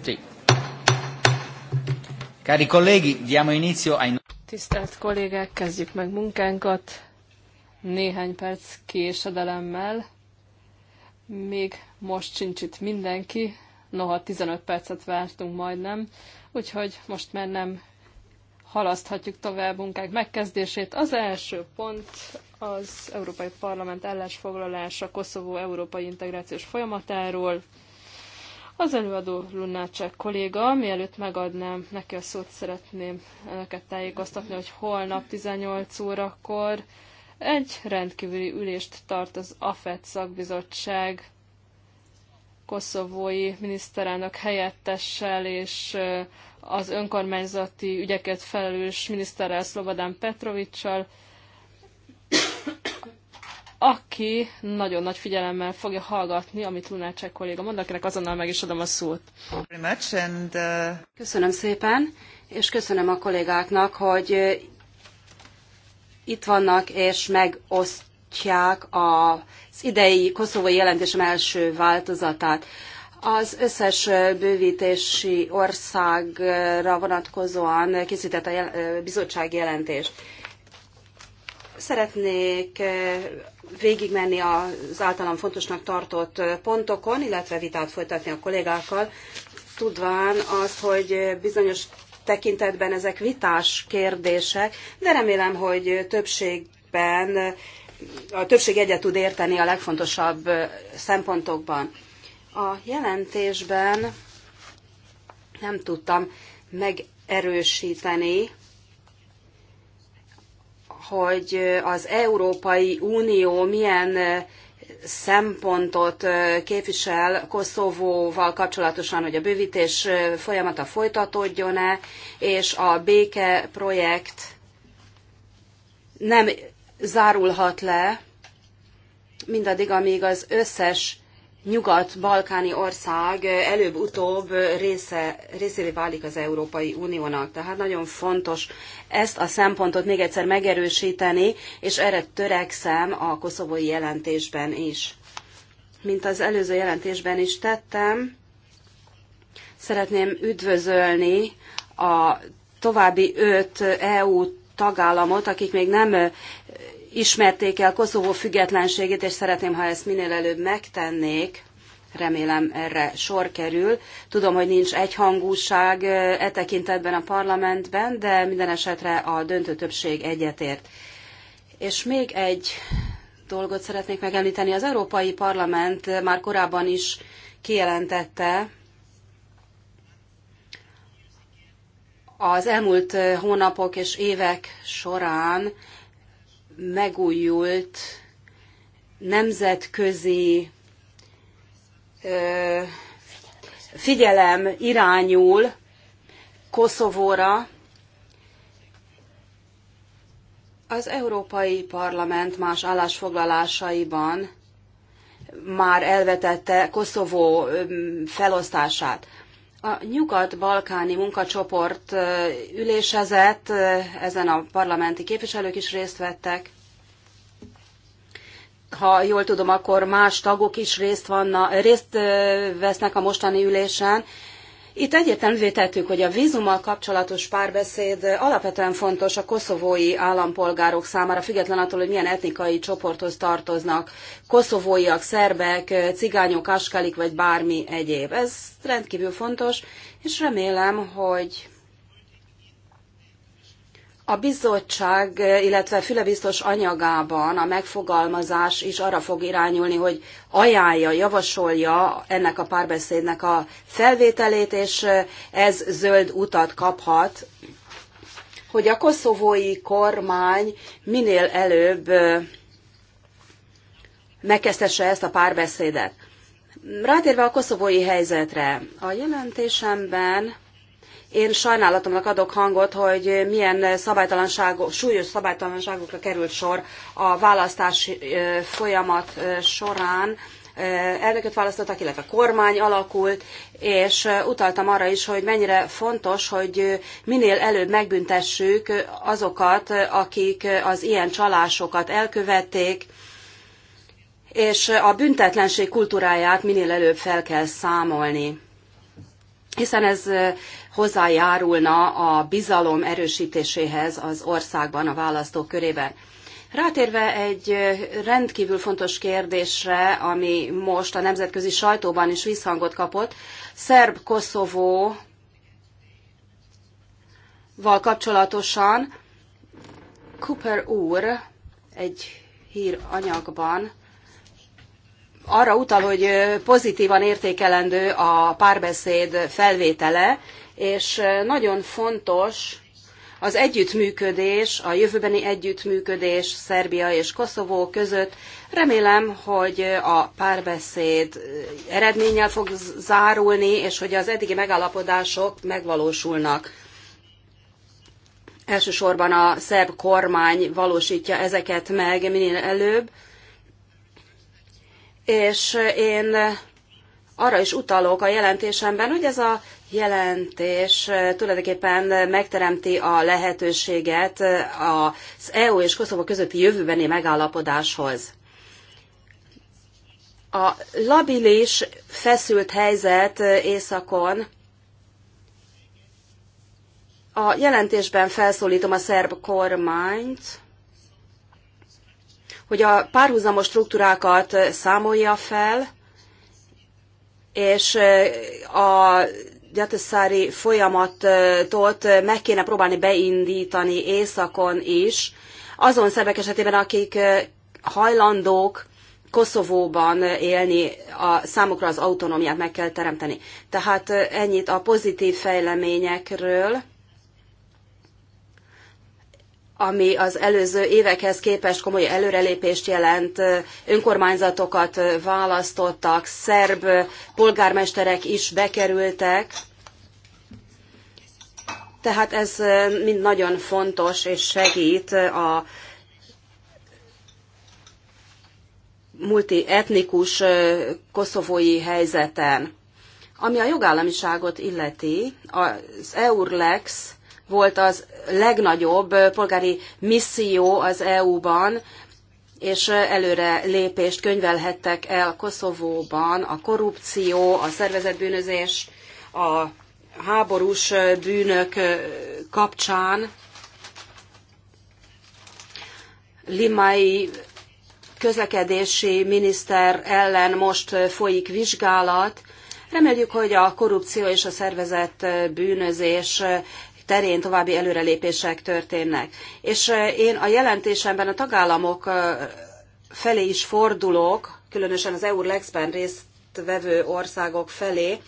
Sì. Cari colleghi, diamo inizio ai... Tisztelt kollégák, kezdjük meg munkánkat néhány perc késedelemmel. Még most sincs itt mindenki, noha 15 percet vártunk majdnem, úgyhogy most már nem halaszthatjuk tovább munkák megkezdését. Az első pont az Európai Parlament ellensfoglalása Koszovó európai integrációs folyamatáról. Az előadó Lunácsek kolléga, mielőtt megadnám neki a szót, szeretném önöket tájékoztatni, hogy holnap 18 órakor egy rendkívüli ülést tart az AFET szakbizottság koszovói miniszterelnök helyettessel és az önkormányzati ügyeket felelős miniszterrel Szlobodán Petrovicsal, aki nagyon nagy figyelemmel fogja hallgatni, amit Lunácsek kolléga mond, akinek azonnal meg is adom a szót. Uh, köszönöm szépen, és köszönöm a kollégáknak, hogy uh, itt vannak és megosztják az idei koszovói jelentésem első változatát. Az összes uh, bővítési országra vonatkozóan készített a bizottság jelentést. Szeretnék végigmenni az általam fontosnak tartott pontokon, illetve vitát folytatni a kollégákkal, tudván azt, hogy bizonyos tekintetben ezek vitás kérdések, de remélem, hogy többségben a többség egyet tud érteni a legfontosabb szempontokban. A jelentésben nem tudtam megerősíteni hogy az Európai Unió milyen szempontot képvisel Koszovóval kapcsolatosan, hogy a bővítés folyamata folytatódjon-e, és a béke projekt nem zárulhat le, mindaddig, amíg az összes nyugat-balkáni ország előbb-utóbb része, részévé válik az Európai Uniónak. Tehát nagyon fontos ezt a szempontot még egyszer megerősíteni, és erre törekszem a koszovói jelentésben is. Mint az előző jelentésben is tettem, szeretném üdvözölni a további öt EU tagállamot, akik még nem ismerték el Koszovó függetlenségét, és szeretném, ha ezt minél előbb megtennék. Remélem erre sor kerül. Tudom, hogy nincs egyhangúság e, e tekintetben a parlamentben, de minden esetre a döntő többség egyetért. És még egy dolgot szeretnék megemlíteni. Az Európai Parlament már korábban is kijelentette, az elmúlt e, hónapok és évek során megújult nemzetközi figyelem irányul Koszovóra, az Európai Parlament más állásfoglalásaiban már elvetette Koszovó felosztását. A nyugat-balkáni munkacsoport ülésezett, ezen a parlamenti képviselők is részt vettek. Ha jól tudom, akkor más tagok is részt, vannak, részt vesznek a mostani ülésen. Itt egyértelművé tettük, hogy a vízummal kapcsolatos párbeszéd alapvetően fontos a koszovói állampolgárok számára, független attól, hogy milyen etnikai csoporthoz tartoznak, koszovóiak, szerbek, cigányok, askalik vagy bármi egyéb. Ez rendkívül fontos, és remélem, hogy a bizottság, illetve Füle biztos anyagában a megfogalmazás is arra fog irányulni, hogy ajánlja, javasolja ennek a párbeszédnek a felvételét, és ez zöld utat kaphat, hogy a koszovói kormány minél előbb megkezdhesse ezt a párbeszédet. Rátérve a koszovói helyzetre, a jelentésemben én sajnálatomnak adok hangot, hogy milyen szabálytalanságok, súlyos szabálytalanságokra került sor a választás folyamat során. Elnököt választottak, illetve kormány alakult, és utaltam arra is, hogy mennyire fontos, hogy minél előbb megbüntessük azokat, akik az ilyen csalásokat elkövették, és a büntetlenség kultúráját minél előbb fel kell számolni hiszen ez hozzájárulna a bizalom erősítéséhez az országban, a választók körében. Rátérve egy rendkívül fontos kérdésre, ami most a nemzetközi sajtóban is visszhangot kapott, Szerb-Koszovó val kapcsolatosan Cooper úr egy híranyagban arra utal, hogy pozitívan értékelendő a párbeszéd felvétele, és nagyon fontos az együttműködés, a jövőbeni együttműködés Szerbia és Koszovó között. Remélem, hogy a párbeszéd eredménnyel fog zárulni, és hogy az eddigi megállapodások megvalósulnak. Elsősorban a szerb kormány valósítja ezeket meg minél előbb, és én arra is utalok a jelentésemben, hogy ez a jelentés tulajdonképpen megteremti a lehetőséget az EU és Koszovó közötti jövőbeni megállapodáshoz. A labilis feszült helyzet északon a jelentésben felszólítom a szerb kormányt, hogy a párhuzamos struktúrákat számolja fel, és eh, a Gyataszári folyamatot eh, meg kéne próbálni beindítani északon is, azon szerbek esetében, akik eh, hajlandók Koszovóban élni, a, számukra az autonómiát meg kell teremteni. Tehát ennyit a pozitív fejleményekről ami az előző évekhez képest komoly előrelépést jelent, önkormányzatokat választottak, szerb polgármesterek is bekerültek. Tehát ez mind nagyon fontos és segít a multietnikus koszovói helyzeten. Ami a jogállamiságot illeti, az EURLEX volt az legnagyobb polgári misszió az EU-ban, és előre lépést könyvelhettek el Koszovóban a korrupció, a szervezetbűnözés, a háborús bűnök kapcsán. Limai közlekedési miniszter ellen most folyik vizsgálat. Reméljük, hogy a korrupció és a szervezett bűnözés terén további előrelépések történnek. És én a jelentésemben a tagállamok felé is fordulok, különösen az EURLEX-ben résztvevő országok felé,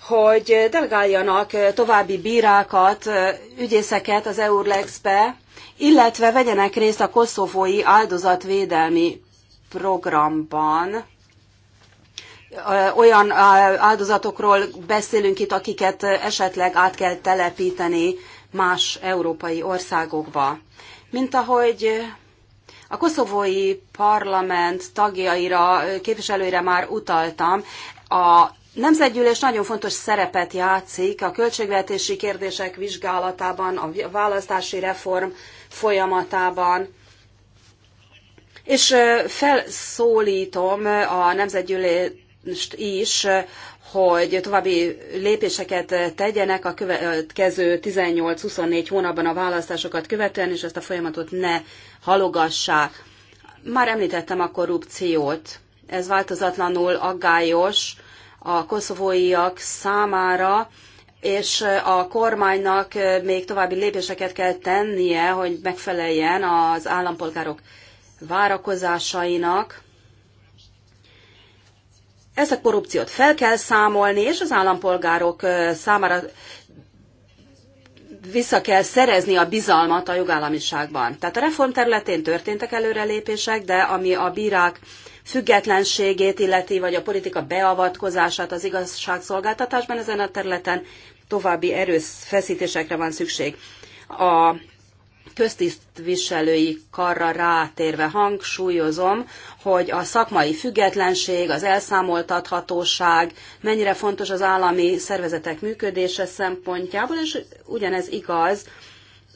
hogy delegáljanak további bírákat, ügyészeket az EURLEX-be, illetve vegyenek részt a koszovói áldozatvédelmi programban, olyan áldozatokról beszélünk itt, akiket esetleg át kell telepíteni más európai országokba. Mint ahogy a koszovói parlament tagjaira, képviselőire már utaltam, a Nemzetgyűlés nagyon fontos szerepet játszik a költségvetési kérdések vizsgálatában, a választási reform folyamatában. És felszólítom a Nemzetgyűlés is, hogy további lépéseket tegyenek a következő 18-24 hónapban a választásokat követően, és ezt a folyamatot ne halogassák. Már említettem a korrupciót. Ez változatlanul aggályos a koszovóiak számára, és a kormánynak még további lépéseket kell tennie, hogy megfeleljen az állampolgárok várakozásainak. Ezt a korrupciót fel kell számolni, és az állampolgárok számára vissza kell szerezni a bizalmat a jogállamiságban. Tehát a reform területén történtek előrelépések, de ami a bírák függetlenségét illeti, vagy a politika beavatkozását az igazságszolgáltatásban ezen a területen további erőfeszítésekre van szükség. A köztisztviselői karra rátérve hangsúlyozom, hogy a szakmai függetlenség, az elszámoltathatóság mennyire fontos az állami szervezetek működése szempontjából, és ugyanez igaz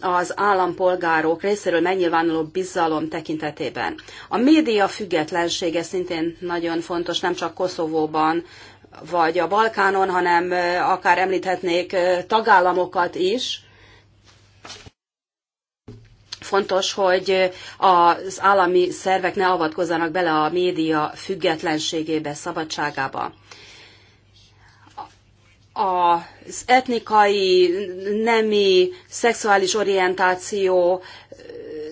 az állampolgárok részéről megnyilvánuló bizalom tekintetében. A média függetlensége szintén nagyon fontos, nem csak Koszovóban, vagy a Balkánon, hanem eh, akár említhetnék eh, tagállamokat is, fontos, hogy az állami szervek ne avatkozzanak bele a média függetlenségébe, szabadságába. Az etnikai, nemi, szexuális orientáció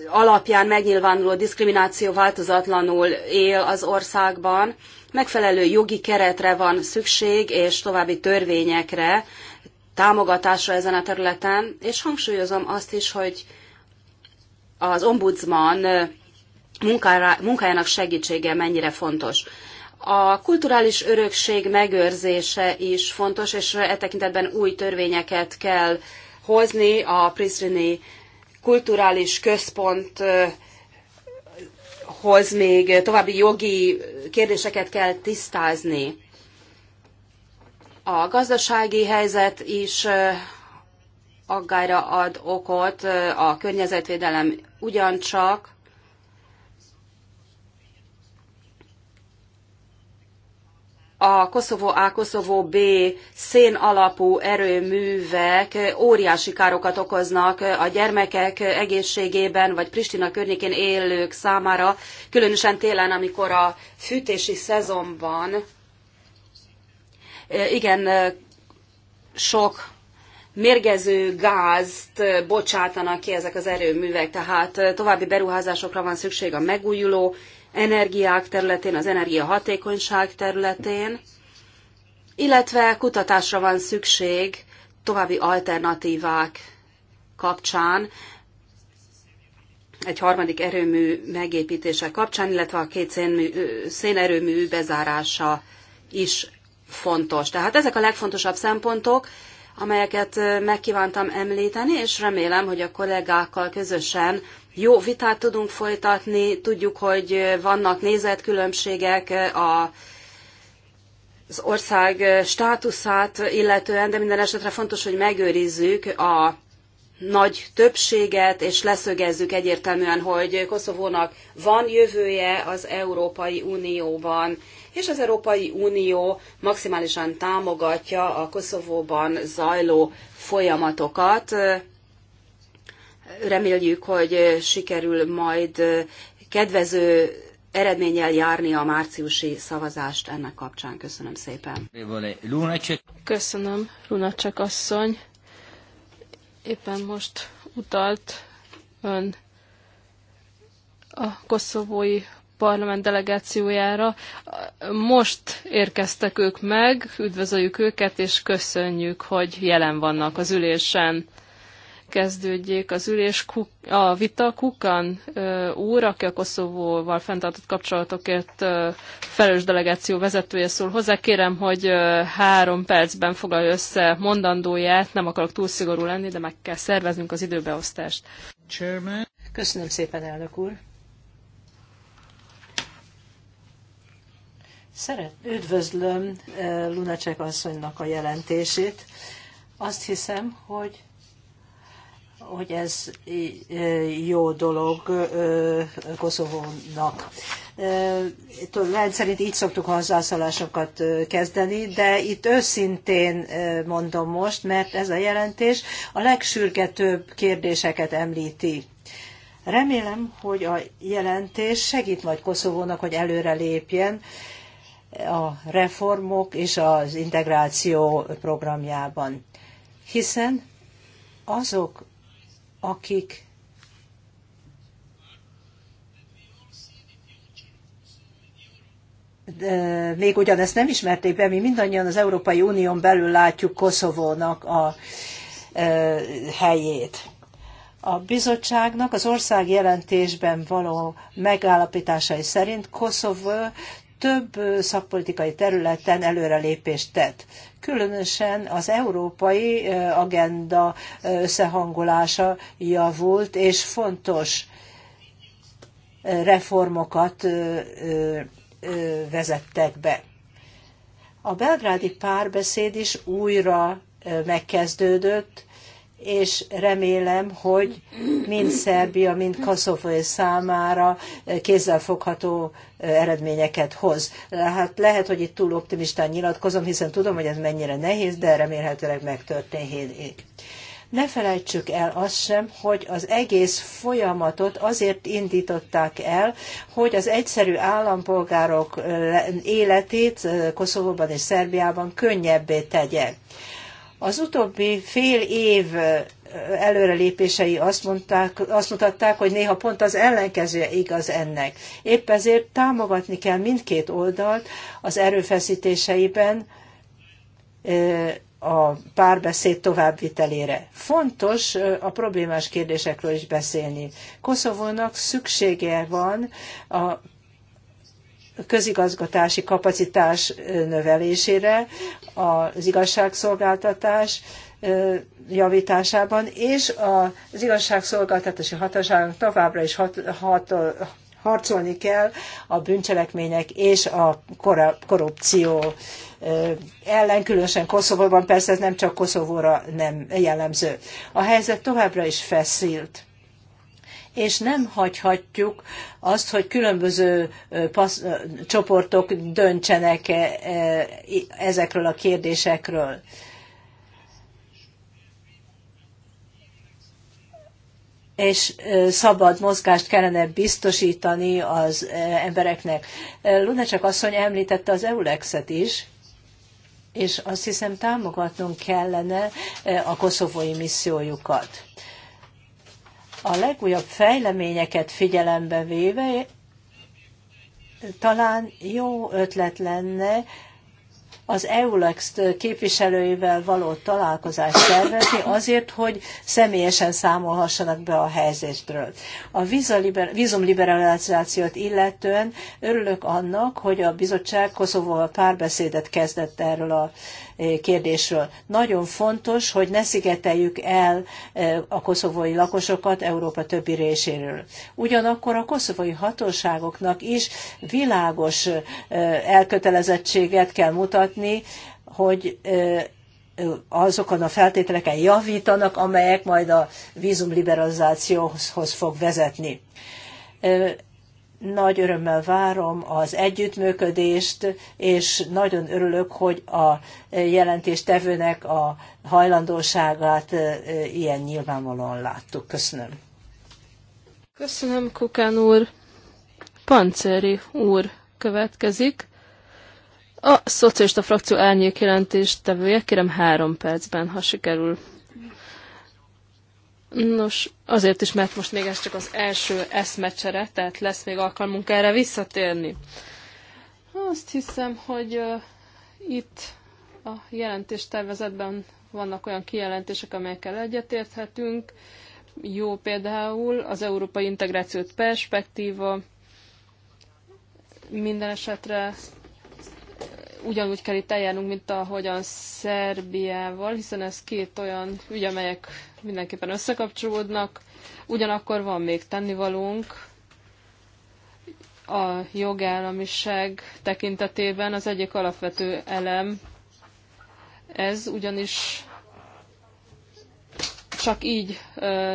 alapján megnyilvánuló diszkrimináció változatlanul él az országban. Megfelelő jogi keretre van szükség, és további törvényekre, támogatásra ezen a területen, és hangsúlyozom azt is, hogy az ombudsman munkára, munkájának segítsége mennyire fontos. A kulturális örökség megőrzése is fontos, és e tekintetben új törvényeket kell hozni. A Prizrini Kulturális Központhoz még további jogi kérdéseket kell tisztázni. A gazdasági helyzet is aggályra ad okot a környezetvédelem ugyancsak, a Koszovó A, Koszovó B szén alapú erőművek óriási károkat okoznak a gyermekek egészségében, vagy Pristina környékén élők számára, különösen télen, amikor a fűtési szezonban igen sok mérgező gázt bocsátanak ki ezek az erőművek, tehát további beruházásokra van szükség a megújuló energiák területén, az energiahatékonyság területén, illetve kutatásra van szükség további alternatívák kapcsán, egy harmadik erőmű megépítése kapcsán, illetve a két szénmű, szénerőmű bezárása is fontos. Tehát ezek a legfontosabb szempontok, amelyeket megkívántam említeni, és remélem, hogy a kollégákkal közösen jó vitát tudunk folytatni. Tudjuk, hogy vannak nézetkülönbségek a az ország státuszát illetően, de minden esetre fontos, hogy megőrizzük a nagy többséget, és leszögezzük egyértelműen, hogy Koszovónak van jövője az Európai Unióban, és az Európai Unió maximálisan támogatja a Koszovóban zajló folyamatokat. Reméljük, hogy sikerül majd kedvező eredménnyel járni a márciusi szavazást ennek kapcsán. Köszönöm szépen. Köszönöm, csak asszony. Éppen most utalt ön a koszovói parlament delegációjára. Most érkeztek ők meg, üdvözöljük őket, és köszönjük, hogy jelen vannak az ülésen. Kezdődjék az ülés, a vita Kukan úr, aki a Koszovóval fenntartott kapcsolatokért felelős delegáció vezetője szól hozzá. Kérem, hogy három percben foglalja össze mondandóját, nem akarok túl szigorú lenni, de meg kell szerveznünk az időbeosztást. Köszönöm szépen, elnök úr! Szeret, üdvözlöm eh, Lunacek asszonynak a jelentését. Azt hiszem, hogy hogy ez eh, jó dolog eh, Koszovónak. Rendszerint így szoktuk hozzászólásokat kezdeni, de itt őszintén mondom most, mert ez a jelentés a legsürgetőbb kérdéseket említi. Remélem, hogy a jelentés segít majd Koszovónak, hogy előre lépjen, a reformok és az integráció programjában. Hiszen azok, akik De még ugyanezt nem ismerték be, mi mindannyian az Európai Unión belül látjuk Koszovónak a helyét. A bizottságnak az ország jelentésben való megállapításai szerint Koszovó több szakpolitikai területen előrelépést tett. Különösen az európai agenda összehangolása javult, és fontos reformokat vezettek be. A belgrádi párbeszéd is újra megkezdődött, és remélem, hogy mind Szerbia, mind Koszovó számára kézzelfogható eredményeket hoz. Hát lehet, hogy itt túl optimistán nyilatkozom, hiszen tudom, hogy ez mennyire nehéz, de remélhetőleg megtörténhet. Ne felejtsük el azt sem, hogy az egész folyamatot azért indították el, hogy az egyszerű állampolgárok életét Koszovóban és Szerbiában könnyebbé tegye az utóbbi fél év előrelépései azt, mondták, azt mutatták, hogy néha pont az ellenkezője igaz ennek. Épp ezért támogatni kell mindkét oldalt az erőfeszítéseiben a párbeszéd továbbvitelére. Fontos a problémás kérdésekről is beszélni. Koszovónak szüksége van a közigazgatási kapacitás növelésére, az igazságszolgáltatás javításában, és az igazságszolgáltatási hatóságnak továbbra is hat, hat, harcolni kell a bűncselekmények és a korrupció ellen, különösen Koszovóban, persze ez nem csak Koszovóra nem jellemző. A helyzet továbbra is feszült és nem hagyhatjuk azt, hogy különböző pasz, csoportok döntsenek ezekről a kérdésekről. és szabad mozgást kellene biztosítani az embereknek. Lunacek asszony említette az EULEX-et is, és azt hiszem támogatnunk kellene a koszovói missziójukat a legújabb fejleményeket figyelembe véve talán jó ötlet lenne az EULEX képviselőivel való találkozást szervezni azért, hogy személyesen számolhassanak be a helyzetről. A vízumliberalizációt illetően örülök annak, hogy a bizottság Koszovóval párbeszédet kezdett erről a kérdésről. Nagyon fontos, hogy ne szigeteljük el a koszovói lakosokat Európa többi részéről. Ugyanakkor a koszovói hatóságoknak is világos elkötelezettséget kell mutatni, hogy azokon a feltételeken javítanak, amelyek majd a vízumliberalizációhoz fog vezetni nagy örömmel várom az együttműködést, és nagyon örülök, hogy a jelentéstevőnek a hajlandóságát e, ilyen nyilvánvalóan láttuk. Köszönöm. Köszönöm, Kukán úr. Pancéri úr következik. A szocialista frakció árnyék jelentéstevője, kérem három percben, ha sikerül. Nos, azért is, mert most még ez csak az első eszmecsere, tehát lesz még alkalmunk erre visszatérni. Azt hiszem, hogy uh, itt a jelentéstervezetben vannak olyan kijelentések, amelyekkel egyetérthetünk. Jó például az európai integrációt perspektíva. Minden esetre ugyanúgy kell itt eljárnunk, mint ahogyan Szerbiával, hiszen ez két olyan ügy, amelyek mindenképpen összekapcsolódnak, ugyanakkor van még tennivalónk a jogállamiság tekintetében az egyik alapvető elem ez, ugyanis csak így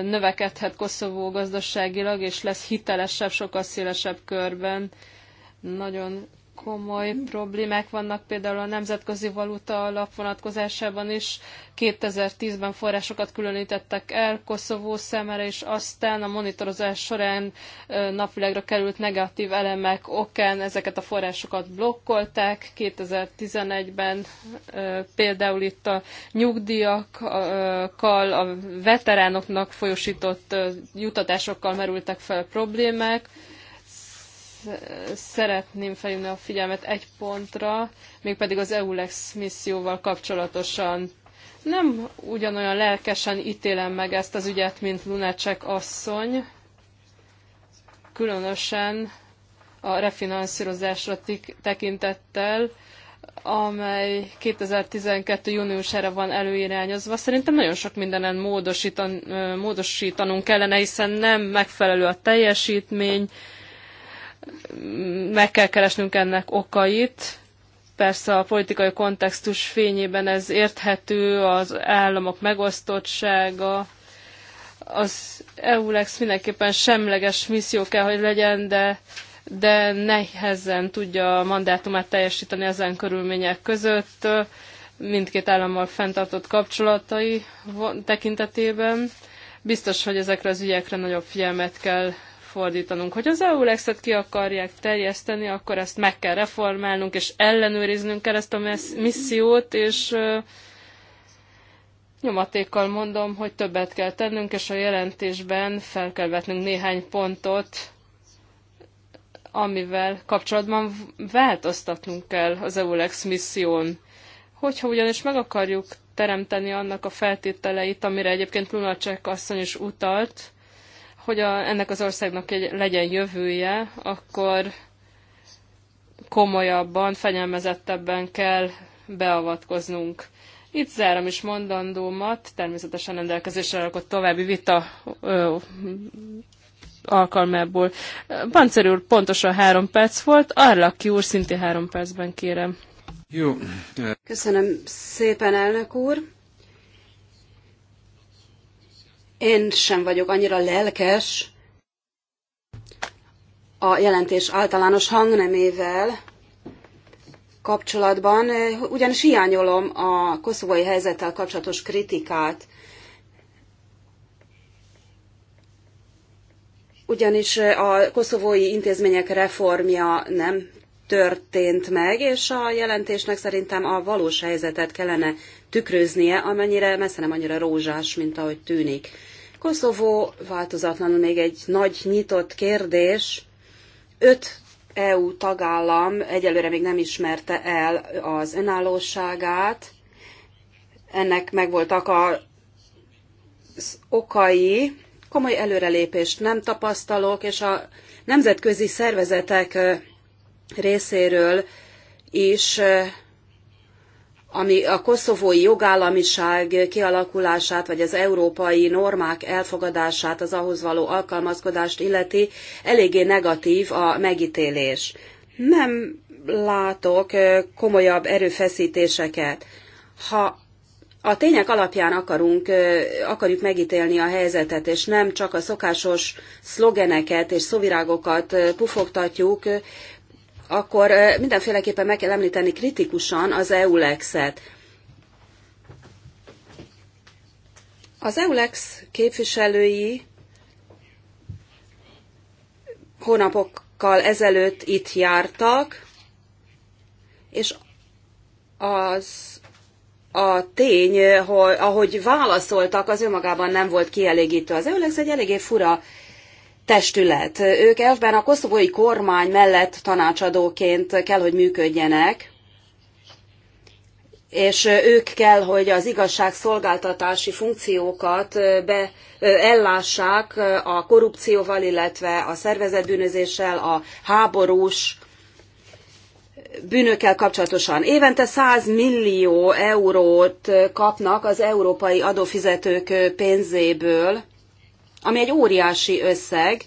növekedhet Koszovó gazdaságilag, és lesz hitelesebb, sokkal szélesebb körben. Nagyon komoly problémák vannak, például a Nemzetközi Valuta Alap vonatkozásában is 2010-ben forrásokat különítettek el Koszovó szemére, és aztán a monitorozás során napvilágra került negatív elemek okán ezeket a forrásokat blokkolták. 2011-ben például itt a nyugdíjakkal, a veteránoknak folyosított jutatásokkal merültek fel problémák, szeretném felhívni a figyelmet egy pontra, mégpedig az EULEX misszióval kapcsolatosan. Nem ugyanolyan lelkesen ítélem meg ezt az ügyet, mint Lunacek asszony, különösen a refinanszírozásra tekintettel, amely 2012. júniusára van előirányozva. Szerintem nagyon sok mindenen módosítan, módosítanunk kellene, hiszen nem megfelelő a teljesítmény, meg kell keresnünk ennek okait. Persze a politikai kontextus fényében ez érthető, az államok megosztottsága, az EULEX mindenképpen semleges misszió kell, hogy legyen, de, de nehezen tudja a mandátumát teljesíteni ezen körülmények között, mindkét állammal fenntartott kapcsolatai tekintetében. Biztos, hogy ezekre az ügyekre nagyobb figyelmet kell fordítanunk. Hogy az EULEX-et ki akarják terjeszteni, akkor ezt meg kell reformálnunk, és ellenőriznünk kell ezt a missziót, és nyomatékkal mondom, hogy többet kell tennünk, és a jelentésben fel kell vetnünk néhány pontot, amivel kapcsolatban változtatnunk kell az EULEX misszión. Hogyha ugyanis meg akarjuk teremteni annak a feltételeit, amire egyébként Lunacek asszony is utalt, hogy a, ennek az országnak egy, legyen jövője, akkor komolyabban, fenyelmezettebben kell beavatkoznunk. Itt zárom is mondandómat, természetesen rendelkezésre rakott további vita ö, alkalmából. Pancer úr pontosan három perc volt, Arlaki úr szintén három percben kérem. Jó. Köszönöm szépen, elnök úr. Én sem vagyok annyira lelkes a jelentés általános hangnemével kapcsolatban, ugyanis hiányolom a koszovói helyzettel kapcsolatos kritikát, ugyanis a koszovói intézmények reformja nem történt meg, és a jelentésnek szerintem a valós helyzetet kellene tükröznie, amennyire messze nem annyira rózsás, mint ahogy tűnik. Koszovó változatlanul még egy nagy nyitott kérdés. Öt EU tagállam egyelőre még nem ismerte el az önállóságát. Ennek megvoltak az okai. Komoly előrelépést nem tapasztalok, és a nemzetközi szervezetek részéről is ami a koszovói jogállamiság kialakulását, vagy az európai normák elfogadását, az ahhoz való alkalmazkodást illeti, eléggé negatív a megítélés. Nem látok komolyabb erőfeszítéseket. Ha a tények alapján akarunk, akarjuk megítélni a helyzetet, és nem csak a szokásos szlogeneket és szovirágokat pufogtatjuk, akkor mindenféleképpen meg kell említeni kritikusan az EULEX-et. Az EULEX képviselői hónapokkal ezelőtt itt jártak, és az a tény, hogy, ahogy válaszoltak, az önmagában nem volt kielégítő. Az EULEX egy eléggé fura testület. Ők elvben a koszovói kormány mellett tanácsadóként kell, hogy működjenek, és ők kell, hogy az igazságszolgáltatási funkciókat be, ellássák a korrupcióval, illetve a szervezetbűnözéssel, a háborús bűnökkel kapcsolatosan. Évente 100 millió eurót kapnak az európai adófizetők pénzéből, ami egy óriási összeg,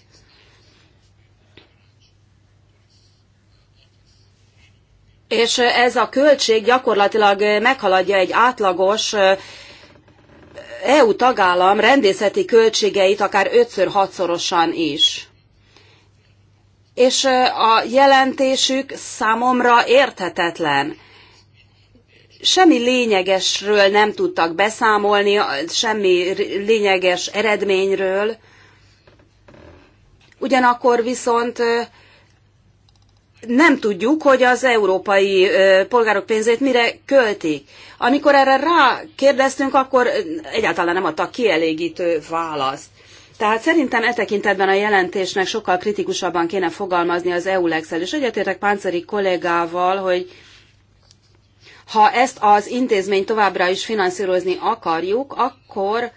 És ez a költség gyakorlatilag meghaladja egy átlagos EU tagállam rendészeti költségeit akár 5-6-szorosan is. És a jelentésük számomra érthetetlen semmi lényegesről nem tudtak beszámolni, semmi lényeges eredményről. Ugyanakkor viszont nem tudjuk, hogy az európai polgárok pénzét mire költik. Amikor erre rá kérdeztünk, akkor egyáltalán nem adtak kielégítő választ. Tehát szerintem e tekintetben a jelentésnek sokkal kritikusabban kéne fogalmazni az EU-lexel, és egyetértek Pánceri kollégával, hogy ha ezt az intézményt továbbra is finanszírozni akarjuk, akkor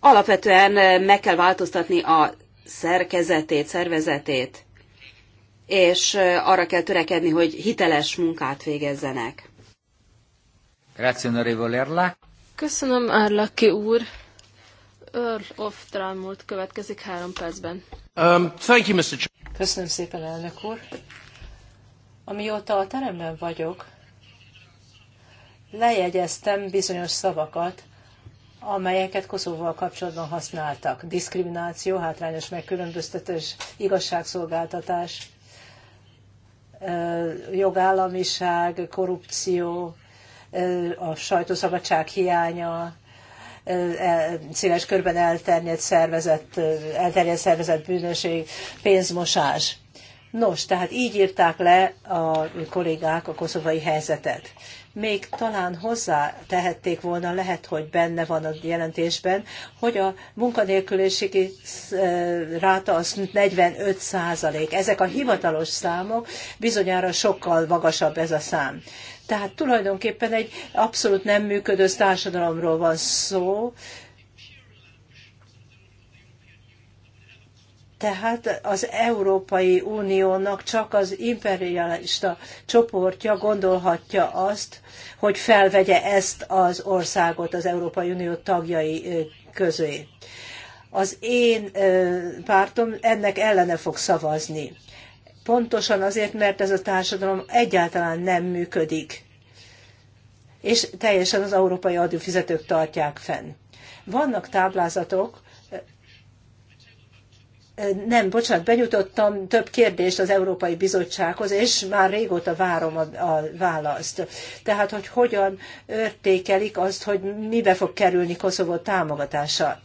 alapvetően meg kell változtatni a szerkezetét, szervezetét, és arra kell törekedni, hogy hiteles munkát végezzenek. Köszönöm, Arlaki úr. Earl of Trámult következik három percben. Um, thank you, Mr. Köszönöm szépen, elnök úr. Amióta a teremben vagyok, lejegyeztem bizonyos szavakat, amelyeket Koszovóval kapcsolatban használtak. Diszkrimináció, hátrányos megkülönböztetés, igazságszolgáltatás, jogállamiság, korrupció, a sajtószabadság hiánya, e, széles körben elterjedt szervezet, elterjedt szervezet bűnösség, pénzmosás. Nos, tehát így írták le a kollégák a koszovai helyzetet még talán hozzá tehették volna, lehet, hogy benne van a jelentésben, hogy a munkanélküliségi ráta az 45 százalék. Ezek a hivatalos számok, bizonyára sokkal magasabb ez a szám. Tehát tulajdonképpen egy abszolút nem működő társadalomról van szó, Tehát az Európai Uniónak csak az imperialista csoportja gondolhatja azt, hogy felvegye ezt az országot az Európai Unió tagjai közé. Az én pártom ennek ellene fog szavazni. Pontosan azért, mert ez a társadalom egyáltalán nem működik, és teljesen az európai adófizetők tartják fenn. Vannak táblázatok, nem, bocsánat, benyújtottam több kérdést az Európai Bizottsághoz, és már régóta várom a, a választ. Tehát, hogy hogyan értékelik azt, hogy mibe fog kerülni Koszovó támogatása.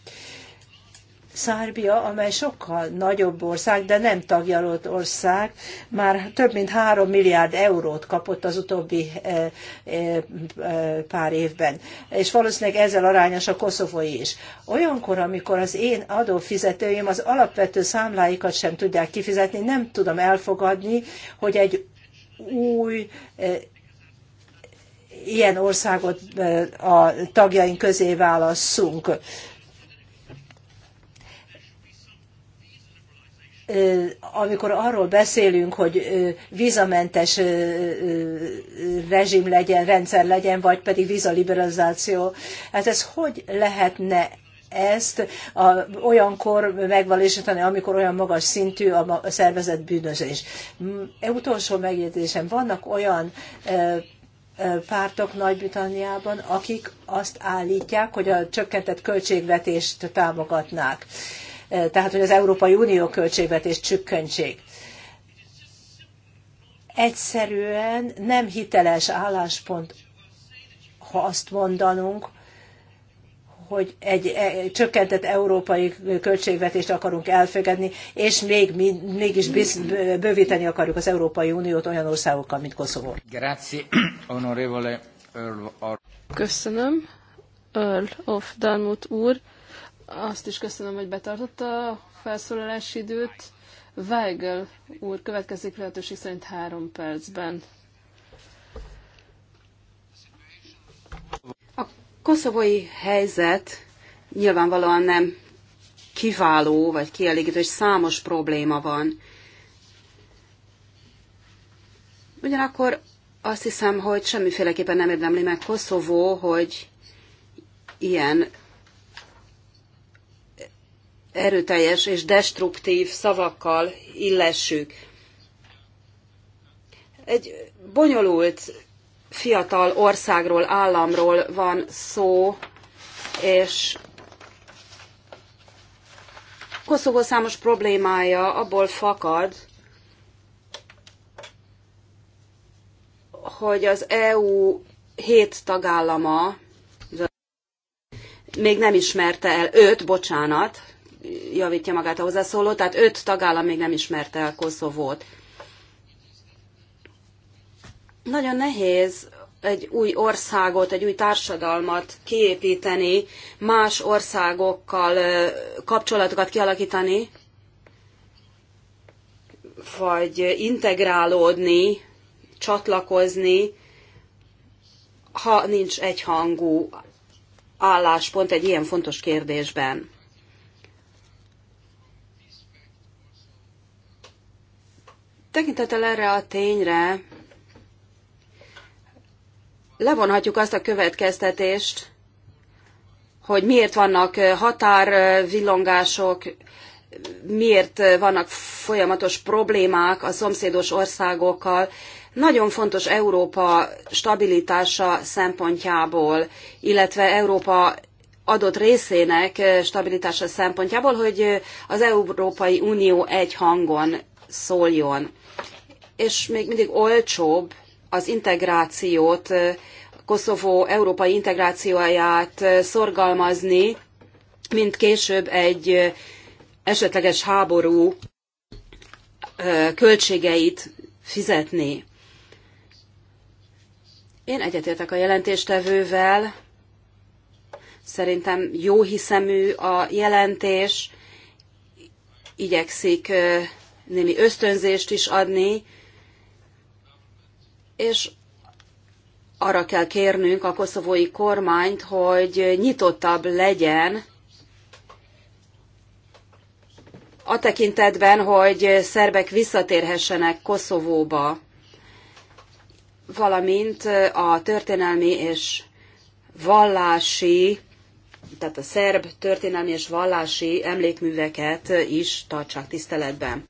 Szárbia, amely sokkal nagyobb ország, de nem tagjelölt ország, már több mint három milliárd eurót kapott az utóbbi eh, eh, eh, pár évben. És valószínűleg ezzel arányos a koszovói is. Olyankor, amikor az én adófizetőim az alapvető számláikat sem tudják kifizetni, nem tudom elfogadni, hogy egy új ilyen országot a tagjaink közé válasszunk amikor arról beszélünk, hogy vízamentes rezsim legyen, rendszer legyen, vagy pedig vízaliberalizáció, hát ez hogy lehetne ezt a, olyankor megvalósítani, amikor olyan magas szintű a, a szervezett bűnözés. E utolsó megjegyzésem, vannak olyan pártok Nagy-Britanniában, akik azt állítják, hogy a csökkentett költségvetést támogatnák tehát hogy az Európai Unió költségvetés csökkentsék. Egyszerűen nem hiteles álláspont, ha azt mondanunk, hogy egy e, csökkentett európai költségvetést akarunk elfogadni, és még, mégis bővíteni akarjuk az Európai Uniót olyan országokkal, mint Koszovó. Köszönöm, Earl of Dartmouth úr. Azt is köszönöm, hogy betartotta a felszólalási időt. Weigel úr következik lehetőség szerint három percben. A koszovói helyzet nyilvánvalóan nem kiváló vagy kielégítő, és számos probléma van. Ugyanakkor azt hiszem, hogy semmiféleképpen nem érdemli meg Koszovó, hogy ilyen erőteljes és destruktív szavakkal illessük. Egy bonyolult fiatal országról, államról van szó, és Koszovó számos problémája abból fakad, hogy az EU hét tagállama még nem ismerte el, öt, bocsánat, javítja magát a hozzászóló, tehát öt tagállam még nem ismerte el Koszovót. Nagyon nehéz egy új országot, egy új társadalmat kiépíteni, más országokkal kapcsolatokat kialakítani, vagy integrálódni, csatlakozni, ha nincs egyhangú álláspont egy ilyen fontos kérdésben. Tekintettel erre a tényre levonhatjuk azt a következtetést, hogy miért vannak határvillongások, miért vannak folyamatos problémák a szomszédos országokkal. Nagyon fontos Európa stabilitása szempontjából, illetve Európa adott részének stabilitása szempontjából, hogy az Európai Unió egy hangon szóljon és még mindig olcsóbb az integrációt, Koszovó európai integrációját szorgalmazni, mint később egy esetleges háború költségeit fizetni. Én egyetértek a jelentéstevővel, szerintem jó hiszemű a jelentés, igyekszik némi ösztönzést is adni, és arra kell kérnünk a koszovói kormányt, hogy nyitottabb legyen a tekintetben, hogy szerbek visszatérhessenek Koszovóba, valamint a történelmi és vallási, tehát a szerb történelmi és vallási emlékműveket is tartsák tiszteletben.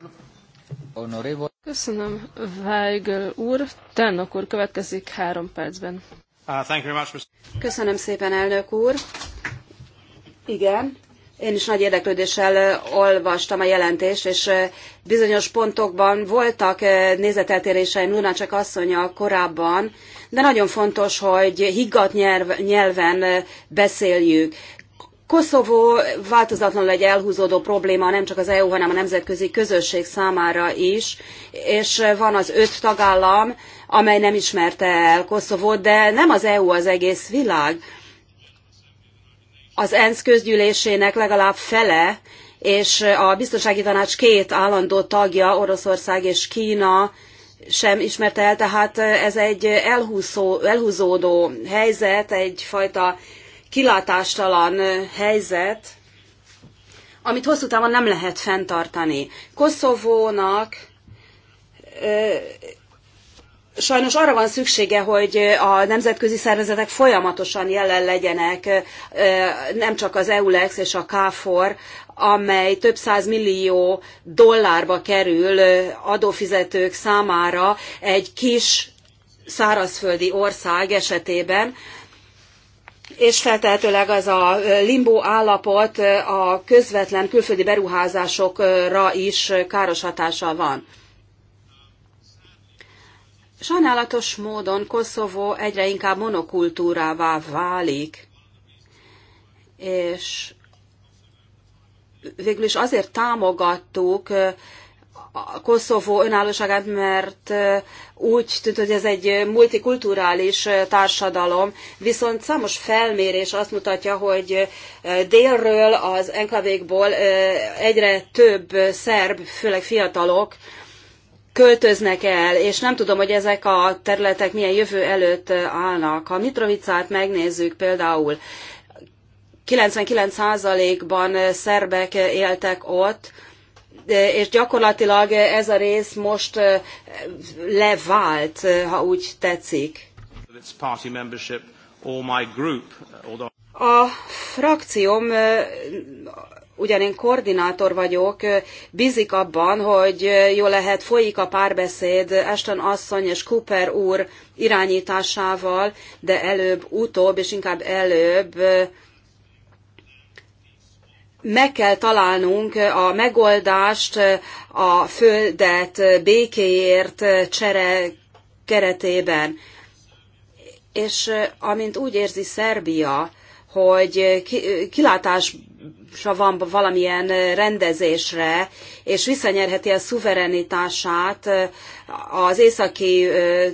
Köszönöm, Weigel úr. Tennok úr következik három percben. Uh, Köszönöm szépen, elnök úr. Igen, én is nagy érdeklődéssel uh, olvastam a jelentést, és uh, bizonyos pontokban voltak nézeteltéréseim Lunacek asszonya korábban, de nagyon fontos, hogy higgadt nyelven beszéljük. Koszovó változatlanul egy elhúzódó probléma nem csak az EU, hanem a nemzetközi közösség számára is, és van az öt tagállam, amely nem ismerte el Koszovót, de nem az EU az egész világ. Az ENSZ közgyűlésének legalább fele, és a biztonsági tanács két állandó tagja, Oroszország és Kína sem ismerte el, tehát ez egy elhúzó, elhúzódó helyzet, egyfajta kilátástalan helyzet, amit hosszú távon nem lehet fenntartani. Koszovónak sajnos arra van szüksége, hogy a nemzetközi szervezetek folyamatosan jelen legyenek, nem csak az EULEX és a KFOR, amely több száz millió dollárba kerül adófizetők számára egy kis szárazföldi ország esetében, és feltehetőleg az a limbo állapot a közvetlen külföldi beruházásokra is káros hatással van. Sajnálatos módon Koszovó egyre inkább monokultúrává válik, és végül is azért támogattuk a Koszovó önállóságát, mert úgy tűnt, hogy ez egy multikulturális társadalom, viszont számos felmérés azt mutatja, hogy délről, az enklavékból egyre több szerb, főleg fiatalok, költöznek el, és nem tudom, hogy ezek a területek milyen jövő előtt állnak. Ha Mitrovicát megnézzük például, 99%-ban szerbek éltek ott, és gyakorlatilag ez a rész most eh, levált, eh, ha úgy tetszik. A frakcióm, eh, ugyan én koordinátor vagyok, bízik abban, hogy jó lehet folyik a párbeszéd Ashton asszony és Cooper úr irányításával, de előbb-utóbb, és inkább előbb meg kell találnunk a megoldást a földet békéért csere keretében. És amint úgy érzi Szerbia, hogy kilátásra van valamilyen rendezésre, és visszanyerheti a szuverenitását az északi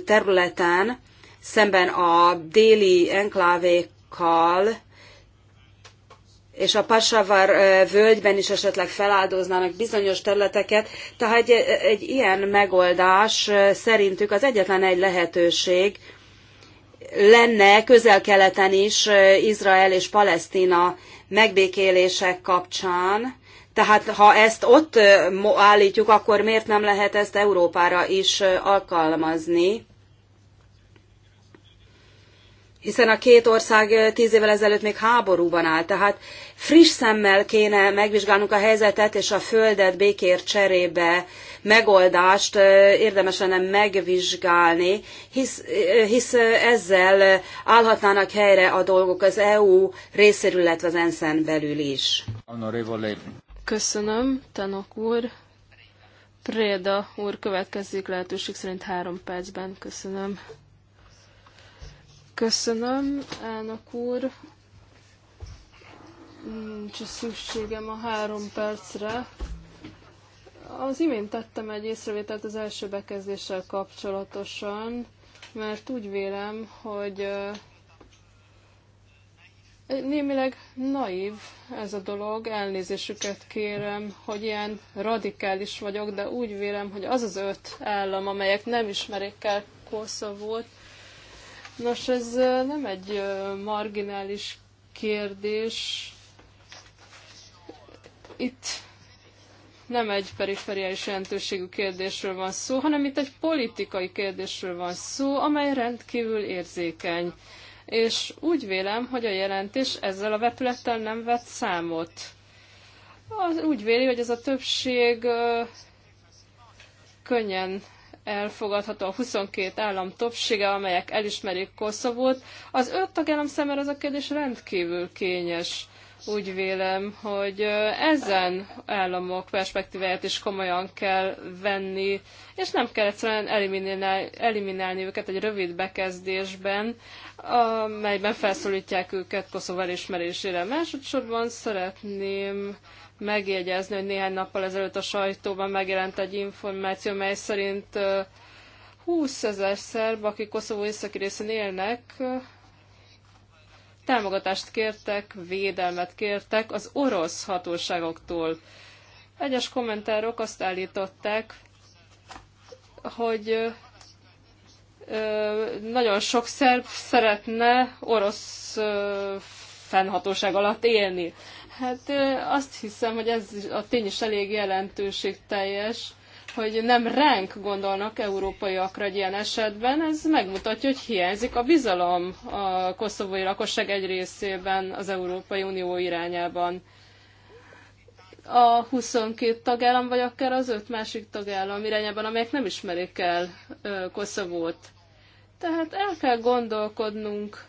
területen, szemben a déli enklávékkal, és a Pasavar völgyben is esetleg feláldoznának bizonyos területeket, tehát egy, egy ilyen megoldás szerintük az egyetlen egy lehetőség lenne közel-keleten is Izrael és Palesztina megbékélések kapcsán, tehát ha ezt ott állítjuk, akkor miért nem lehet ezt Európára is alkalmazni? hiszen a két ország tíz évvel ezelőtt még háborúban állt, tehát friss szemmel kéne megvizsgálnunk a helyzetet, és a földet békért cserébe megoldást érdemes lenne megvizsgálni, hisz, hisz ezzel állhatnának helyre a dolgok az EU részéről, illetve az ensz belül is. Köszönöm, Tanok úr. Préda úr következik lehetőség szerint három percben. Köszönöm. Köszönöm, elnök úr. Nincs szükségem a három percre. Az imént tettem egy észrevételt az első bekezdéssel kapcsolatosan, mert úgy vélem, hogy némileg naív ez a dolog, elnézésüket kérem, hogy ilyen radikális vagyok, de úgy vélem, hogy az az öt állam, amelyek nem ismerik el Koszovót, Nos, ez nem egy marginális kérdés. Itt nem egy perifériális jelentőségű kérdésről van szó, hanem itt egy politikai kérdésről van szó, amely rendkívül érzékeny. És úgy vélem, hogy a jelentés ezzel a vetülettel nem vett számot. Az úgy véli, hogy ez a többség könnyen elfogadható a 22 állam többsége, amelyek elismerik Koszovót. Az öt tagállam szemére ez a kérdés rendkívül kényes. Úgy vélem, hogy ezen államok perspektíváját is komolyan kell venni, és nem kell egyszerűen eliminálni, eliminálni őket egy rövid bekezdésben, amelyben felszólítják őket Koszovó elismerésére. Másodszorban szeretném megjegyezni, hogy néhány nappal ezelőtt a sajtóban megjelent egy információ, mely szerint 20 ezer szerb, akik Koszovó északi részén élnek, támogatást kértek, védelmet kértek az orosz hatóságoktól. Egyes kommentárok azt állították, hogy nagyon sok szerb szeretne orosz fennhatóság alatt élni. Hát azt hiszem, hogy ez a tény is elég teljes, hogy nem ránk gondolnak európaiakra egy ilyen esetben, ez megmutatja, hogy hiányzik a bizalom a koszovói lakosság egy részében az Európai Unió irányában. A 22 tagállam, vagy akár az öt másik tagállam irányában, amelyek nem ismerik el Koszovót. Tehát el kell gondolkodnunk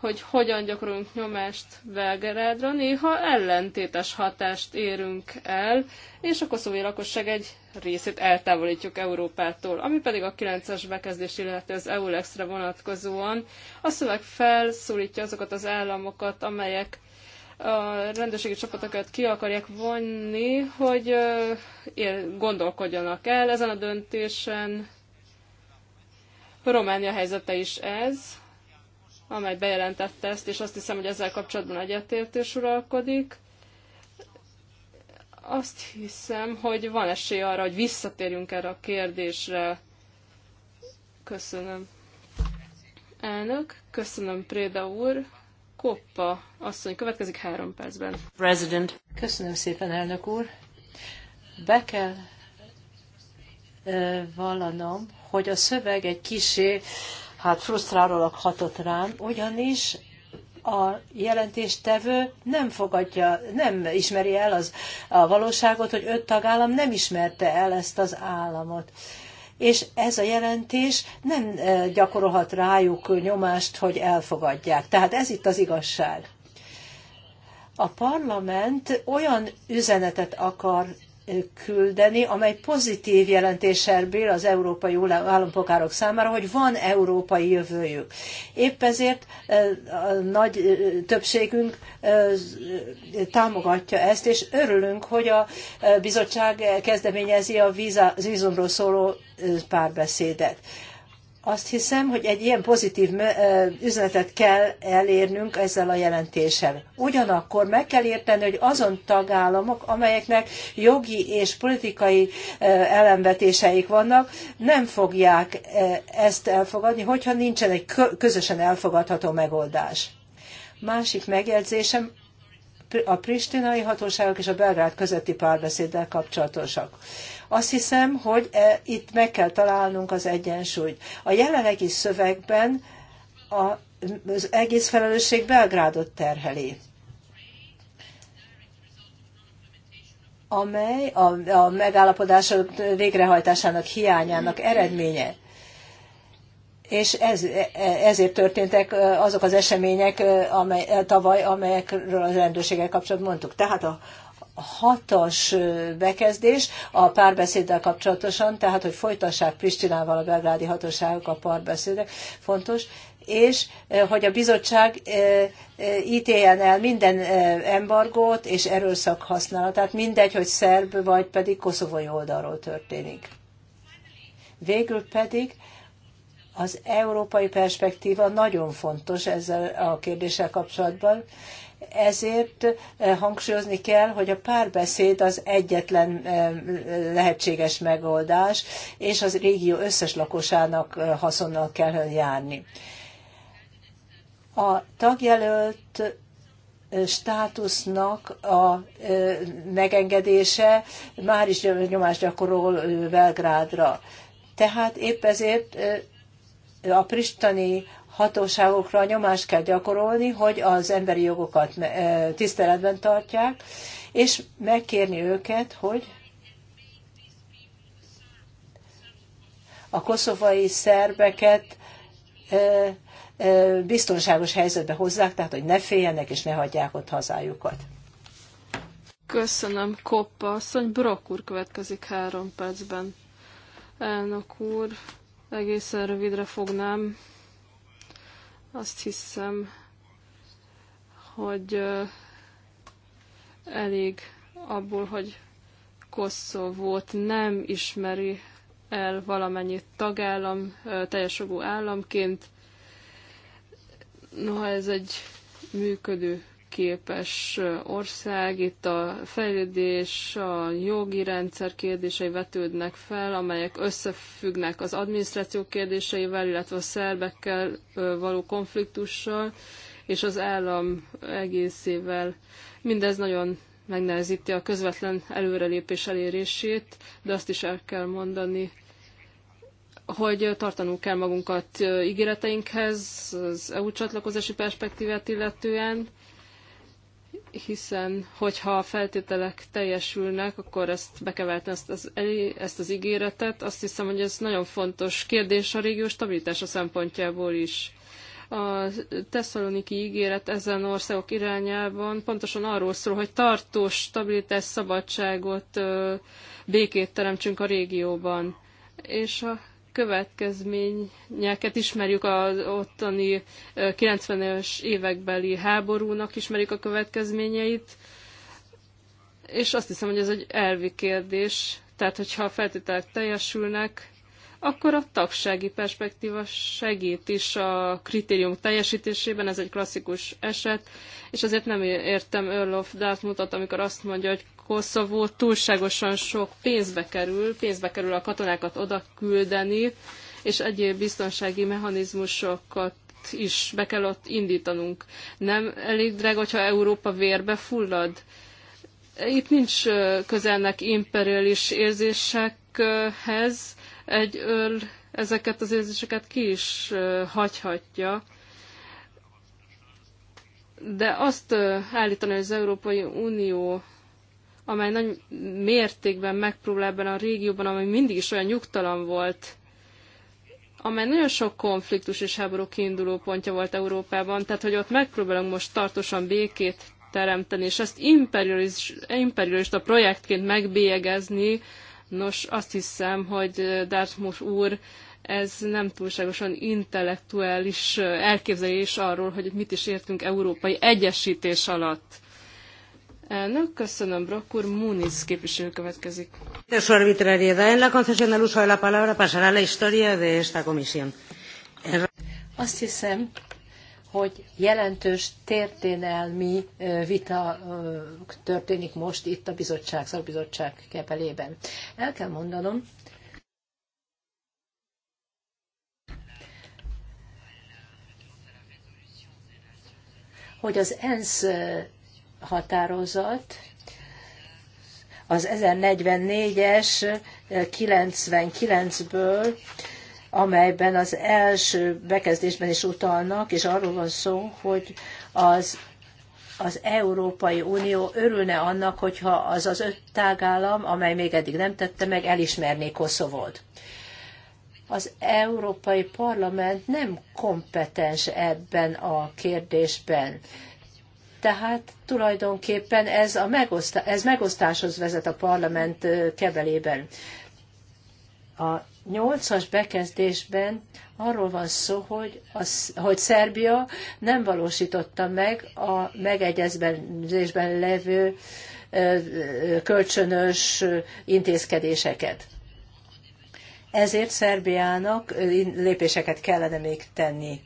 hogy hogyan gyakorolunk nyomást Belgrádra, néha ellentétes hatást érünk el, és a koszovói lakosság egy részét eltávolítjuk Európától. Ami pedig a 9-es bekezdés illeti az EULEX-re vonatkozóan, a szöveg felszólítja azokat az államokat, amelyek a rendőrségi csapatokat ki akarják vonni, hogy gondolkodjanak el ezen a döntésen. Románia helyzete is ez, amely bejelentette ezt, és azt hiszem, hogy ezzel kapcsolatban egyetértés uralkodik. Azt hiszem, hogy van esély arra, hogy visszatérjünk erre a kérdésre. Köszönöm. Elnök, köszönöm Préda úr. Koppa asszony, következik három percben. President. Köszönöm szépen, elnök úr. Be kell vallanom, hogy a szöveg egy kisé hát frusztrálólag hatott rám, ugyanis a jelentéstevő nem fogadja, nem ismeri el az, a valóságot, hogy öt tagállam nem ismerte el ezt az államot. És ez a jelentés nem e, gyakorolhat rájuk nyomást, hogy elfogadják. Tehát ez itt az igazság. A parlament olyan üzenetet akar küldeni, amely pozitív jelentéssel bír az európai állampolgárok számára, hogy van európai jövőjük. Épp ezért a nagy többségünk támogatja ezt, és örülünk, hogy a bizottság kezdeményezi a vízumról szóló párbeszédet. Azt hiszem, hogy egy ilyen pozitív üzenetet kell elérnünk ezzel a jelentéssel. Ugyanakkor meg kell érteni, hogy azon tagállamok, amelyeknek jogi és politikai ellenvetéseik vannak, nem fogják ezt elfogadni, hogyha nincsen egy közösen elfogadható megoldás. Másik megjegyzésem a pristinai hatóságok és a Belgrád közötti párbeszéddel kapcsolatosak azt hiszem, hogy e, itt meg kell találnunk az egyensúlyt. A jelenlegi szövegben az egész felelősség Belgrádot terheli. amely a, a megállapodások végrehajtásának hiányának eredménye. És ez, e, ezért történtek e, azok az események amely, tavaly, amelyekről a rendőrséggel kapcsolatban mondtuk. Tehát a hatos bekezdés a párbeszéddel kapcsolatosan, tehát hogy folytassák Pristinával a belgrádi hatóságok a párbeszédek fontos, és hogy a bizottság ítéljen el minden embargót és erőszak használatát, mindegy, hogy szerb vagy pedig koszovai oldalról történik. Végül pedig az európai perspektíva nagyon fontos ezzel a kérdéssel kapcsolatban, ezért eh, hangsúlyozni kell, hogy a párbeszéd az egyetlen eh, lehetséges megoldás, és az régió összes lakosának eh, haszonnal kell járni. A tagjelölt státusznak a megengedése már is nyomást gyakorol Belgrádra. Tehát épp ezért a pristani hatóságokra nyomást kell gyakorolni, hogy az emberi jogokat eh, tiszteletben tartják, és megkérni őket, hogy a koszovai szerbeket eh, eh, biztonságos helyzetbe hozzák, tehát hogy ne féljenek és ne hagyják ott hazájukat. Köszönöm, Koppa asszony. Brok úr következik három percben. Elnök úr, egészen rövidre fognám. Azt hiszem, hogy elég abból, hogy Koszovót nem ismeri el valamennyi tagállam, teljes jogú államként. Noha ez egy működő képes ország. Itt a fejlődés, a jogi rendszer kérdései vetődnek fel, amelyek összefüggnek az adminisztráció kérdéseivel, illetve a szerbekkel való konfliktussal és az állam egészével. Mindez nagyon megnehezíti a közvetlen előrelépés elérését, de azt is el kell mondani, hogy tartanunk kell magunkat ígéreteinkhez az EU csatlakozási perspektívát illetően, hiszen hogyha a feltételek teljesülnek, akkor ezt bekeverten ezt az, ezt az ígéretet. Azt hiszem, hogy ez nagyon fontos kérdés a régió stabilitása szempontjából is. A tesszaloniki ígéret ezen országok irányában pontosan arról szól, hogy tartós stabilitás, szabadságot, békét teremtsünk a régióban. És a következményeket ismerjük az ottani 90-es évekbeli háborúnak, ismerjük a következményeit, és azt hiszem, hogy ez egy elvi kérdés, tehát hogyha a feltételek teljesülnek, akkor a tagsági perspektíva segít is a kritérium teljesítésében, ez egy klasszikus eset, és azért nem értem Earl of Dartmouthot, amikor azt mondja, hogy Koszovó túlságosan sok pénzbe kerül, pénzbe kerül a katonákat oda küldeni, és egyéb biztonsági mechanizmusokat is be kell ott indítanunk. Nem elég drága, hogyha Európa vérbe fullad? Itt nincs közelnek imperialis érzésekhez, egy öl ezeket az érzéseket ki is hagyhatja. De azt állítani, hogy az Európai Unió, amely nagy mértékben megpróbál ebben a régióban, amely mindig is olyan nyugtalan volt, amely nagyon sok konfliktus és háború kiinduló pontja volt Európában, tehát hogy ott megpróbálunk most tartósan békét teremteni, és ezt imperialista projektként megbélyegezni, Nos, azt hiszem, hogy Dartmouth úr ez nem túlságosan intellektuális elképzelés arról, hogy mit is értünk európai egyesítés alatt. Elnök, köszönöm, Brock úr, Muniz képviselő következik. De su arbitrariedad en la concesión del uso de la palabra pasará la historia de esta comisión. Azt hiszem, hogy jelentős történelmi vita történik most itt a bizottság, szakbizottság kepelében. El kell mondanom, hogy az ENSZ határozat az 1044-es 99-ből amelyben az első bekezdésben is utalnak, és arról van szó, hogy az az Európai Unió örülne annak, hogyha az az öt tágállam, amely még eddig nem tette meg, elismerné Koszovót. Az Európai Parlament nem kompetens ebben a kérdésben. Tehát tulajdonképpen ez, a megosztá- ez megosztáshoz vezet a parlament kebelében. A nyolcas bekezdésben arról van szó, hogy, az, hogy Szerbia nem valósította meg a megegyezésben levő kölcsönös intézkedéseket. Ezért Szerbiának lépéseket kellene még tenni.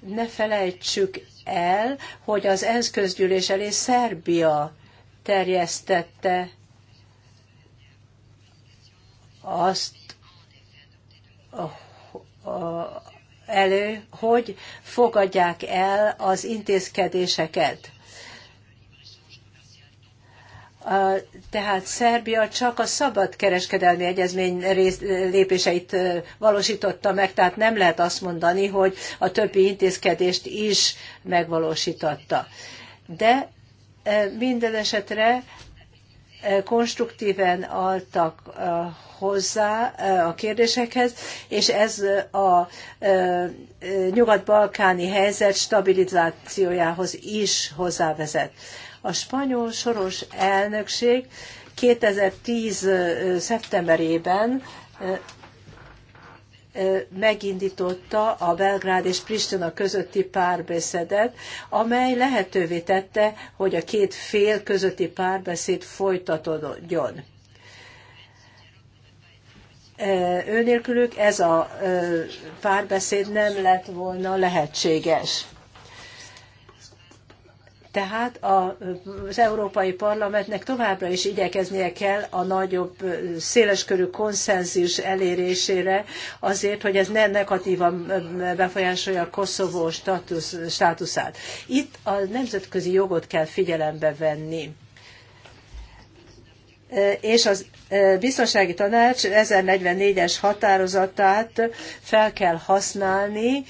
Ne felejtsük el, hogy az ENSZ közgyűlés elé Szerbia terjesztette azt elő, hogy fogadják el az intézkedéseket. Tehát Szerbia csak a szabad kereskedelmi egyezmény rész, lépéseit valósította meg, tehát nem lehet azt mondani, hogy a többi intézkedést is megvalósította. De minden esetre konstruktíven altak hozzá a kérdésekhez, és ez a nyugat-balkáni helyzet stabilizációjához is hozzávezet. A spanyol soros elnökség 2010. szeptemberében megindította a Belgrád és Pristina közötti párbeszédet, amely lehetővé tette, hogy a két fél közötti párbeszéd folytatódjon ő nélkülük ez a párbeszéd nem lett volna lehetséges. Tehát az Európai Parlamentnek továbbra is igyekeznie kell a nagyobb, széleskörű konszenzus elérésére azért, hogy ez ne negatívan befolyásolja a Koszovó státuszát. Itt a nemzetközi jogot kell figyelembe venni és az biztonsági tanács 1044-es határozatát fel kell használni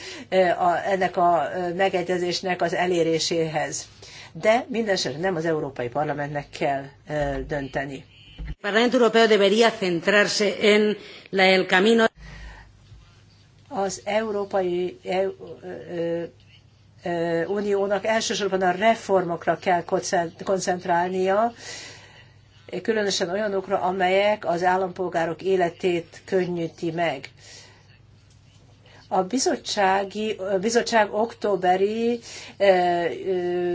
ennek a megegyezésnek az eléréséhez. De mindenesetre nem az Európai Parlamentnek kell dönteni. El Parlamento Europeo debería centrarse en la, el camino. Az Európai Uniónak elsősorban a reformokra kell koncentrálnia, különösen olyanokra, amelyek az állampolgárok életét könnyíti meg. A bizottsági, a bizottság októberi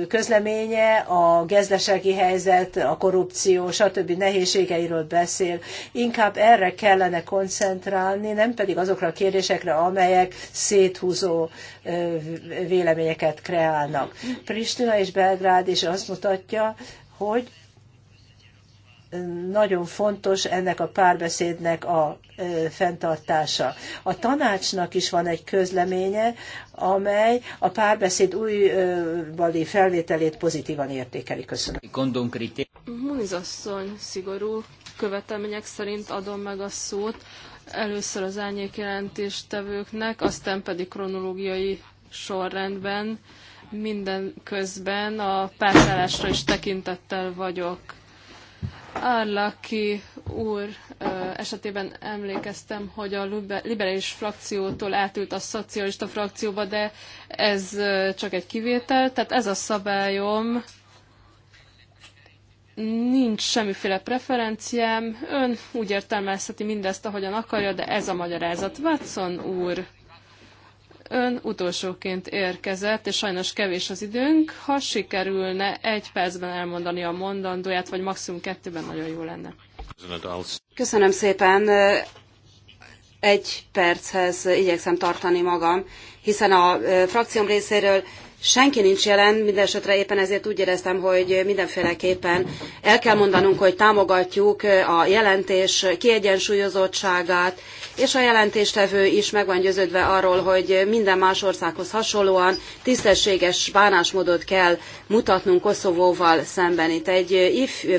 közleménye a gazdasági helyzet, a korrupció, stb. nehézségeiről beszél. Inkább erre kellene koncentrálni, nem pedig azokra a kérdésekre, amelyek széthúzó véleményeket kreálnak. Pristina és Belgrád is azt mutatja, hogy nagyon fontos ennek a párbeszédnek a fenntartása. A tanácsnak is van egy közleménye, amely a párbeszéd újbali felvételét pozitívan értékeli. Köszönöm. Muniz asszony szigorú követelmények szerint adom meg a szót először az árnyék jelentéstevőknek, aztán pedig kronológiai sorrendben minden közben a pártállásra is tekintettel vagyok. Arlaki úr esetében emlékeztem, hogy a liberális frakciótól átült a szocialista frakcióba, de ez csak egy kivétel. Tehát ez a szabályom, nincs semmiféle preferenciám, ön úgy értelmezheti mindezt, ahogyan akarja, de ez a magyarázat. Watson úr, Ön utolsóként érkezett, és sajnos kevés az időnk. Ha sikerülne egy percben elmondani a mondandóját, vagy maximum kettőben nagyon jó lenne. Köszönöm szépen. Egy perchez igyekszem tartani magam, hiszen a frakcióm részéről senki nincs jelen, mindesetre éppen ezért úgy éreztem, hogy mindenféleképpen el kell mondanunk, hogy támogatjuk a jelentés kiegyensúlyozottságát, és a jelentéstevő is meg van győződve arról, hogy minden más országhoz hasonlóan tisztességes bánásmódot kell mutatnunk Koszovóval szemben. Itt egy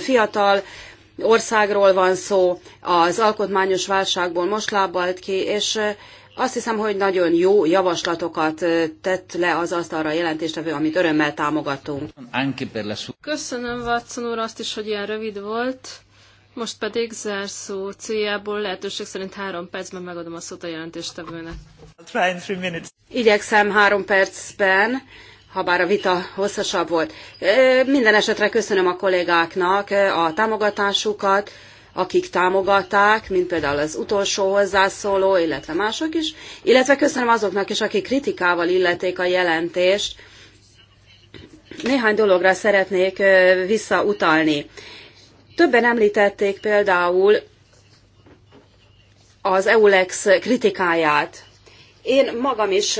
fiatal országról van szó, az alkotmányos válságból most lábbalt ki, és azt hiszem, hogy nagyon jó javaslatokat tett le az asztalra a jelentéstevő, amit örömmel támogatunk. Köszönöm Watson úr azt is, hogy ilyen rövid volt. Most pedig zárszó céljából lehetőség szerint három percben megadom a szót a jelentéstevőnek. Igyekszem három percben ha bár a vita hosszasabb volt. Minden esetre köszönöm a kollégáknak a támogatásukat, akik támogatták, mint például az utolsó hozzászóló, illetve mások is, illetve köszönöm azoknak is, akik kritikával illeték a jelentést. Néhány dologra szeretnék visszautalni. Többen említették például az EULEX kritikáját. Én magam is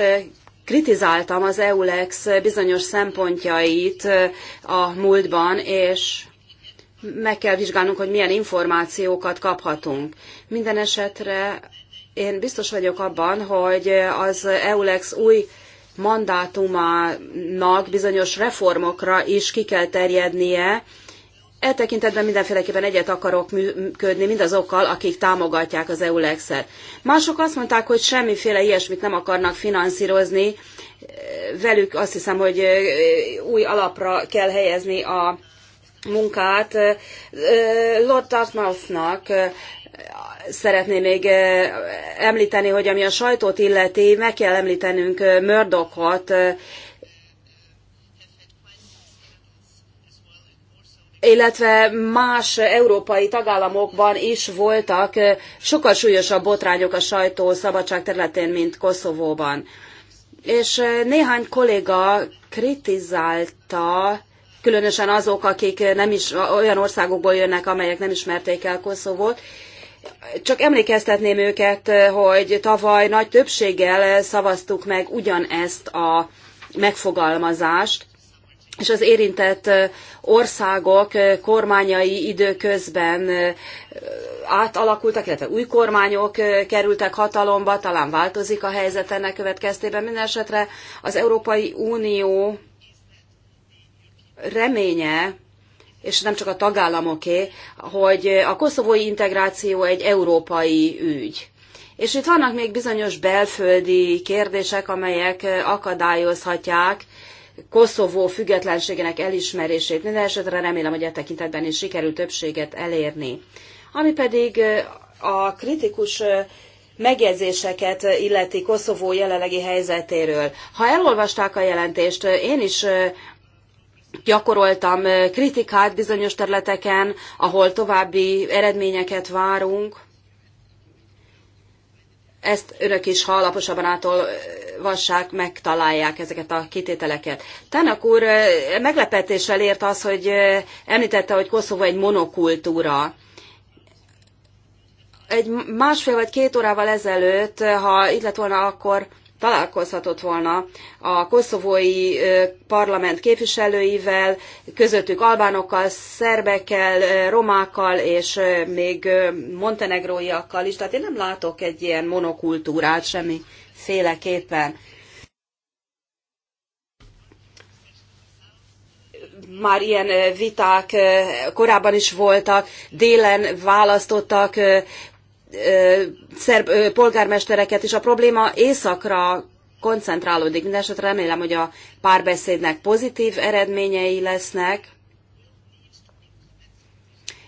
kritizáltam az EULEX bizonyos szempontjait a múltban, és meg kell vizsgálnunk, hogy milyen információkat kaphatunk. Minden esetre én biztos vagyok abban, hogy az EULEX új mandátumának bizonyos reformokra is ki kell terjednie. E tekintetben mindenféleképpen egyet akarok működni mindazokkal, akik támogatják az EULEX-et. Mások azt mondták, hogy semmiféle ilyesmit nem akarnak finanszírozni. Velük azt hiszem, hogy új alapra kell helyezni a munkát. Lord Dartmouthnak szeretném még említeni, hogy ami a sajtót illeti, meg kell említenünk Murdochot, illetve más európai tagállamokban is voltak sokkal súlyosabb botrányok a sajtó szabadság területén, mint Koszovóban. És néhány kolléga kritizálta különösen azok, akik nem is olyan országokból jönnek, amelyek nem ismerték el Koszovót. Csak emlékeztetném őket, hogy tavaly nagy többséggel szavaztuk meg ugyanezt a megfogalmazást, és az érintett országok kormányai időközben átalakultak, illetve új kormányok kerültek hatalomba, talán változik a helyzet ennek következtében. Mindenesetre az Európai Unió reménye, és nem csak a tagállamoké, hogy a koszovói integráció egy európai ügy. És itt vannak még bizonyos belföldi kérdések, amelyek akadályozhatják Koszovó függetlenségének elismerését. Minden esetre remélem, hogy e tekintetben is sikerül többséget elérni. Ami pedig a kritikus megjegyzéseket illeti Koszovó jelenlegi helyzetéről. Ha elolvasták a jelentést, én is gyakoroltam kritikát bizonyos területeken, ahol további eredményeket várunk. Ezt önök is, ha alaposabban átolvassák, megtalálják ezeket a kitételeket. Tának úr meglepetéssel ért az, hogy említette, hogy Koszovó egy monokultúra egy másfél vagy két órával ezelőtt, ha itt lett volna, akkor találkozhatott volna a koszovói parlament képviselőivel, közöttük albánokkal, szerbekkel, romákkal és még montenegróiakkal is. Tehát én nem látok egy ilyen monokultúrát féleképpen. már ilyen viták korábban is voltak, délen választottak szerb polgármestereket, és a probléma északra koncentrálódik. Mindenesetre remélem, hogy a párbeszédnek pozitív eredményei lesznek.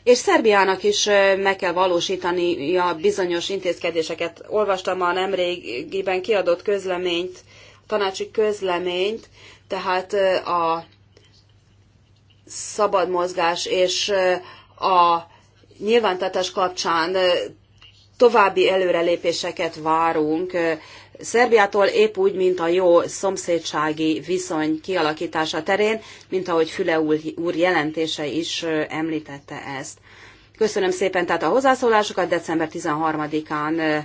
És Szerbiának is meg kell valósítania bizonyos intézkedéseket. Olvastam a nemrégiben kiadott közleményt, tanácsi közleményt, tehát a szabad mozgás és a nyilvántartás kapcsán további előrelépéseket várunk Szerbiától épp úgy, mint a jó szomszédsági viszony kialakítása terén, mint ahogy Füle úr jelentése is említette ezt. Köszönöm szépen tehát a hozzászólásokat, december 13-án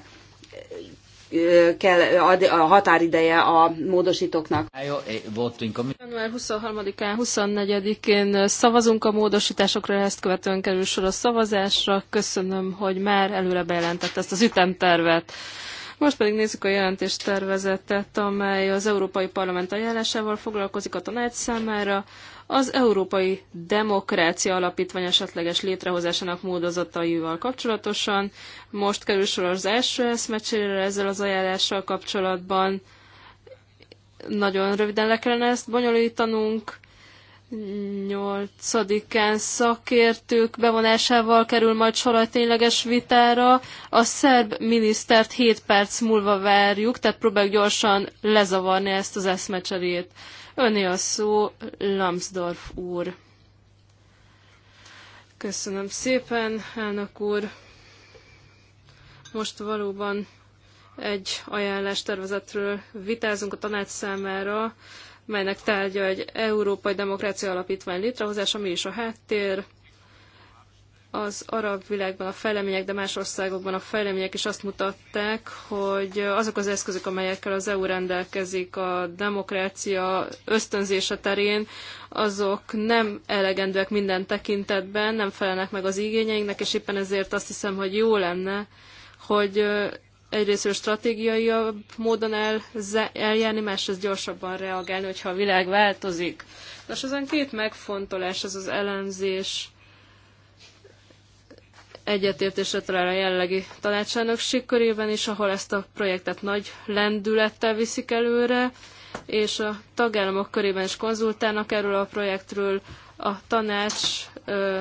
kell a határideje a módosítóknak. Eh, Január 23-án, 24-én eh, szavazunk a módosításokra, ezt követően kerül sor a szavazásra. Köszönöm, hogy már előre bejelentett ezt az ütemtervet. Most pedig nézzük a jelentéstervezetet, amely az Európai Parlament ajánlásával foglalkozik a tanács számára az Európai Demokrácia Alapítvány esetleges létrehozásának módozataival kapcsolatosan. Most kerül sor az első eszmecsére ezzel az ajánlással kapcsolatban. Nagyon röviden le kellene ezt bonyolítanunk. 8-án szakértők bevonásával kerül majd sor a tényleges vitára. A szerb minisztert 7 perc múlva várjuk, tehát próbáljuk gyorsan lezavarni ezt az eszmecserét. Öné a szó, Lambsdorff úr. Köszönöm szépen, elnök úr. Most valóban egy tervezetről vitázunk a tanács számára, melynek tárgya egy Európai Demokrácia Alapítvány létrehozása, mi is a háttér az arab világban a fejlemények, de más országokban a fejlemények is azt mutatták, hogy azok az eszközök, amelyekkel az EU rendelkezik a demokrácia ösztönzése terén, azok nem elegendőek minden tekintetben, nem felelnek meg az igényeinknek, és éppen ezért azt hiszem, hogy jó lenne, hogy egyrészt stratégiai módon el, eljárni, másrészt gyorsabban reagálni, hogyha a világ változik. Nos, ezen két megfontolás, ez az elemzés, egyetértésre talál a jellegi tanácselnökség körében is, ahol ezt a projektet nagy lendülettel viszik előre, és a tagállamok körében is konzultálnak erről a projektről. A tanács ö,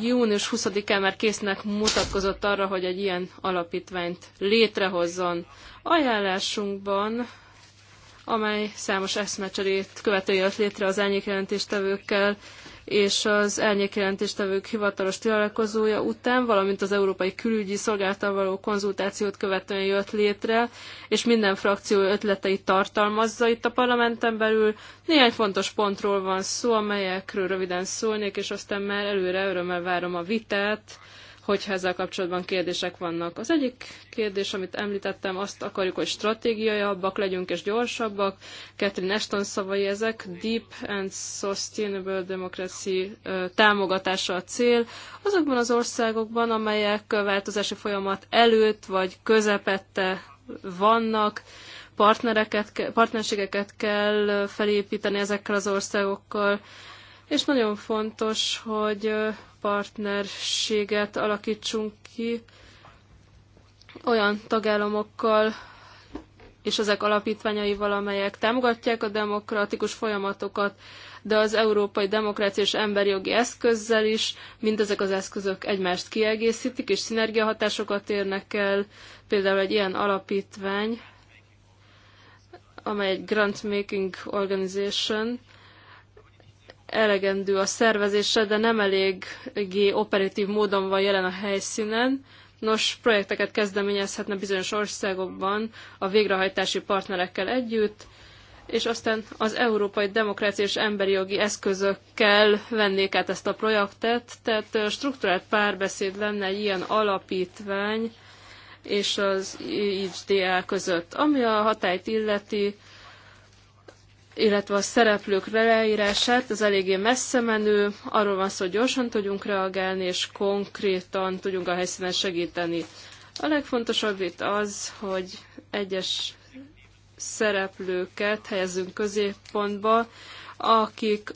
június 20-án már késznek mutatkozott arra, hogy egy ilyen alapítványt létrehozzon. Ajánlásunkban, amely számos eszmecserét követői jött létre az árnyékjelentéstevőkkel, jelentéstevőkkel, és az elnyékjelentéstevők hivatalos találkozója után, valamint az Európai Külügyi Szolgáltal való konzultációt követően jött létre, és minden frakció ötleteit tartalmazza itt a parlamenten belül. Néhány fontos pontról van szó, amelyekről röviden szólnék, és aztán már előre örömmel várom a vitát, hogyha ezzel kapcsolatban kérdések vannak. Az egyik kérdés, amit említettem, azt akarjuk, hogy stratégiaiabbak legyünk és gyorsabbak. Catherine Ashton szavai ezek, Deep and Sustainable Democracy támogatása a cél. Azokban az országokban, amelyek változási folyamat előtt vagy közepette vannak, partnereket, partnerségeket kell felépíteni ezekkel az országokkal, és nagyon fontos, hogy partnerséget alakítsunk ki olyan tagállamokkal és ezek alapítványaival, amelyek támogatják a demokratikus folyamatokat, de az európai demokrácia és emberi jogi eszközzel is mindezek az eszközök egymást kiegészítik, és szinergiahatásokat érnek el. Például egy ilyen alapítvány, amely egy Grant Making Organization, elegendő a szervezésre, de nem eléggé operatív módon van jelen a helyszínen. Nos, projekteket kezdeményezhetne bizonyos országokban a végrehajtási partnerekkel együtt, és aztán az európai demokrácia és emberi jogi eszközökkel vennék át ezt a projektet, tehát struktúrált párbeszéd lenne egy ilyen alapítvány és az IHDA között. Ami a hatályt illeti, illetve a szereplők leírását, ez eléggé messze menő, arról van szó, hogy gyorsan tudjunk reagálni, és konkrétan tudjunk a helyszínen segíteni. A legfontosabb itt az, hogy egyes szereplőket helyezzünk középpontba, akik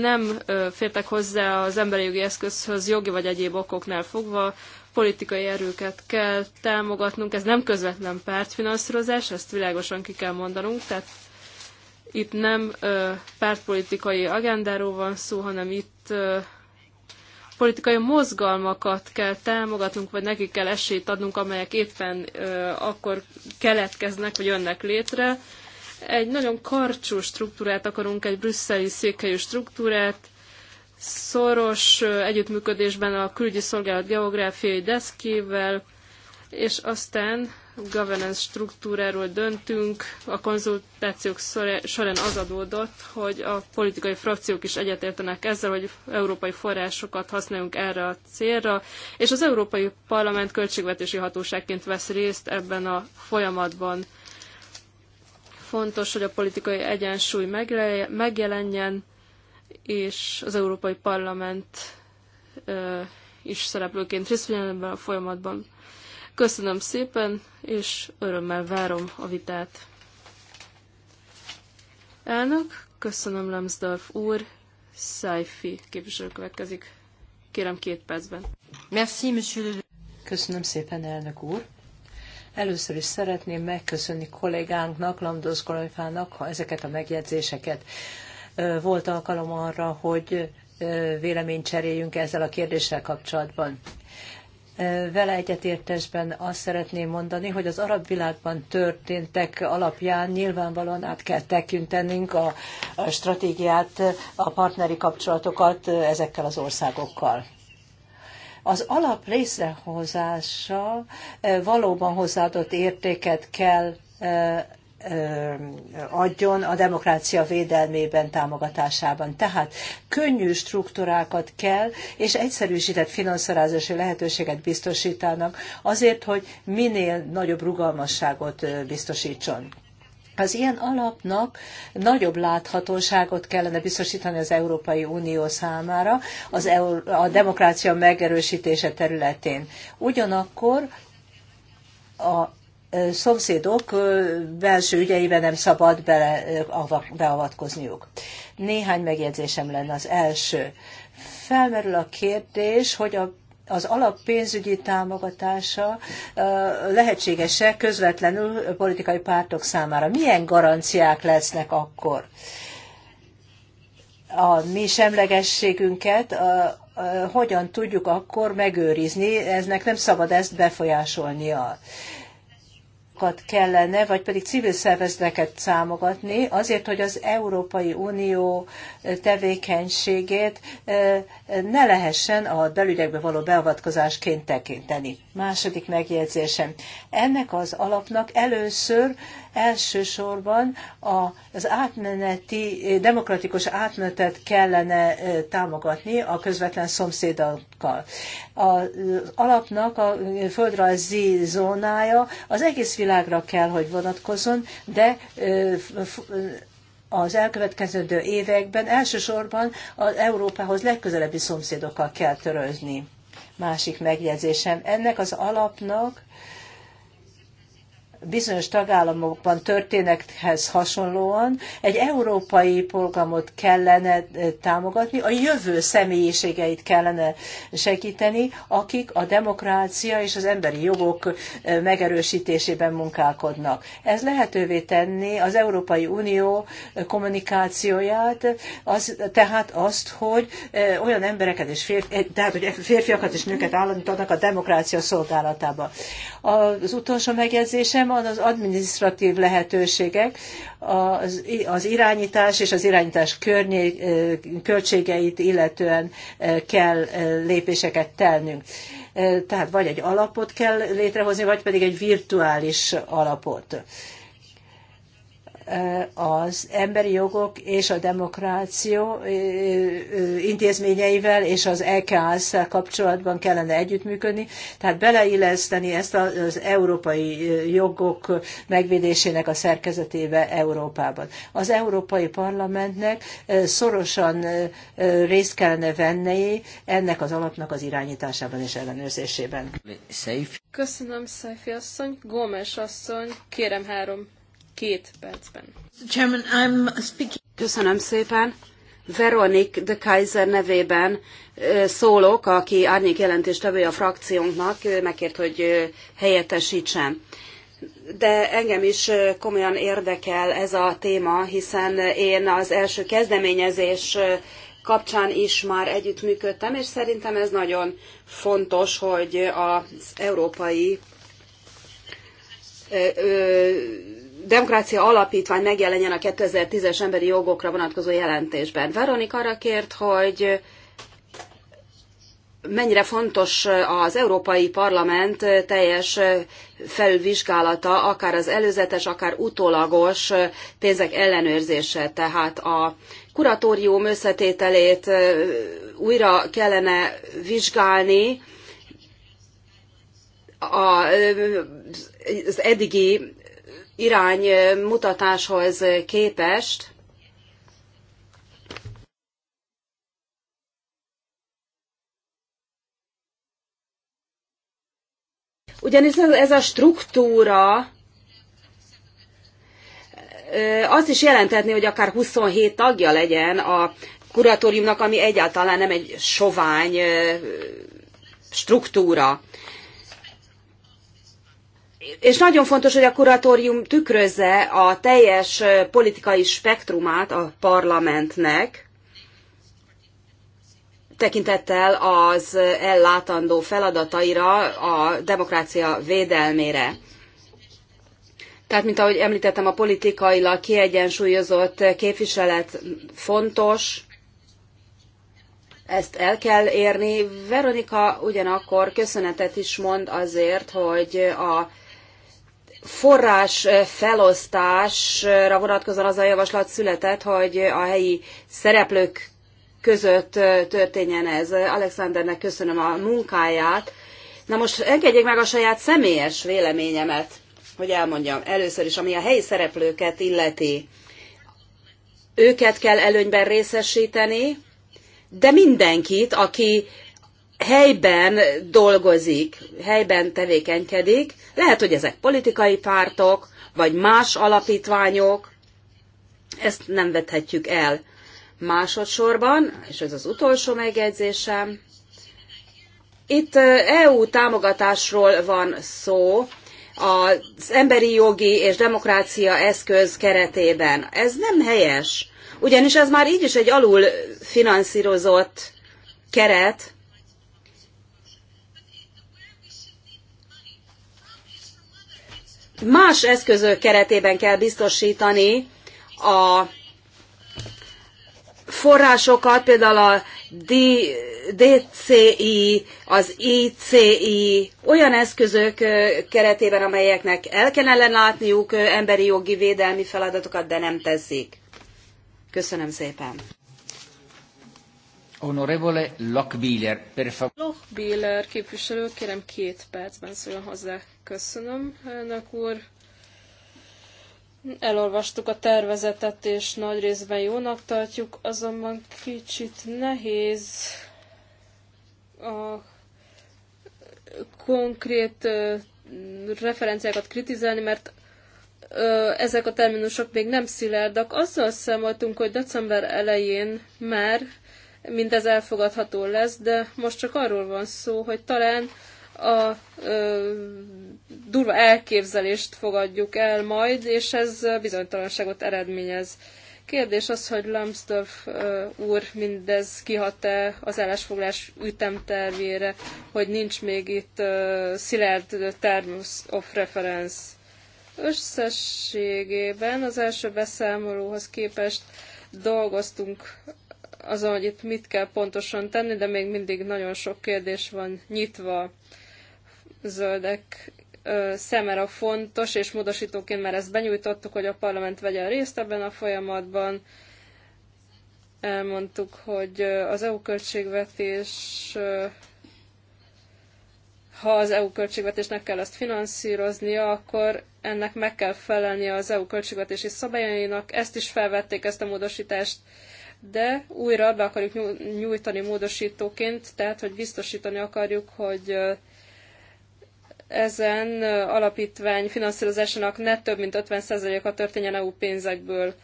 nem fértek hozzá az emberi jogi eszközhöz jogi vagy egyéb okoknál fogva, politikai erőket kell támogatnunk, ez nem közvetlen pártfinanszírozás, ezt világosan ki kell mondanunk, tehát itt nem ö, pártpolitikai agendáról van szó, hanem itt ö, politikai mozgalmakat kell támogatnunk, vagy nekik kell esélyt adnunk, amelyek éppen ö, akkor keletkeznek, vagy jönnek létre. Egy nagyon karcsú struktúrát akarunk, egy brüsszeli székhelyű struktúrát, szoros ö, együttműködésben a külügyi szolgálat geográfiai deszkével, és aztán governance struktúráról döntünk. A konzultációk során az adódott, hogy a politikai frakciók is egyetértenek ezzel, hogy európai forrásokat használjunk erre a célra, és az Európai Parlament költségvetési hatóságként vesz részt ebben a folyamatban. Fontos, hogy a politikai egyensúly megjelenjen, és az Európai Parlament is szereplőként részt vegyen ebben a folyamatban. Köszönöm szépen, és örömmel várom a vitát. Elnök, köszönöm Lamsdorf úr, Szájfi képviselő következik. Kérem két percben. Merci, monsieur. Köszönöm szépen, elnök úr. Először is szeretném megköszönni kollégánknak, Lamdos Kolonyfának ezeket a megjegyzéseket. Volt alkalom arra, hogy véleményt cseréljünk ezzel a kérdéssel kapcsolatban. Vele egyetértésben azt szeretném mondani, hogy az arab világban történtek alapján nyilvánvalóan át kell tekintenünk a, a stratégiát, a partneri kapcsolatokat ezekkel az országokkal az alap részrehozása eh, valóban hozzáadott értéket kell eh, adjon a demokrácia védelmében, támogatásában. Tehát könnyű struktúrákat kell, és egyszerűsített finanszírozási lehetőséget biztosítanak azért, hogy minél nagyobb rugalmasságot biztosítson. Az ilyen alapnak nagyobb láthatóságot kellene biztosítani az Európai Unió számára az EU, a demokrácia megerősítése területén. Ugyanakkor a szomszédok belső ügyeiben nem szabad bele, beavatkozniuk. Néhány megjegyzésem lenne az első. Felmerül a kérdés, hogy a az alappénzügyi támogatása lehetséges-e közvetlenül politikai pártok számára? Milyen garanciák lesznek akkor? A mi semlegességünket a, a, hogyan tudjuk akkor megőrizni? Eznek nem szabad ezt befolyásolnia csapatokat kellene, vagy pedig civil szervezeteket számogatni, azért, hogy az Európai Unió tevékenységét eh, ne lehessen a belügyekbe való beavatkozásként tekinteni. Második megjegyzésem. Ennek az alapnak először elsősorban az átmeneti, demokratikus átmenetet kellene támogatni a közvetlen szomszédokkal. Az alapnak a földrajzi zónája az egész világra kell, hogy vonatkozzon, de az elkövetkező években elsősorban az Európához legközelebbi szomszédokkal kell törőzni. Másik megjegyzésem, ennek az alapnak bizonyos tagállamokban történekhez hasonlóan egy európai programot kellene eh, támogatni, a jövő személyiségeit kellene segíteni, akik a demokrácia és az emberi jogok eh, megerősítésében munkálkodnak. Ez lehetővé tenni az Európai Unió eh, kommunikációját, az, tehát azt, hogy olyan embereket és férfi, tehát, hogy férfiakat és nőket állítanak a demokrácia szolgálatába. Az utolsó megjegyzésem van az administratív lehetőségek, az, az irányítás és az irányítás környé, költségeit illetően kell lépéseket tennünk. Tehát vagy egy alapot kell létrehozni, vagy pedig egy virtuális alapot az emberi jogok és a demokráció intézményeivel és az eksz kapcsolatban kellene együttműködni, tehát beleilleszteni ezt az európai jogok megvédésének a szerkezetébe Európában. Az Európai Parlamentnek szorosan részt kellene venni ennek az alapnak az irányításában és ellenőrzésében. Köszönöm, Szájfi asszony. Gómez asszony, kérem három két percben. Chairman, I'm speaking. Köszönöm szépen. Veronik de Kaiser nevében szólok, aki árnyék jelentéstevője a frakciónknak, megkért, hogy helyettesítsen. De engem is komolyan érdekel ez a téma, hiszen én az első kezdeményezés kapcsán is már együttműködtem, és szerintem ez nagyon fontos, hogy az európai demokrácia alapítvány megjelenjen a 2010-es emberi jogokra vonatkozó jelentésben. Veronik arra kért, hogy mennyire fontos az Európai Parlament teljes felvizsgálata, akár az előzetes, akár utólagos pénzek ellenőrzése. Tehát a kuratórium összetételét újra kellene vizsgálni, az eddigi iránymutatáshoz képest, Ugyanis ez a struktúra azt is jelentetni, hogy akár 27 tagja legyen a kuratóriumnak, ami egyáltalán nem egy sovány struktúra és nagyon fontos, hogy a kuratórium tükrözze a teljes politikai spektrumát a parlamentnek, tekintettel az ellátandó feladataira, a demokrácia védelmére. Tehát, mint ahogy említettem, a politikailag kiegyensúlyozott képviselet fontos, ezt el kell érni. Veronika ugyanakkor köszönetet is mond azért, hogy a forrás felosztásra vonatkozóan az a javaslat született, hogy a helyi szereplők között történjen ez. Alexandernek köszönöm a munkáját. Na most engedjék meg a saját személyes véleményemet, hogy elmondjam először is, ami a helyi szereplőket illeti. Őket kell előnyben részesíteni, de mindenkit, aki helyben dolgozik, helyben tevékenykedik, lehet, hogy ezek politikai pártok, vagy más alapítványok, ezt nem vethetjük el. Másodszorban, és ez az utolsó megjegyzésem, itt EU támogatásról van szó, az emberi jogi és demokrácia eszköz keretében. Ez nem helyes, ugyanis ez már így is egy alul finanszírozott keret, más eszközök keretében kell biztosítani a forrásokat, például a DCI, az ICI, olyan eszközök keretében, amelyeknek el kellene látniuk emberi jogi védelmi feladatokat, de nem teszik. Köszönöm szépen! Honorevole Lockbiller, per Lockbiller képviselő, kérem két percben szóljon hozzá. Köszönöm, elnök úr. Elolvastuk a tervezetet, és nagy részben jónak tartjuk, azonban kicsit nehéz a konkrét referenciákat kritizálni, mert ezek a terminusok még nem szilárdak. Azzal számoltunk, hogy december elején már mindez elfogadható lesz, de most csak arról van szó, hogy talán a ö, durva elképzelést fogadjuk el majd, és ez bizonytalanságot eredményez. Kérdés az, hogy Lambsdorff úr mindez kihat-e az állásfoglás ütemtervére, hogy nincs még itt uh, szilárd termus of reference. Összességében az első beszámolóhoz képest dolgoztunk azon, hogy itt mit kell pontosan tenni, de még mindig nagyon sok kérdés van nyitva zöldek szemére fontos, és módosítóként már ezt benyújtottuk, hogy a parlament vegyen részt ebben a folyamatban. Elmondtuk, hogy az EU költségvetés, ha az EU költségvetésnek kell ezt finanszíroznia, akkor ennek meg kell felelnie az EU költségvetési szabályainak. Ezt is felvették, ezt a módosítást de újra be akarjuk nyújtani módosítóként, tehát hogy biztosítani akarjuk, hogy ezen alapítvány finanszírozásának ne több mint 50%-a történjen EU pénzekből.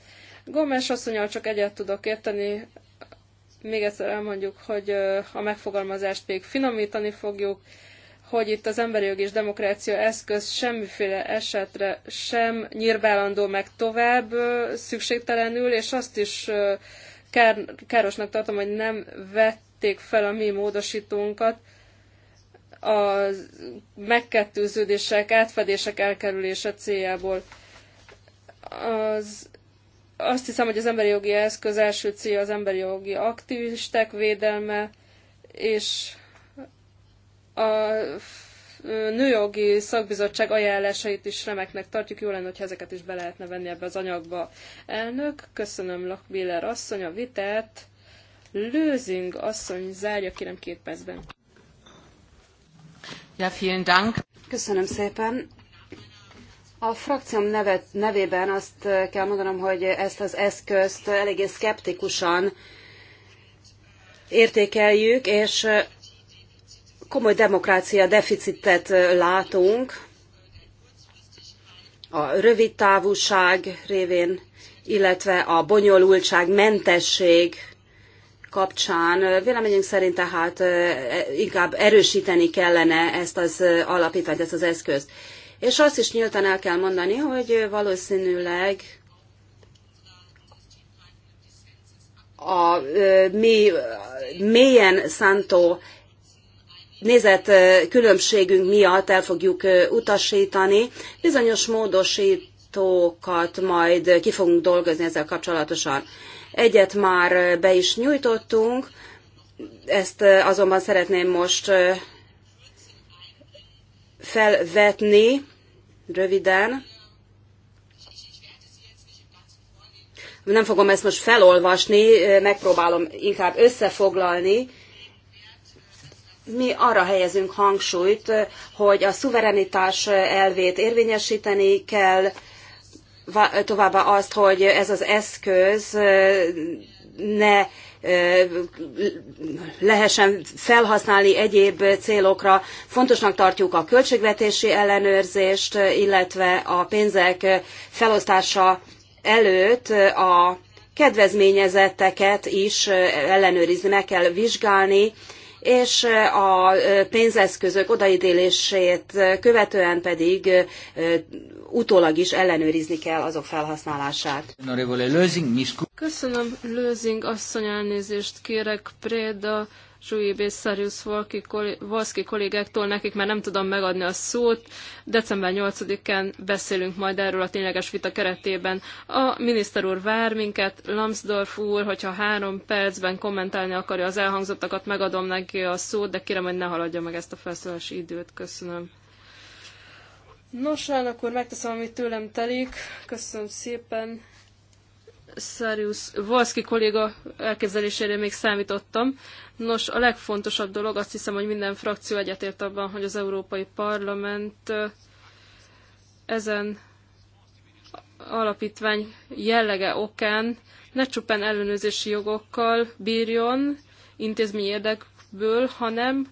Gomes asszonyal csak egyet tudok érteni, még egyszer elmondjuk, hogy a megfogalmazást még finomítani fogjuk, hogy itt az emberi jog és demokrácia eszköz semmiféle esetre sem nyírbálandó meg tovább szükségtelenül, és azt is kár, károsnak tartom, hogy nem vették fel a mi módosítónkat, a megkettőződések, átfedések elkerülése céljából. Az, azt hiszem, hogy az emberi jogi eszköz első célja az emberi jogi aktivisták védelme, és a nőjogi szakbizottság ajánlásait is remeknek tartjuk. Jó lenne, hogyha ezeket is be lehetne venni ebbe az anyagba. Elnök, köszönöm Lakbiller asszony a vitát. Lőzing asszony zárja, kérem két percben. Ja, vielen Dank. Köszönöm szépen. A frakcióm nevet, nevében azt kell mondanom, hogy ezt az eszközt eléggé szkeptikusan értékeljük, és komoly demokrácia deficitet látunk a rövid távúság révén, illetve a bonyolultság, mentesség kapcsán. Véleményünk szerint tehát e, inkább erősíteni kellene ezt az alapítványt, ezt az eszközt. És azt is nyíltan el kell mondani, hogy valószínűleg a mi mélyen szántó nézet különbségünk miatt el fogjuk utasítani. Bizonyos módosítókat majd ki fogunk dolgozni ezzel kapcsolatosan. Egyet már be is nyújtottunk, ezt azonban szeretném most felvetni röviden. Nem fogom ezt most felolvasni, megpróbálom inkább összefoglalni mi arra helyezünk hangsúlyt, hogy a szuverenitás elvét érvényesíteni kell, továbbá azt, hogy ez az eszköz ne lehessen felhasználni egyéb célokra. Fontosnak tartjuk a költségvetési ellenőrzést, illetve a pénzek felosztása előtt a kedvezményezetteket is ellenőrizni, meg kell vizsgálni, és a pénzeszközök odaítélését követően pedig utólag is ellenőrizni kell azok felhasználását. Köszönöm, Lőzing asszony, elnézést kérek, Préda Zsújib és Szarius Volszki kollégáktól, nekik már nem tudom megadni a szót. December 8-án beszélünk majd erről a tényleges vita keretében. A miniszter úr vár minket, Lambsdorff úr, hogyha három percben kommentálni akarja az elhangzottakat, megadom neki a szót, de kérem, hogy ne haladja meg ezt a felszólás időt. Köszönöm. Nos, akkor megteszem, amit tőlem telik. Köszönöm szépen Szerius Volszki kolléga elképzelésére még számítottam. Nos, a legfontosabb dolog, azt hiszem, hogy minden frakció egyetért abban, hogy az Európai Parlament ezen alapítvány jellege okán ne csupán ellenőrzési jogokkal bírjon intézmény érdekből, hanem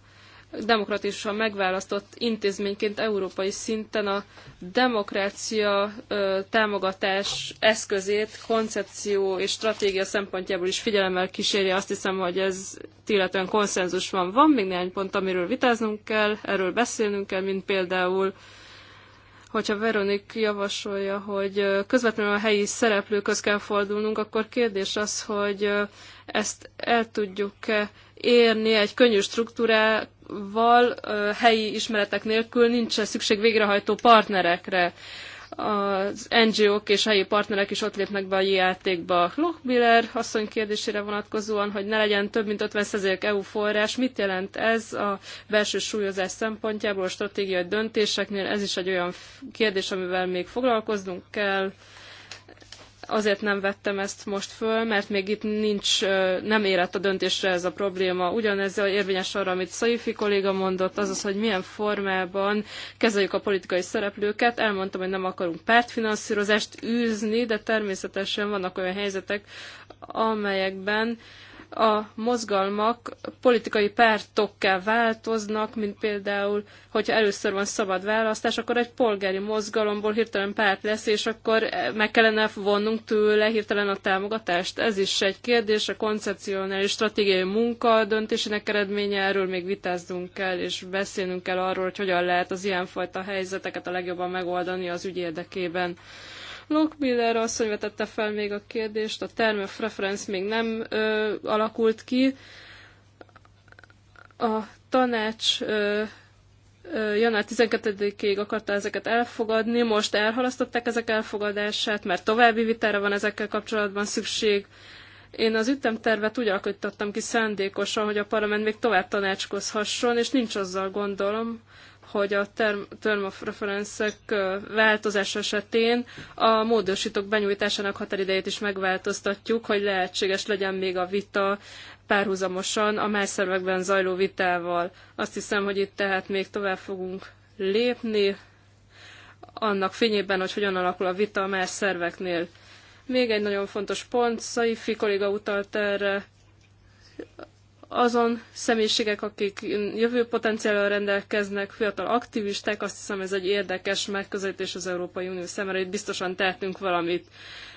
demokratikusan megválasztott intézményként európai szinten a demokrácia ö, támogatás eszközét koncepció és stratégia szempontjából is figyelemmel kíséri. Azt hiszem, hogy ez illetően konszenzus van. Van még néhány pont, amiről vitáznunk kell, erről beszélnünk kell, mint például hogyha Veronik javasolja, hogy közvetlenül a helyi szereplőköz kell fordulnunk, akkor kérdés az, hogy ezt el tudjuk-e érni egy könnyű struktúrá, val helyi ismeretek nélkül nincs szükség végrehajtó partnerekre. Az NGO-k és helyi partnerek is ott lépnek be a játékba. Lochbiller asszony kérdésére vonatkozóan, hogy ne legyen több mint 50% EU forrás, mit jelent ez a belső súlyozás szempontjából, a stratégiai döntéseknél? Ez is egy olyan kérdés, amivel még foglalkoznunk kell. Azért nem vettem ezt most föl, mert még itt nincs, nem érett a döntésre ez a probléma. Ugyanez érvényes arra, amit Szaifi kolléga mondott, azaz, hogy milyen formában kezeljük a politikai szereplőket. Elmondtam, hogy nem akarunk pártfinanszírozást űzni, de természetesen vannak olyan helyzetek, amelyekben a mozgalmak politikai pártokká változnak, mint például, hogyha először van szabad választás, akkor egy polgári mozgalomból hirtelen párt lesz, és akkor eh, meg kellene vonnunk tőle hirtelen a támogatást. Ez is egy kérdés, a koncepcionális stratégiai munka döntésének eredménye, erről még vitázzunk kell, és beszélnünk kell arról, hogy hogyan lehet az ilyenfajta helyzeteket a legjobban megoldani az ügy érdekében. Lockmiller asszony vetette fel még a kérdést, a term of reference még nem ö, alakult ki. A tanács ö, ö, január 12-ig akarta ezeket elfogadni, most elhalasztották ezek elfogadását, mert további vitára van ezekkel kapcsolatban szükség. Én az ütemtervet úgy alkottattam ki szándékosan, hogy a parlament még tovább tanácskozhasson, és nincs azzal gondolom, hogy a term, term of reference változás esetén a módosítók benyújtásának határidejét is megváltoztatjuk, hogy lehetséges legyen még a vita párhuzamosan a más szervekben zajló vitával. Azt hiszem, hogy itt tehát még tovább fogunk lépni, annak fényében, hogy hogyan alakul a vita a más szerveknél. Még egy nagyon fontos pont, Szaifi kolléga utalt erre, azon személyiségek, akik jövő potenciállal rendelkeznek, fiatal aktivisták, azt hiszem ez egy érdekes megközelítés az Európai Unió számára, itt biztosan tehetünk valamit.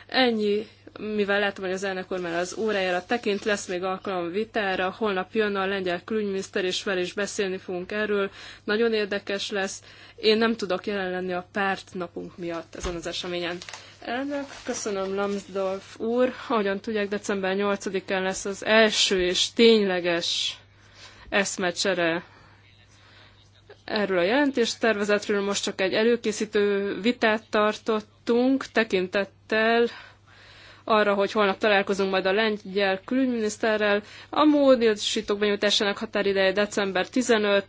Ennyi, mivel látom, hogy az elnök úr már az órájára tekint, lesz még alkalom vitára, holnap jön a lengyel külügyminiszter, és vele is beszélni fogunk erről, nagyon érdekes lesz. Én nem tudok jelen lenni a párt napunk miatt ezen az eseményen. Elnök, köszönöm Lambsdorff úr. Ahogyan tudják, december 8-án lesz az első és tényleges eszmecsere erről a jelentéstervezetről. Most csak egy előkészítő vitát tartottunk tekintettel arra, hogy holnap találkozunk majd a lengyel külügyminiszterrel. A módosítók benyújtásának határideje december 15,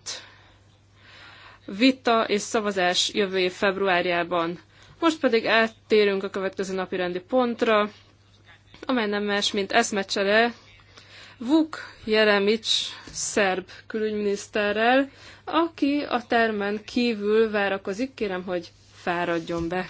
vita és szavazás jövő év februárjában. Most pedig áttérünk a következő napi rendi pontra, amely nem más, mint eszmecsere Vuk Jeremics szerb külügyminiszterrel, aki a termen kívül várakozik. Kérem, hogy fáradjon be.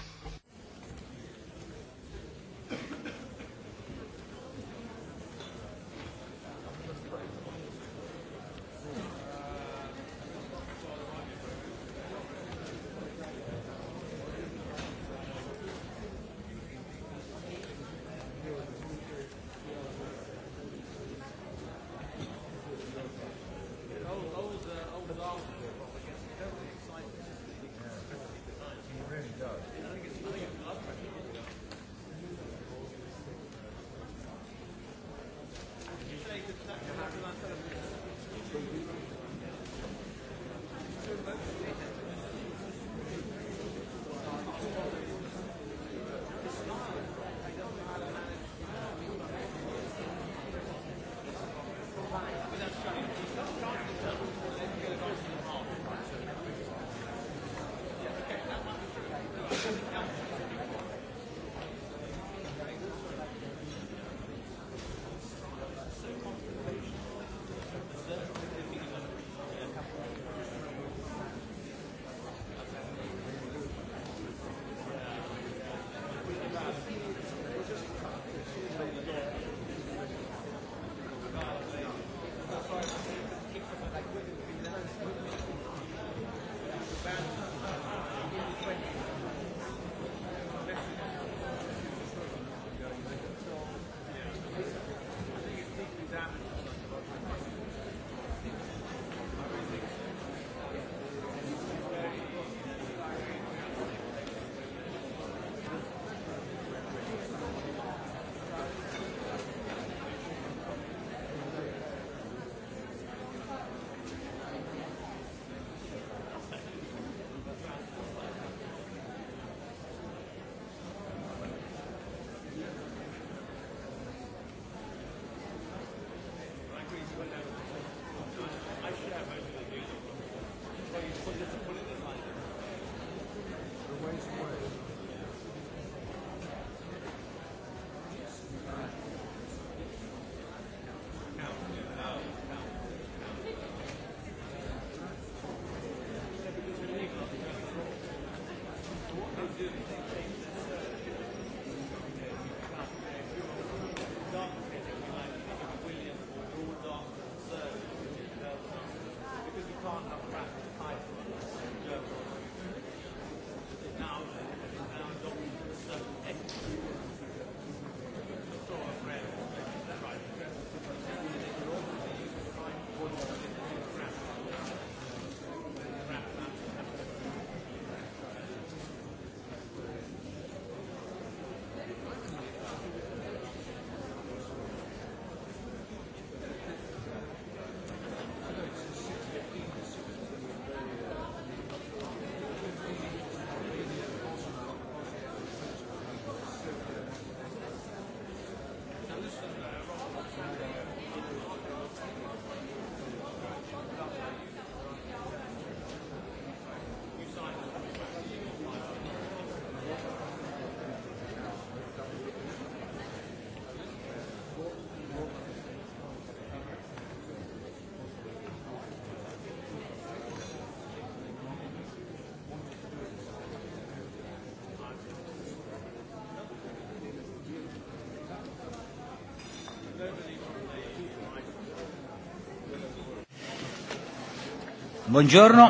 Buongiorno,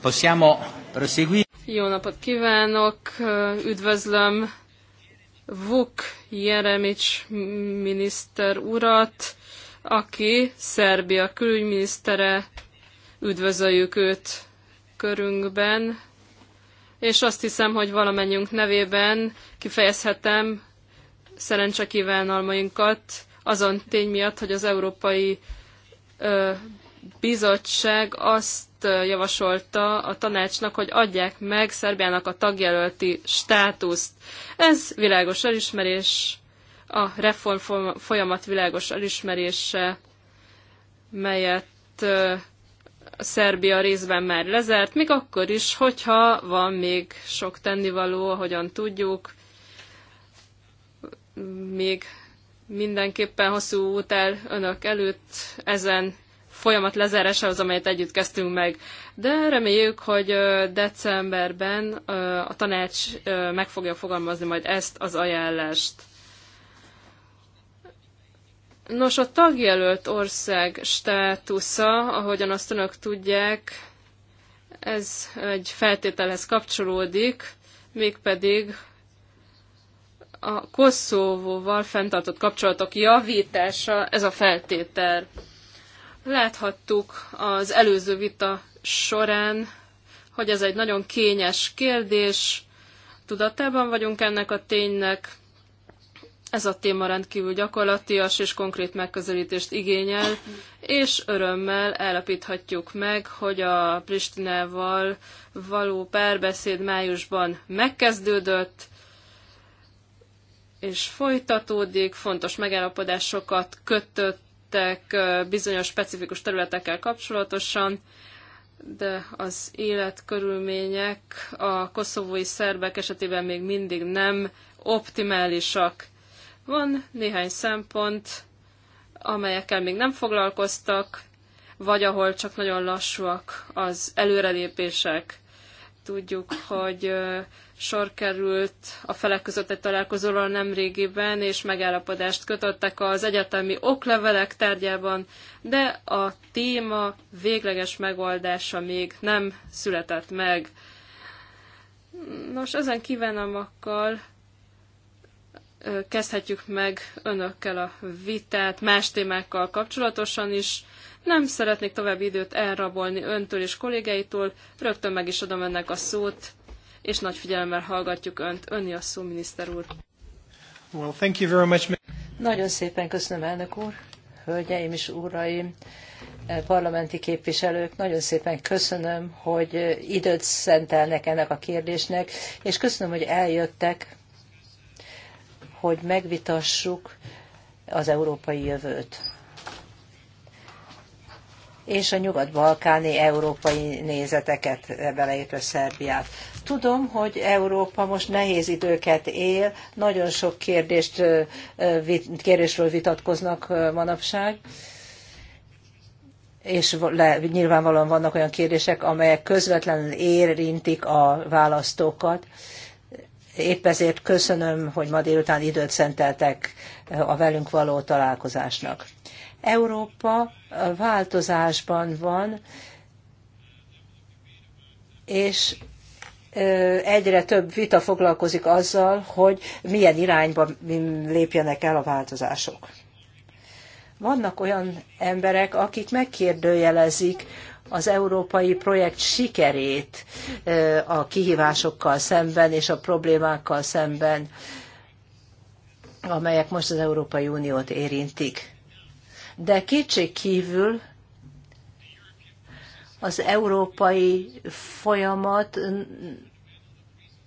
possiamo proseguire. Jó napot kívánok, üdvözlöm Vuk Jeremics miniszter urat, aki Szerbia külügyminisztere, üdvözöljük őt körünkben, és azt hiszem, hogy valamennyünk nevében kifejezhetem szerencsekívánalmainkat azon tény miatt, hogy az Európai bizottság azt javasolta a tanácsnak, hogy adják meg Szerbiának a tagjelölti státuszt. Ez világos elismerés, a reform folyamat világos elismerése, melyet Szerbia részben már lezárt, még akkor is, hogyha van még sok tennivaló, ahogyan tudjuk, még mindenképpen hosszú út el önök előtt ezen folyamat lezárásához, amelyet együtt kezdtünk meg. De reméljük, hogy decemberben a tanács meg fogja fogalmazni majd ezt az ajánlást. Nos, a tagjelölt ország státusza, ahogyan azt önök tudják, ez egy feltételhez kapcsolódik, mégpedig a Koszovóval fenntartott kapcsolatok javítása, ez a feltétel. Láthattuk az előző vita során, hogy ez egy nagyon kényes kérdés, tudatában vagyunk ennek a ténynek, ez a téma rendkívül gyakorlatias és konkrét megközelítést igényel, és örömmel állapíthatjuk meg, hogy a Pristinával való párbeszéd májusban megkezdődött, és folytatódik, fontos megállapodásokat kötött tettek bizonyos specifikus területekkel kapcsolatosan, de az életkörülmények a koszovói szerbek esetében még mindig nem optimálisak. Van néhány szempont, amelyekkel még nem foglalkoztak, vagy ahol csak nagyon lassúak az előrelépések. Tudjuk, hogy sor került a felek között egy találkozóra nemrégiben, és megállapodást kötöttek az egyetemi oklevelek tárgyában, de a téma végleges megoldása még nem született meg. Nos, ezen kívánamakkal kezdhetjük meg önökkel a vitát más témákkal kapcsolatosan is. Nem szeretnék további időt elrabolni öntől és kollégáitól, rögtön meg is adom önnek a szót és nagy figyelemmel hallgatjuk Önt. Ön a szó, miniszter úr. Well, thank you very much. Nagyon szépen köszönöm, elnök úr, hölgyeim és uraim, eh, parlamenti képviselők. Nagyon szépen köszönöm, hogy eh, időt szentelnek ennek a kérdésnek, és köszönöm, hogy eljöttek, hogy megvitassuk az európai jövőt és a nyugat-balkáni európai nézeteket beleértve Szerbiát. Tudom, hogy Európa most nehéz időket él, nagyon sok kérdést, kérdésről vitatkoznak manapság, és le, nyilvánvalóan vannak olyan kérdések, amelyek közvetlenül érintik a választókat. Épp ezért köszönöm, hogy ma délután időt szenteltek a velünk való találkozásnak. Európa változásban van, és egyre több vita foglalkozik azzal, hogy milyen irányba lépjenek el a változások. Vannak olyan emberek, akik megkérdőjelezik az európai projekt sikerét a kihívásokkal szemben és a problémákkal szemben, amelyek most az Európai Uniót érintik de kétség kívül az európai folyamat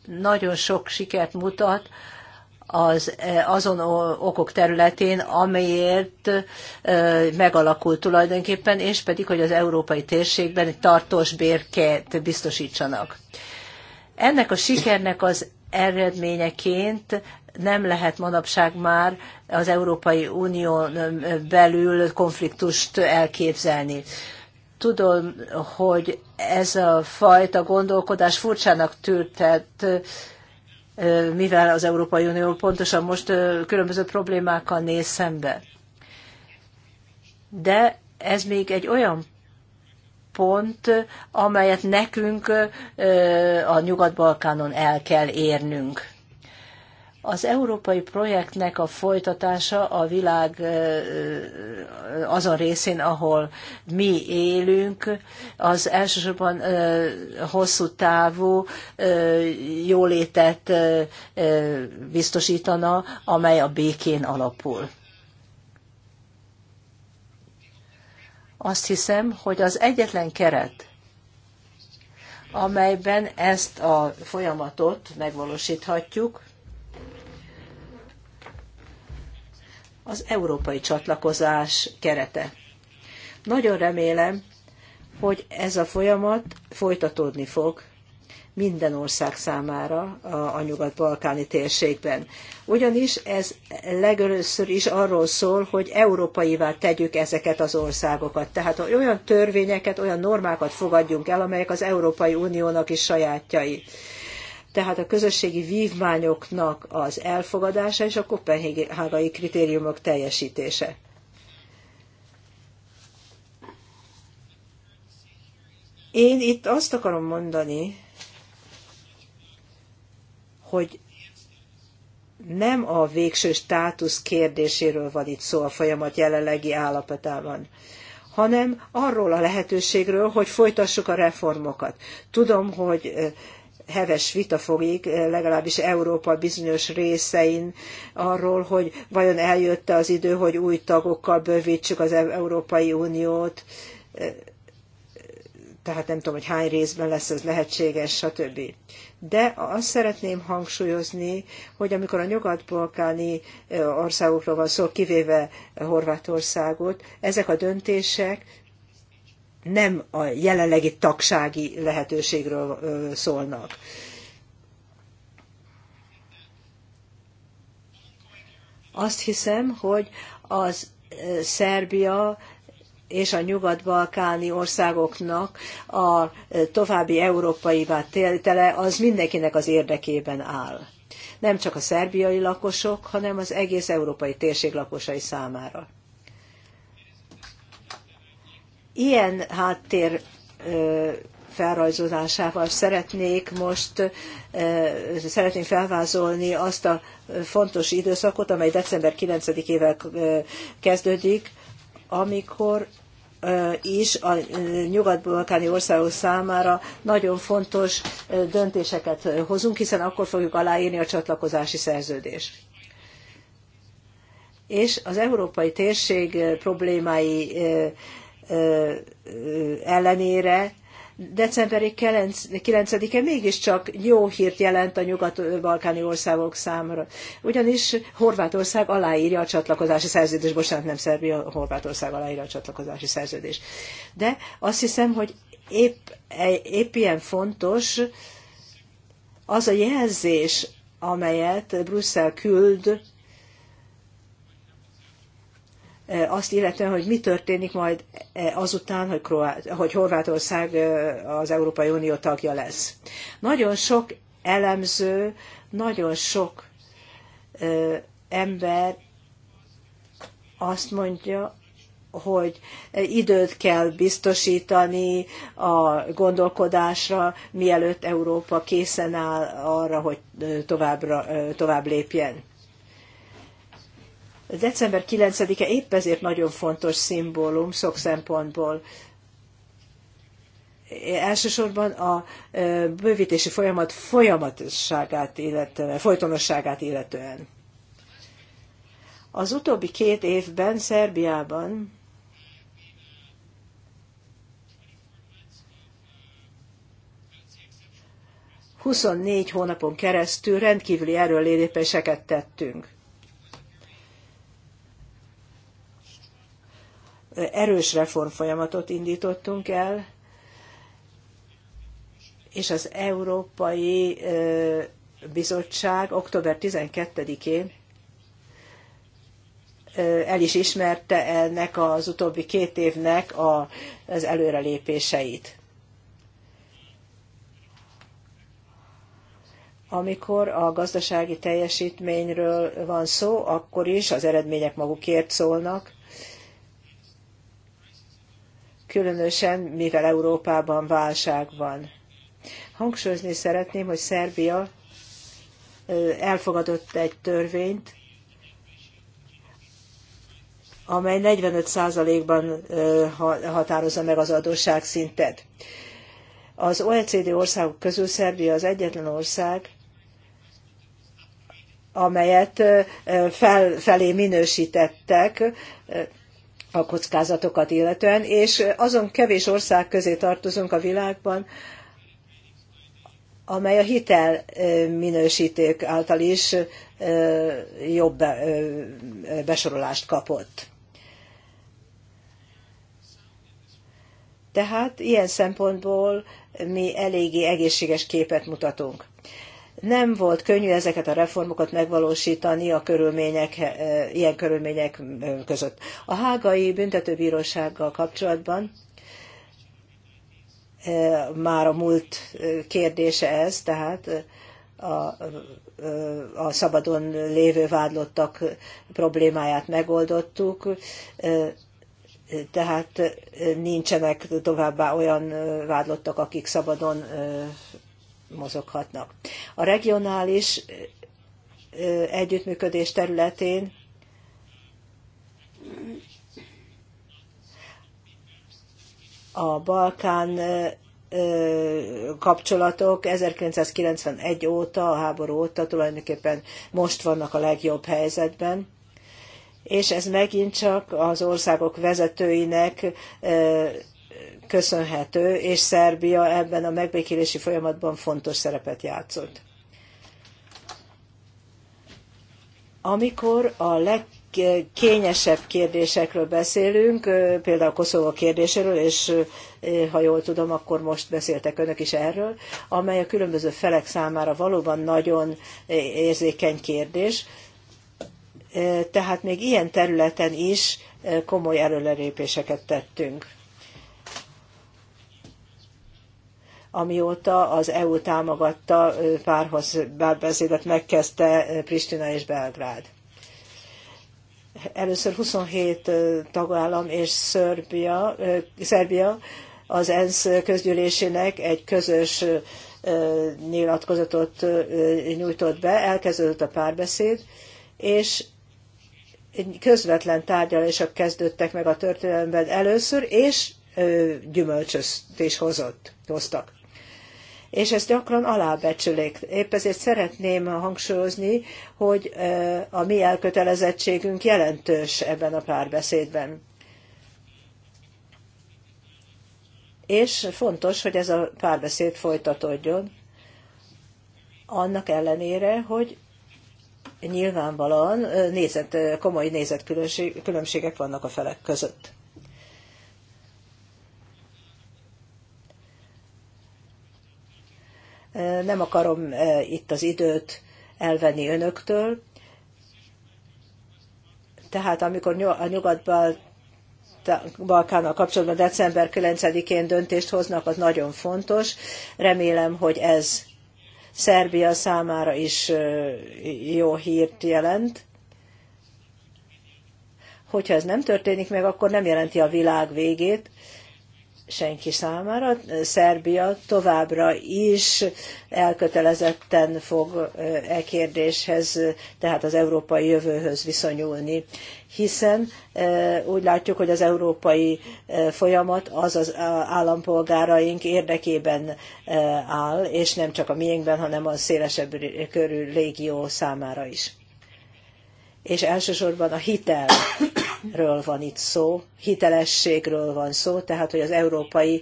nagyon sok sikert mutat az, e, azon okok területén, amelyért e, megalakult tulajdonképpen, és pedig, hogy az európai térségben egy tartós bérket biztosítsanak. Ennek a sikernek az eredményeként nem lehet manapság már az Európai Unión belül konfliktust elképzelni. Tudom, hogy ez a fajta gondolkodás furcsának tűrtett, mivel az Európai Unió pontosan most különböző problémákkal néz szembe. De ez még egy olyan pont, amelyet nekünk a Nyugat-Balkánon el kell érnünk. Az európai projektnek a folytatása a világ azon részén, ahol mi élünk, az elsősorban hosszú távú jólétet biztosítana, amely a békén alapul. Azt hiszem, hogy az egyetlen keret, amelyben ezt a folyamatot megvalósíthatjuk, az európai csatlakozás kerete. Nagyon remélem, hogy ez a folyamat folytatódni fog minden ország számára a nyugat-balkáni térségben. Ugyanis ez legelőször is arról szól, hogy európaivá tegyük ezeket az országokat. Tehát olyan törvényeket, olyan normákat fogadjunk el, amelyek az Európai Uniónak is sajátjai tehát a közösségi vívmányoknak az elfogadása és a kopenhágai kritériumok teljesítése. Én itt azt akarom mondani, hogy nem a végső státusz kérdéséről van itt szó a folyamat jelenlegi állapotában, hanem arról a lehetőségről, hogy folytassuk a reformokat. Tudom, hogy heves vita folyik, eh, legalábbis Európa bizonyos részein arról, hogy vajon eljötte az idő, hogy új tagokkal bővítsük az e- Európai Uniót, eh, tehát nem tudom, hogy hány részben lesz ez lehetséges, stb. De azt szeretném hangsúlyozni, hogy amikor a nyugat-balkáni eh, országokról van szó, kivéve Horvátországot, ezek a döntések nem a jelenlegi tagsági lehetőségről szólnak. Azt hiszem, hogy az Szerbia és a nyugat-balkáni országoknak a további európai tétele az mindenkinek az érdekében áll. Nem csak a szerbiai lakosok, hanem az egész európai térség lakosai számára. Ilyen háttér felrajzolásával szeretnék most szeretném felvázolni azt a fontos időszakot, amely december 9-ével kezdődik, amikor is a nyugat-balkáni országok számára nagyon fontos döntéseket hozunk, hiszen akkor fogjuk aláírni a csatlakozási szerződést. És az európai térség problémái ellenére decemberi 9-e mégiscsak jó hírt jelent a nyugat-balkáni országok számára. Ugyanis Horvátország aláírja a csatlakozási szerződést, bocsánat, nem Szerbia, Horvátország aláírja a csatlakozási szerződést. De azt hiszem, hogy épp, épp ilyen fontos az a jelzés, amelyet Brüsszel küld azt illetően, hogy mi történik majd azután, hogy, Kroát, hogy Horvátország az Európai Unió tagja lesz. Nagyon sok elemző, nagyon sok ember azt mondja, hogy időt kell biztosítani a gondolkodásra, mielőtt Európa készen áll arra, hogy továbbra, tovább lépjen. December 9-e épp ezért nagyon fontos szimbólum sok szempontból. Elsősorban a bővítési folyamat folyamatosságát illetően, folytonosságát illetően. Az utóbbi két évben Szerbiában Huszonnégy hónapon keresztül rendkívüli erőlépéseket tettünk erős reformfolyamatot indítottunk el, és az Európai Bizottság október 12-én el is ismerte ennek az utóbbi két évnek az előrelépéseit. Amikor a gazdasági teljesítményről van szó, akkor is az eredmények magukért szólnak, különösen mivel Európában válság van. Hangsúlyozni szeretném, hogy Szerbia elfogadott egy törvényt, amely 45%-ban határozza meg az adósságszintet. Az OECD országok közül Szerbia az egyetlen ország, amelyet fel, felé minősítettek, a kockázatokat illetően, és azon kevés ország közé tartozunk a világban, amely a hitel minősítők által is jobb besorolást kapott. Tehát ilyen szempontból mi eléggé egészséges képet mutatunk. Nem volt könnyű ezeket a reformokat megvalósítani a körülmények, eh, ilyen körülmények eh, között. A hágai büntetőbírósággal kapcsolatban eh, már a múlt kérdése ez, tehát a, a szabadon lévő vádlottak problémáját megoldottuk, tehát nincsenek továbbá olyan vádlottak, akik szabadon mozoghatnak. A regionális együttműködés területén a Balkán kapcsolatok 1991 óta, a háború óta tulajdonképpen most vannak a legjobb helyzetben, és ez megint csak az országok vezetőinek köszönhető, és Szerbia ebben a megbékélési folyamatban fontos szerepet játszott. Amikor a legkényesebb kérdésekről beszélünk, például Koszovó kérdéséről, és ha jól tudom, akkor most beszéltek önök is erről, amely a különböző felek számára valóban nagyon érzékeny kérdés, tehát még ilyen területen is komoly előrelépéseket tettünk. amióta az EU támogatta párhoz párbeszédet megkezdte Pristina és Belgrád. Először 27 tagállam és Szerbia, Szerbia az ENSZ közgyűlésének egy közös nyilatkozatot nyújtott be, elkezdődött a párbeszéd, és közvetlen tárgyalások kezdődtek meg a történelemben először, és gyümölcsöt is hozott, hoztak és ezt gyakran alábecsülik. Épp ezért szeretném hangsúlyozni, hogy a mi elkötelezettségünk jelentős ebben a párbeszédben. És fontos, hogy ez a párbeszéd folytatódjon, annak ellenére, hogy nyilvánvalóan nézet, komoly nézetkülönbségek vannak a felek között. Nem akarom eh, itt az időt elvenni önöktől. Tehát amikor a nyugatban Balkánnal kapcsolatban december 9-én döntést hoznak, az nagyon fontos. Remélem, hogy ez Szerbia számára is eh, jó hírt jelent. Hogyha ez nem történik meg, akkor nem jelenti a világ végét, senki számára. Szerbia továbbra is elkötelezetten fog e kérdéshez, tehát az európai jövőhöz viszonyulni, hiszen úgy látjuk, hogy az európai folyamat az az állampolgáraink érdekében áll, és nem csak a miénkben, hanem a szélesebb körű légió számára is. És elsősorban a hitel ről van itt szó, hitelességről van szó, tehát hogy az európai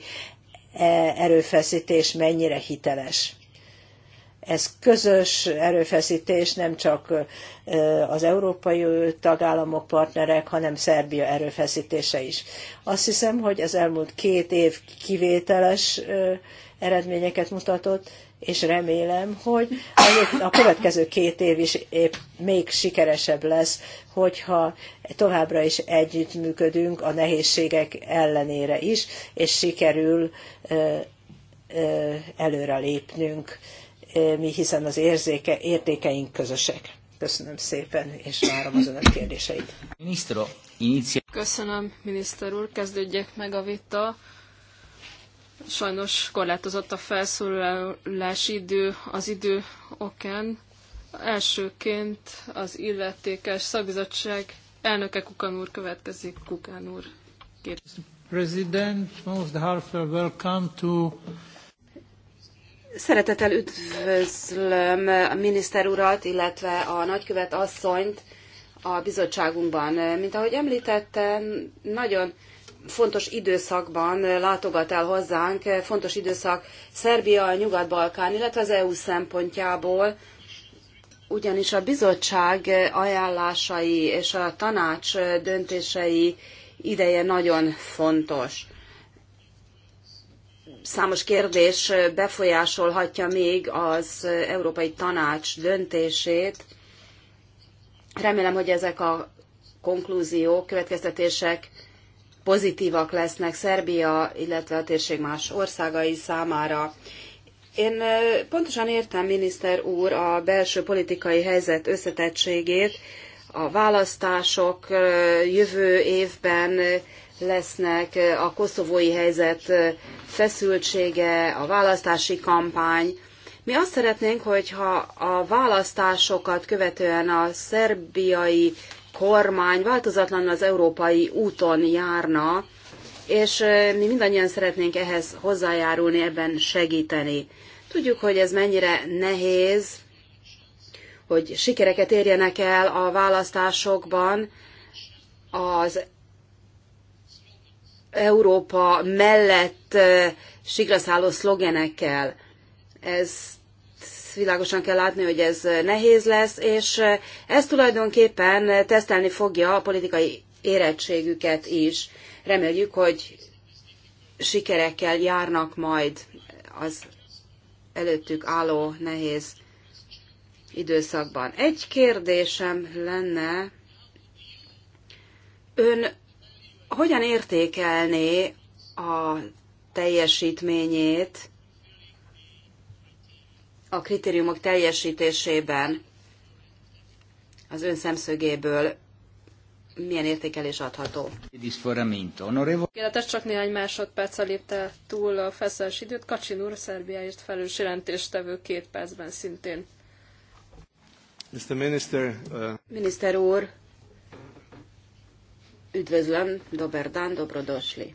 e, erőfeszítés mennyire hiteles. Ez közös erőfeszítés nem csak e, az európai tagállamok, partnerek, hanem Szerbia erőfeszítése is. Azt hiszem, hogy az elmúlt két év kivételes e, eredményeket mutatott, és remélem, hogy a következő két év is épp még sikeresebb lesz, hogyha továbbra is együttműködünk a nehézségek ellenére is, és sikerül lépnünk, mi hiszen az érzéke, értékeink közösek. Köszönöm szépen, és várom az önök kérdéseit. Köszönöm, miniszter úr. Kezdődjek meg a vita. Sajnos korlátozott a felszólalási idő az idő okán. Elsőként az illetékes szakbizottság elnöke Kukan úr következik. Kukan úr, kérdezik. President, welcome to Szeretettel üdvözlöm a miniszter urat, illetve a nagykövet asszonyt a bizottságunkban. Mint ahogy említettem, nagyon fontos időszakban látogat el hozzánk, fontos időszak Szerbia, a Nyugat-Balkán, illetve az EU szempontjából, ugyanis a bizottság ajánlásai és a tanács döntései ideje nagyon fontos. Számos kérdés befolyásolhatja még az Európai Tanács döntését. Remélem, hogy ezek a konklúziók, következtetések pozitívak lesznek Szerbia, illetve a térség más országai számára. Én pontosan értem, miniszter úr, a belső politikai helyzet összetettségét. A választások jövő évben lesznek, a koszovói helyzet feszültsége, a választási kampány. Mi azt szeretnénk, hogyha a választásokat követően a szerbiai kormány változatlanul az európai úton járna, és mi mindannyian szeretnénk ehhez hozzájárulni, ebben segíteni. Tudjuk, hogy ez mennyire nehéz, hogy sikereket érjenek el a választásokban, az Európa mellett sikraszálló szlogenekkel. Ez világosan kell látni, hogy ez nehéz lesz, és ez tulajdonképpen tesztelni fogja a politikai érettségüket is. Reméljük, hogy sikerekkel járnak majd az előttük álló nehéz időszakban. Egy kérdésem lenne, ön hogyan értékelné a teljesítményét a kritériumok teljesítésében az ön szemszögéből milyen értékelés adható? Kérdetes csak néhány másodperccel lépte túl a feszes időt. Kacsin úr Szerbiáért felelős jelentéstevő két percben szintén. Mr. Minister, uh... Miniszter úr, üdvözlöm, Doberdán Dobrodosli.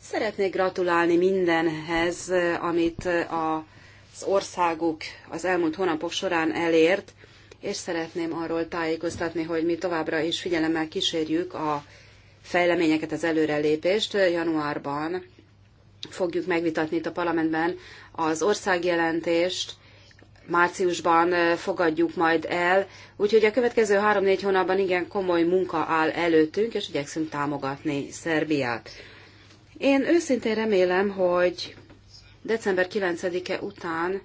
Szeretnék gratulálni mindenhez, amit a az országuk az elmúlt hónapok során elért, és szeretném arról tájékoztatni, hogy mi továbbra is figyelemmel kísérjük a fejleményeket, az előrelépést. Januárban fogjuk megvitatni itt a parlamentben az országjelentést, márciusban fogadjuk majd el, úgyhogy a következő három-négy hónapban igen komoly munka áll előttünk, és igyekszünk támogatni Szerbiát. Én őszintén remélem, hogy december 9-e után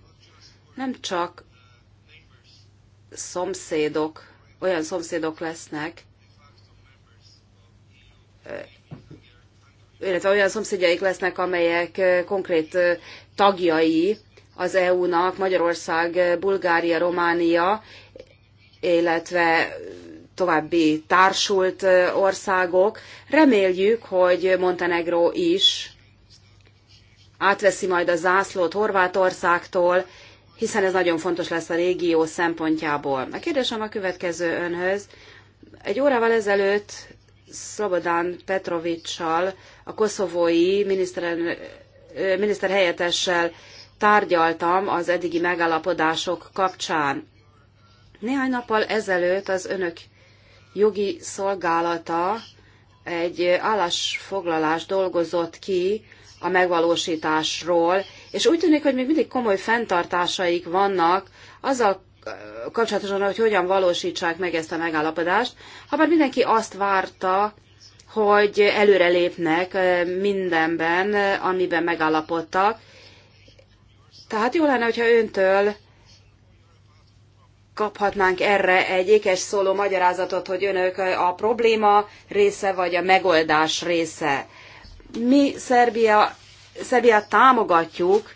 nem csak szomszédok, olyan szomszédok lesznek, illetve olyan szomszédjaik lesznek, amelyek konkrét tagjai az EU-nak, Magyarország, Bulgária, Románia, illetve további társult országok. Reméljük, hogy Montenegro is átveszi majd a zászlót Horvátországtól, hiszen ez nagyon fontos lesz a régió szempontjából. A kérdésem a következő önhöz. Egy órával ezelőtt Szlobodán Petrovicsal, a koszovói miniszter tárgyaltam az eddigi megállapodások kapcsán. Néhány nappal ezelőtt az önök jogi szolgálata egy állásfoglalást dolgozott ki a megvalósításról, és úgy tűnik, hogy még mindig komoly fenntartásaik vannak azzal kapcsolatosan, hogy hogyan valósítsák meg ezt a megállapodást, habár mindenki azt várta, hogy előrelépnek mindenben, amiben megállapodtak. Tehát jó lenne, hogyha öntől kaphatnánk erre egy ékes szóló magyarázatot, hogy önök a probléma része vagy a megoldás része. Mi Szerbia, Szerbiát támogatjuk,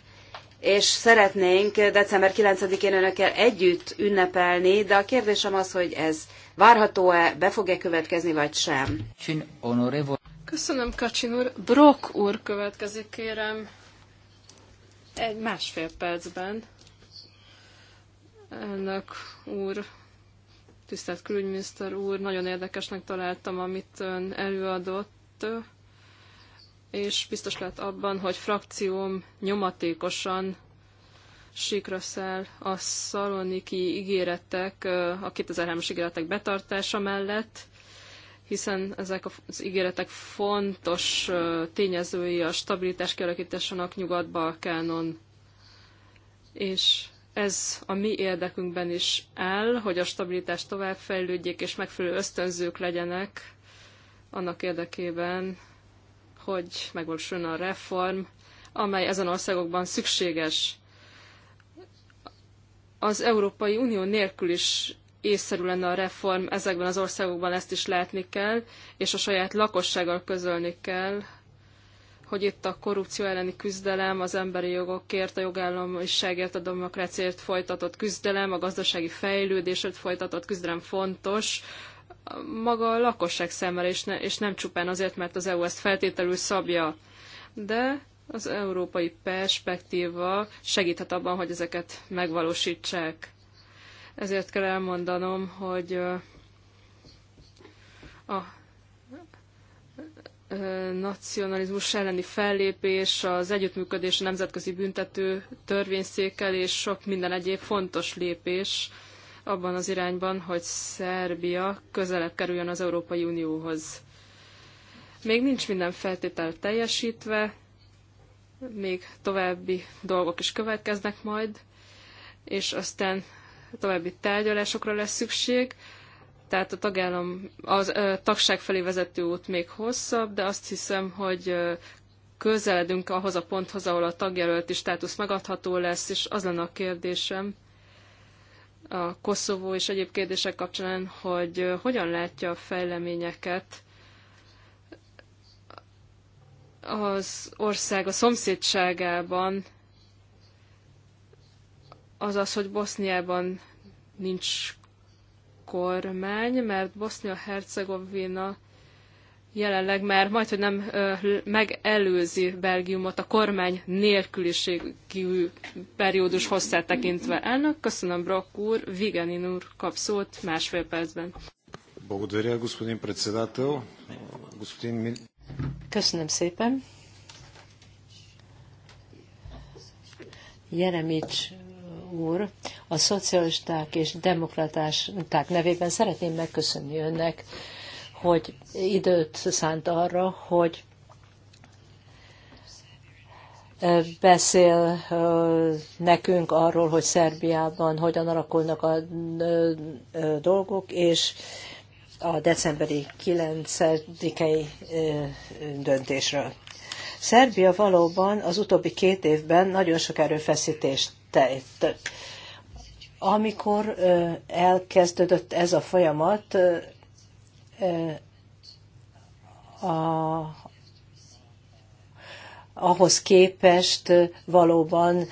és szeretnénk december 9-én önökkel együtt ünnepelni, de a kérdésem az, hogy ez várható-e, be fog-e következni, vagy sem. Köszönöm, Kacsin úr. Brock úr következik, kérem. Egy másfél percben. Elnök úr, tisztelt külügyminiszter úr, nagyon érdekesnek találtam, amit ön előadott és biztos lehet abban, hogy frakcióm nyomatékosan síkra száll a szaloniki ígéretek, a 2003-as ígéretek betartása mellett, hiszen ezek az ígéretek fontos tényezői a stabilitás kialakításának Nyugat-Balkánon. És ez a mi érdekünkben is áll, hogy a stabilitás továbbfejlődjék és megfelelő ösztönzők legyenek annak érdekében, hogy megvalósuljon a reform, amely ezen országokban szükséges. Az Európai Unió nélkül is észszerű lenne a reform, ezekben az országokban ezt is látni kell, és a saját lakossággal közölni kell, hogy itt a korrupció elleni küzdelem, az emberi jogokért, a jogállamiságért, a demokráciáért folytatott küzdelem, a gazdasági fejlődésért folytatott küzdelem fontos, maga a lakosság szemmel, és, ne, és nem csupán azért, mert az EU ezt feltételül szabja. De az európai perspektíva segíthet abban, hogy ezeket megvalósítsák. Ezért kell elmondanom, hogy a nacionalizmus elleni fellépés, az együttműködés a Nemzetközi Büntető Törvényszékkel és sok minden egyéb fontos lépés, abban az irányban, hogy Szerbia közelebb kerüljön az Európai Unióhoz. Még nincs minden feltétel teljesítve, még további dolgok is következnek majd, és aztán további tárgyalásokra lesz szükség, tehát a tagállam, az ö, tagság felé vezető út még hosszabb, de azt hiszem, hogy ö, közeledünk ahhoz a ponthoz, ahol a tagjelölti státusz megadható lesz, és az lenne a kérdésem, a Koszovó és egyéb kérdések kapcsán, hogy hogyan látja a fejleményeket az ország a szomszédságában, azaz, hogy Boszniában nincs kormány, mert Bosznia-Hercegovina jelenleg már majd, hogy nem megelőzi Belgiumot a kormány nélküliségű periódus hosszát tekintve. Elnök, köszönöm Brock úr, Vigenin úr kap szót másfél percben. Köszönöm szépen. Jeremics úr, a szocialisták és demokraták nevében szeretném megköszönni önnek hogy időt szánt arra, hogy beszél nekünk arról, hogy Szerbiában hogyan alakulnak a dolgok, és a decemberi 9-i döntésről. Szerbia valóban az utóbbi két évben nagyon sok erőfeszítést tett. Amikor elkezdődött ez a folyamat, a, ahhoz képest valóban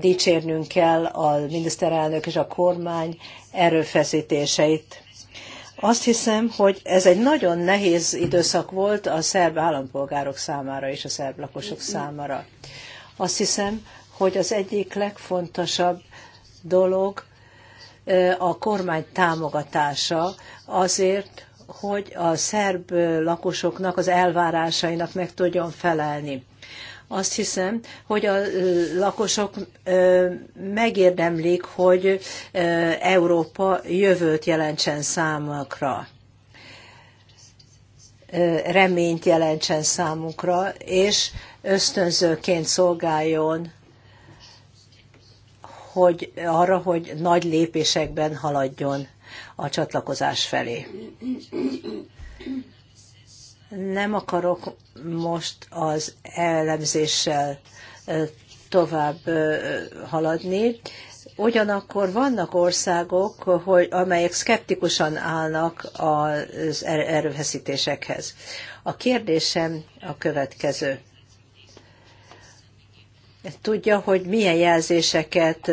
dicsérnünk kell a miniszterelnök és a kormány erőfeszítéseit. Azt hiszem, hogy ez egy nagyon nehéz időszak volt a szerb állampolgárok számára és a szerb lakosok számára. Azt hiszem, hogy az egyik legfontosabb dolog a kormány támogatása azért, hogy a szerb lakosoknak az elvárásainak meg tudjon felelni. Azt hiszem, hogy a lakosok megérdemlik, hogy Európa jövőt jelentsen számukra reményt jelentsen számukra, és ösztönzőként szolgáljon hogy arra, hogy nagy lépésekben haladjon a csatlakozás felé. Nem akarok most az elemzéssel tovább haladni. Ugyanakkor vannak országok, hogy, amelyek szkeptikusan állnak az er-, erőfeszítésekhez. A kérdésem a következő tudja, hogy milyen jelzéseket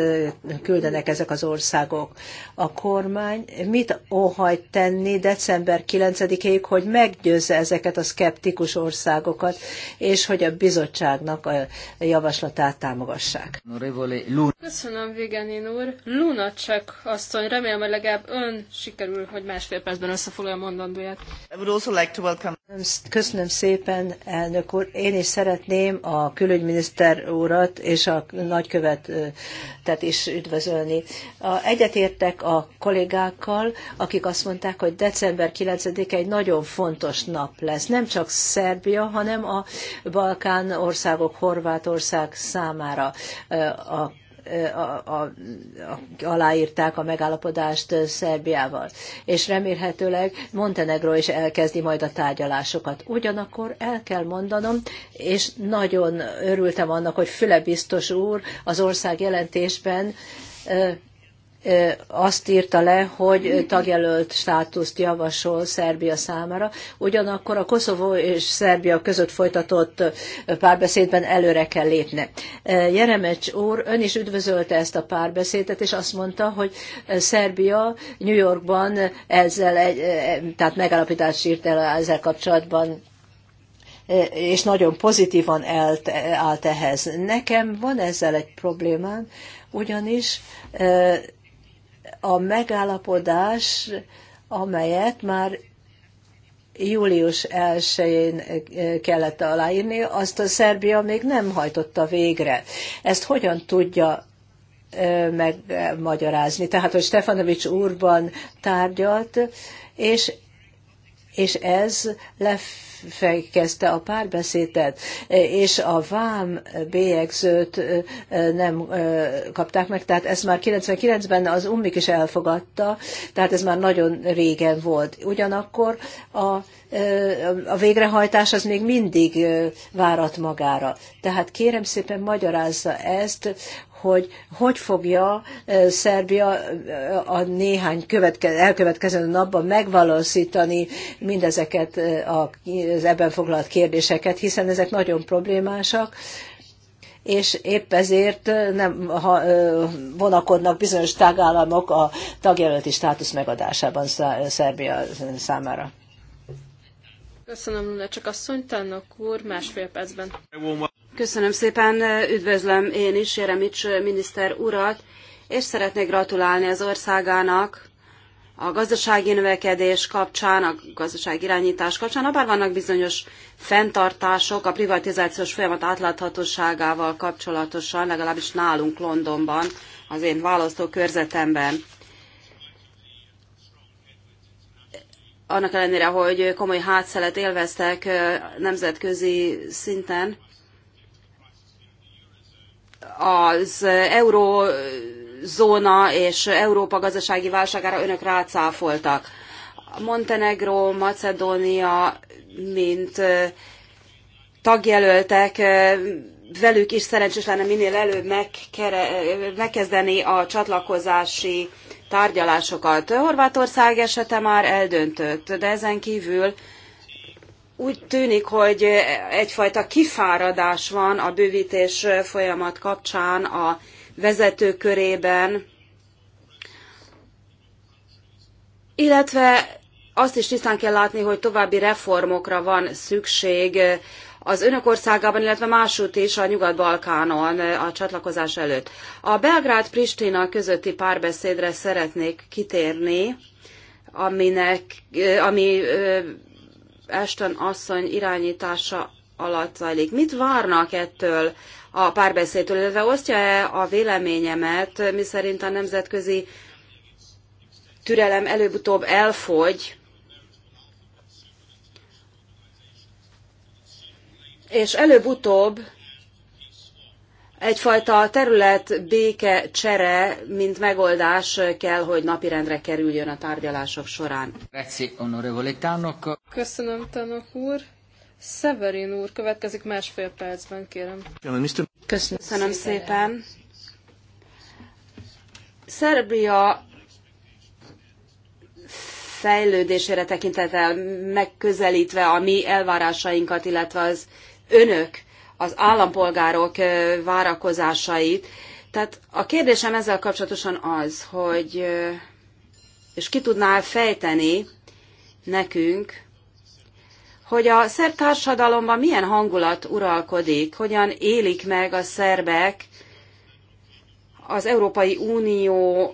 küldenek ezek az országok. A kormány mit óhajt tenni december 9-ig, hogy meggyőzze ezeket a szkeptikus országokat, és hogy a bizottságnak a javaslatát támogassák. Köszönöm, Vigenin úr. Lunacek asszony, remélem, hogy legalább ön sikerül, hogy másfél percben összefoglalja a mondandóját. I would also like to welcome Köszönöm szépen, elnök úr. Én is szeretném a külügyminiszter urat és a nagykövetet is üdvözölni. Egyetértek a kollégákkal, akik azt mondták, hogy december 9-e egy nagyon fontos nap lesz. Nem csak Szerbia, hanem a Balkán országok, Horvátország számára a a, a, a, aláírták a megállapodást Szerbiával. És remélhetőleg Montenegro is elkezdi majd a tárgyalásokat. Ugyanakkor el kell mondanom, és nagyon örültem annak, hogy Füle biztos úr az ország jelentésben azt írta le, hogy tagjelölt státuszt javasol Szerbia számára. Ugyanakkor a Koszovó és Szerbia között folytatott párbeszédben előre kell lépni. Jeremecs úr, ön is üdvözölte ezt a párbeszédet, és azt mondta, hogy Szerbia New Yorkban ezzel egy, tehát megállapítást írt el ezzel kapcsolatban és nagyon pozitívan állt, állt ehhez. Nekem van ezzel egy problémám, ugyanis a megállapodás, amelyet már július 1-én eh, kellett aláírni, azt a Szerbia még nem hajtotta végre. Ezt hogyan tudja eh, megmagyarázni? Tehát, hogy Stefanovics úrban tárgyalt, és, és ez lef megfejkezte a párbeszédet, és a vám bélyegzőt nem kapták meg, tehát ez már 99-ben az UMMIK is elfogadta, tehát ez már nagyon régen volt. Ugyanakkor a a végrehajtás az még mindig várat magára. Tehát kérem szépen magyarázza ezt, hogy hogy fogja Szerbia a néhány következő, elkövetkező napban megvalósítani mindezeket az ebben foglalt kérdéseket, hiszen ezek nagyon problémásak, és épp ezért nem ha, vonakodnak bizonyos tagállamok a tagjelölti státusz megadásában Szerbia számára. Köszönöm, Lule, csak a szonytának úr másfél percben. Köszönöm szépen, üdvözlöm én is Jeremics miniszter urat, és szeretnék gratulálni az országának a gazdasági növekedés kapcsán, a gazdasági irányítás kapcsán, abár vannak bizonyos fenntartások a privatizációs folyamat átláthatóságával kapcsolatosan, legalábbis nálunk Londonban, az én választókörzetemben. Annak ellenére, hogy komoly hátszelet élveztek nemzetközi szinten, az eurózóna és Európa gazdasági válságára önök rácáfoltak. Montenegro, Macedónia, mint tagjelöltek, velük is szerencsés lenne minél előbb megkere, megkezdeni a csatlakozási tárgyalásokat. Horvátország esete már eldöntött, de ezen kívül úgy tűnik, hogy egyfajta kifáradás van a bővítés folyamat kapcsán a vezetők körében, illetve azt is tisztán kell látni, hogy további reformokra van szükség az önök országában, illetve másút is a Nyugat-Balkánon a csatlakozás előtt. A Belgrád-Pristina közötti párbeszédre szeretnék kitérni, aminek, ami Ashton asszony irányítása alatt zajlik. Mit várnak ettől a párbeszédtől, illetve osztja-e a véleményemet, miszerint a nemzetközi türelem előbb-utóbb elfogy, és előbb-utóbb egyfajta terület béke csere, mint megoldás kell, hogy napirendre kerüljön a tárgyalások során. Köszönöm, Tanok úr. Severin úr, következik másfél percben, kérem. Köszönöm szépen. Szerbia fejlődésére tekintettel megközelítve a mi elvárásainkat, illetve az önök az állampolgárok várakozásait. Tehát a kérdésem ezzel kapcsolatosan az, hogy és ki tudnál fejteni nekünk, hogy a szerb társadalomban milyen hangulat uralkodik, hogyan élik meg a szerbek az Európai Unió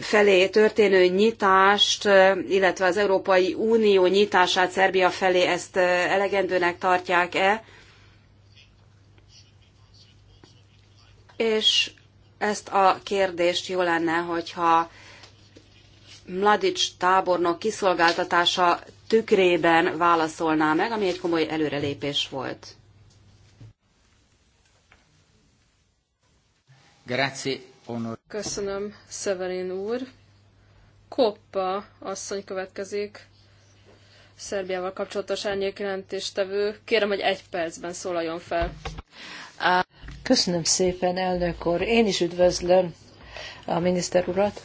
felé történő nyitást, illetve az Európai Unió nyitását Szerbia felé ezt elegendőnek tartják-e? És ezt a kérdést jó lenne, hogyha Mladic tábornok kiszolgáltatása tükrében válaszolná meg, ami egy komoly előrelépés volt. Grazie honor. Köszönöm, Szeverin úr. Koppa asszony következik. Szerbiával kapcsolatos árnyékjelentéstevő. Kérem, hogy egy percben szólaljon fel. Köszönöm szépen, elnök úr. Én is üdvözlöm a miniszter urat,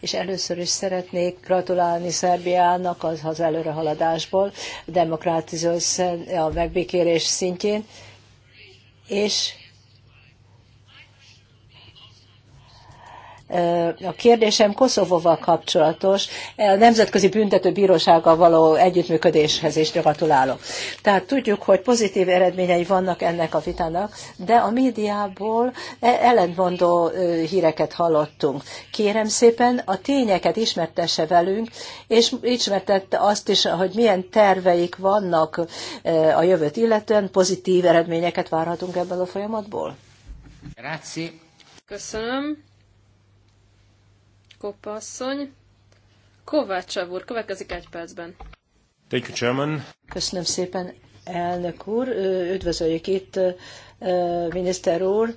és először is szeretnék gratulálni Szerbiának az, az előrehaladásból, a a megbékélés szintjén, és A kérdésem Koszovóval kapcsolatos, a Nemzetközi Büntető Bírósággal való együttműködéshez is gratulálok. Tehát tudjuk, hogy pozitív eredményei vannak ennek a vitának, de a médiából e, ellentmondó híreket hallottunk. Kérem szépen, a tényeket ismertesse velünk, és ismertette azt is, hogy milyen terveik vannak a jövőt illetően, pozitív eredményeket várhatunk ebből a folyamatból. Grazie. Köszönöm kopasszony. Kovács úr, következik egy percben. Thank you, Chairman. Köszönöm szépen, elnök úr. Üdvözöljük itt, miniszter úr.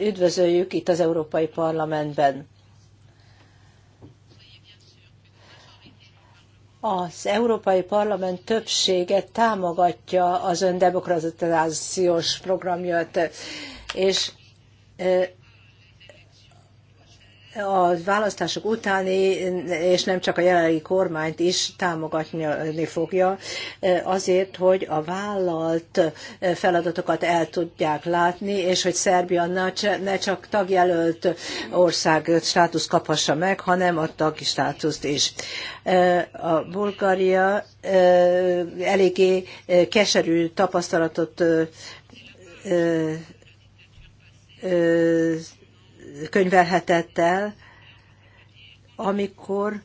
Üdvözöljük itt az Európai Parlamentben. Az Európai Parlament többsége támogatja az ön demokratizációs programját, és a választások utáni, és nem csak a jelenlegi kormányt is támogatni fogja, azért, hogy a vállalt feladatokat el tudják látni, és hogy Szerbia ne csak tagjelölt ország státusz kaphassa meg, hanem a tagi státuszt is. A Bulgária eléggé keserű tapasztalatot könyvelhetett el, amikor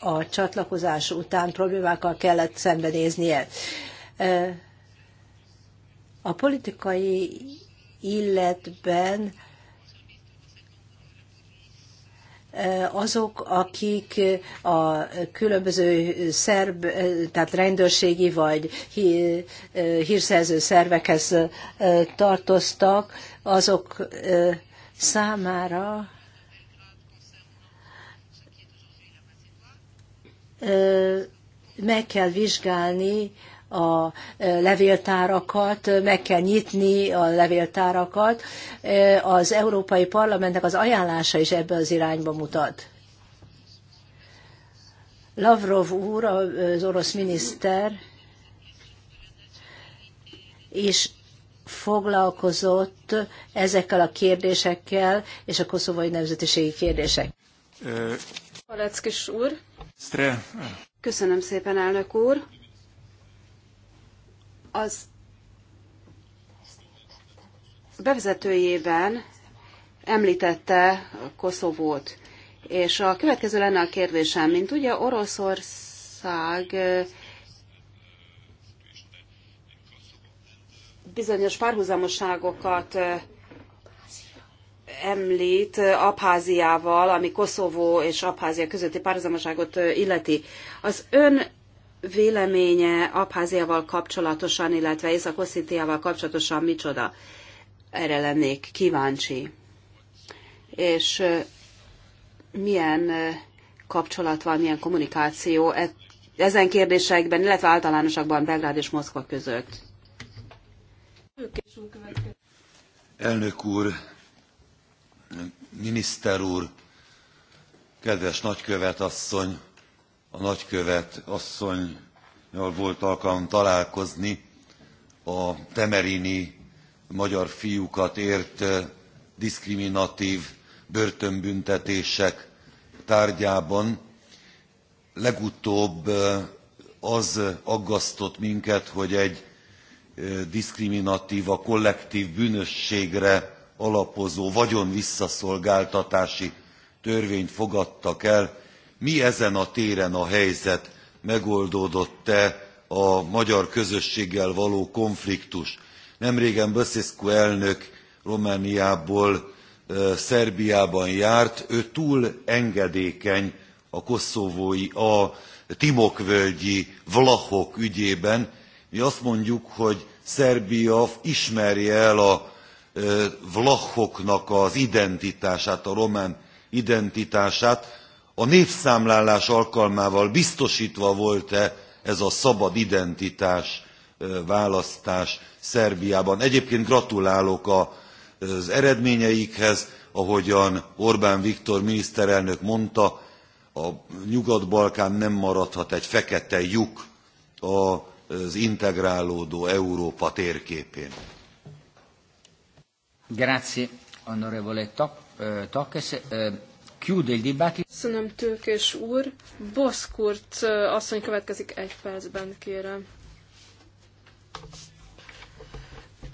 a csatlakozás után problémákkal kellett szembenéznie. A politikai illetben Eh, azok, akik eh, a különböző szerb, eh, tehát rendőrségi vagy hírszerző szervekhez tartoztak, azok számára meg kell vizsgálni a e, levéltárakat, meg kell nyitni a levéltárakat. E, az Európai Parlamentnek az ajánlása is ebbe az irányba mutat. Lavrov úr, az orosz miniszter, és foglalkozott ezekkel a kérdésekkel és a koszovai nemzetiségi kérdések. Paleckis úr. Köszönöm szépen, elnök úr. Az bevezetőjében említette Koszovót, és a következő lenne a kérdésem, mint ugye Oroszország bizonyos párhuzamoságokat említ Abháziával, ami Koszovó és Abházia közötti párhuzamoságot illeti. Az ön véleménye Abháziával kapcsolatosan, illetve észak kapcsolatosan micsoda? Erre lennék kíváncsi. És milyen kapcsolat van, milyen kommunikáció e, ezen kérdésekben, illetve általánosakban Belgrád és Moszkva között? Elnök úr, miniszter úr, kedves nagykövet asszony, a nagykövet asszonynal volt alkalom találkozni a temerini magyar fiúkat ért diszkriminatív börtönbüntetések tárgyában. Legutóbb az aggasztott minket, hogy egy diszkriminatív, a kollektív bűnösségre alapozó vagyon visszaszolgáltatási törvényt fogadtak el mi ezen a téren a helyzet? Megoldódott-e a magyar közösséggel való konfliktus? Nemrégen Băsescu elnök Romániából Szerbiában járt, ő túl engedékeny a koszovói, a timokvölgyi vlachok ügyében. Mi azt mondjuk, hogy Szerbia ismerje el a vlachoknak az identitását, a román identitását, a népszámlálás alkalmával biztosítva volt-e ez a szabad identitás választás Szerbiában. Egyébként gratulálok az eredményeikhez, ahogyan Orbán Viktor miniszterelnök mondta, a Nyugat-Balkán nem maradhat egy fekete lyuk az integrálódó Európa térképén. Grazie, onorevole Tokes. Köszönöm, Tőkés úr. Boszkurt asszony következik egy percben, kérem.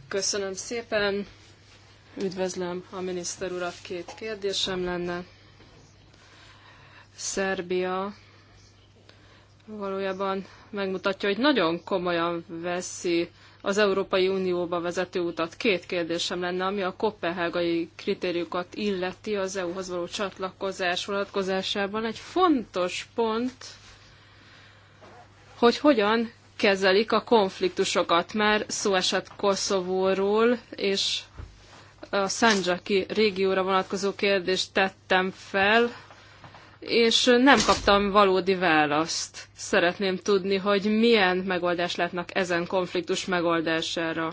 Köszönöm szépen. Üdvözlöm a miniszter urat. Két kérdésem lenne. Szerbia valójában megmutatja, hogy nagyon komolyan veszi az Európai Unióba vezető utat. Két kérdésem lenne, ami a kopenhágai kritériumokat illeti az EU-hoz való csatlakozás vonatkozásában. Egy fontos pont, hogy hogyan kezelik a konfliktusokat. Már szó esett Koszovóról, és a Sandzsaki régióra vonatkozó kérdést tettem fel, és nem kaptam valódi választ. Szeretném tudni, hogy milyen megoldás látnak ezen konfliktus megoldására.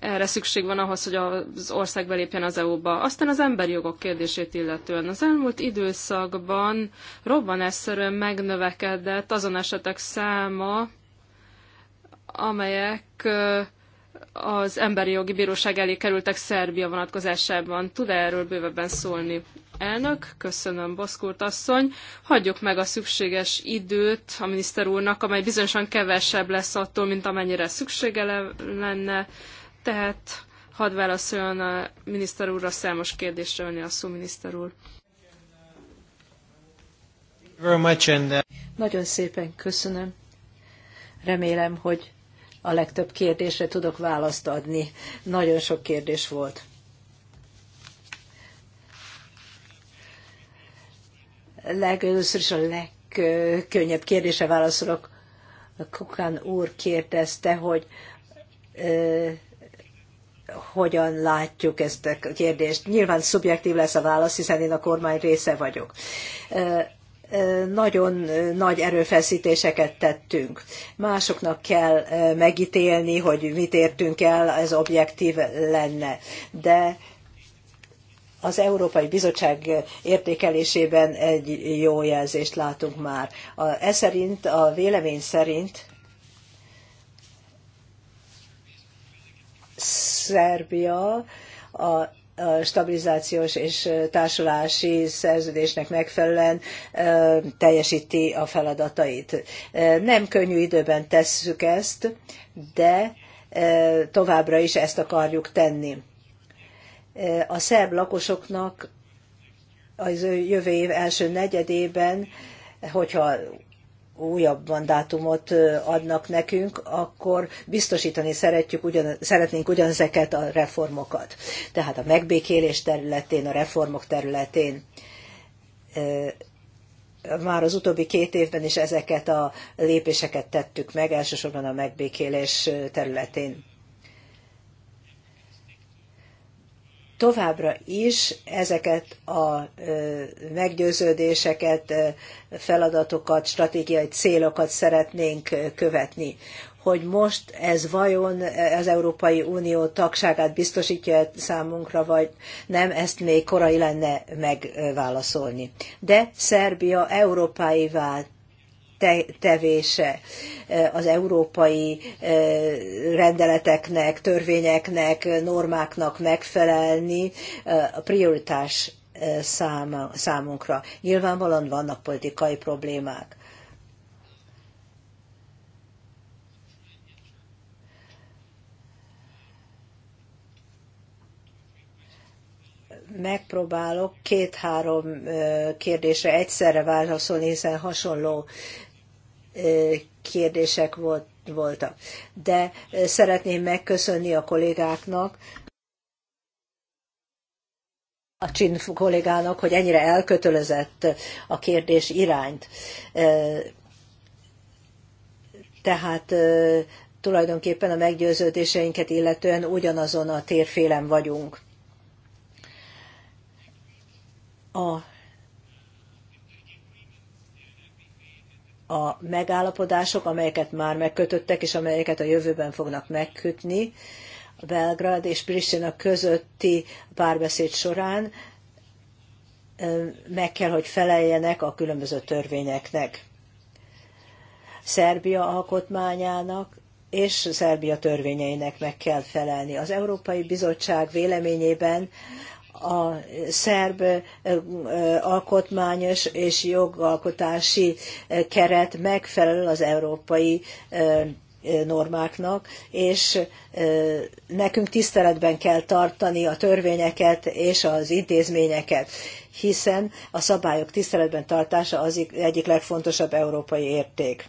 Erre szükség van ahhoz, hogy az ország belépjen az EU-ba. Aztán az emberi jogok kérdését illetően. Az elmúlt időszakban robbanásszerűen megnövekedett azon esetek száma, amelyek az Emberi Jogi Bíróság elé kerültek Szerbia vonatkozásában. Tud -e erről bővebben szólni? Elnök, köszönöm, Boszkurt asszony. Hagyjuk meg a szükséges időt a miniszter úrnak, amely bizonyosan kevesebb lesz attól, mint amennyire szüksége lenne. Tehát hadd válaszoljon a miniszter úrra számos kérdésre venni a szó, miniszter úr. Uh, Nagyon szépen köszönöm. Remélem, hogy a legtöbb kérdésre tudok választ adni. Nagyon sok kérdés volt. Legelőször is a legkönnyebb kérdése válaszolok. Kukán úr kérdezte, hogy hogyan látjuk ezt a kérdést. Nyilván szubjektív lesz a válasz, hiszen én a kormány része vagyok nagyon nagy erőfeszítéseket tettünk. Másoknak kell megítélni, hogy mit értünk el, ez objektív lenne. De az Európai Bizottság értékelésében egy jó jelzést látunk már. A, e szerint, a vélemény szerint Szerbia a a stabilizációs és társulási szerződésnek megfelelően teljesíti a feladatait. Nem könnyű időben tesszük ezt, de továbbra is ezt akarjuk tenni. A szerb lakosoknak az jövő év első negyedében, hogyha újabb mandátumot adnak nekünk, akkor biztosítani szeretjük, ugyan, szeretnénk ugyanezeket a reformokat. Tehát a megbékélés területén, a reformok területén már az utóbbi két évben is ezeket a lépéseket tettük meg, elsősorban a megbékélés területén. továbbra is ezeket a meggyőződéseket, feladatokat, stratégiai célokat szeretnénk követni hogy most ez vajon az Európai Unió tagságát biztosítja számunkra, vagy nem, ezt még korai lenne megválaszolni. De Szerbia európáivá tevése e, az európai e, rendeleteknek, törvényeknek, normáknak megfelelni e, a prioritás számunkra. Nyilvánvalóan vannak politikai problémák. megpróbálok két-három kérdésre egyszerre válaszolni, hiszen hasonló kérdések volt, voltak. De szeretném megköszönni a kollégáknak, a Csin kollégának, hogy ennyire elkötelezett a kérdés irányt. Tehát tulajdonképpen a meggyőződéseinket illetően ugyanazon a térfélen vagyunk. A a megállapodások, amelyeket már megkötöttek, és amelyeket a jövőben fognak megkötni, a Belgrád és Pristina közötti párbeszéd során meg kell, hogy feleljenek a különböző törvényeknek. Szerbia alkotmányának és Szerbia törvényeinek meg kell felelni. Az Európai Bizottság véleményében a szerb alkotmányos és jogalkotási keret megfelel az európai normáknak, és nekünk tiszteletben kell tartani a törvényeket és az intézményeket, hiszen a szabályok tiszteletben tartása az egyik legfontosabb európai érték.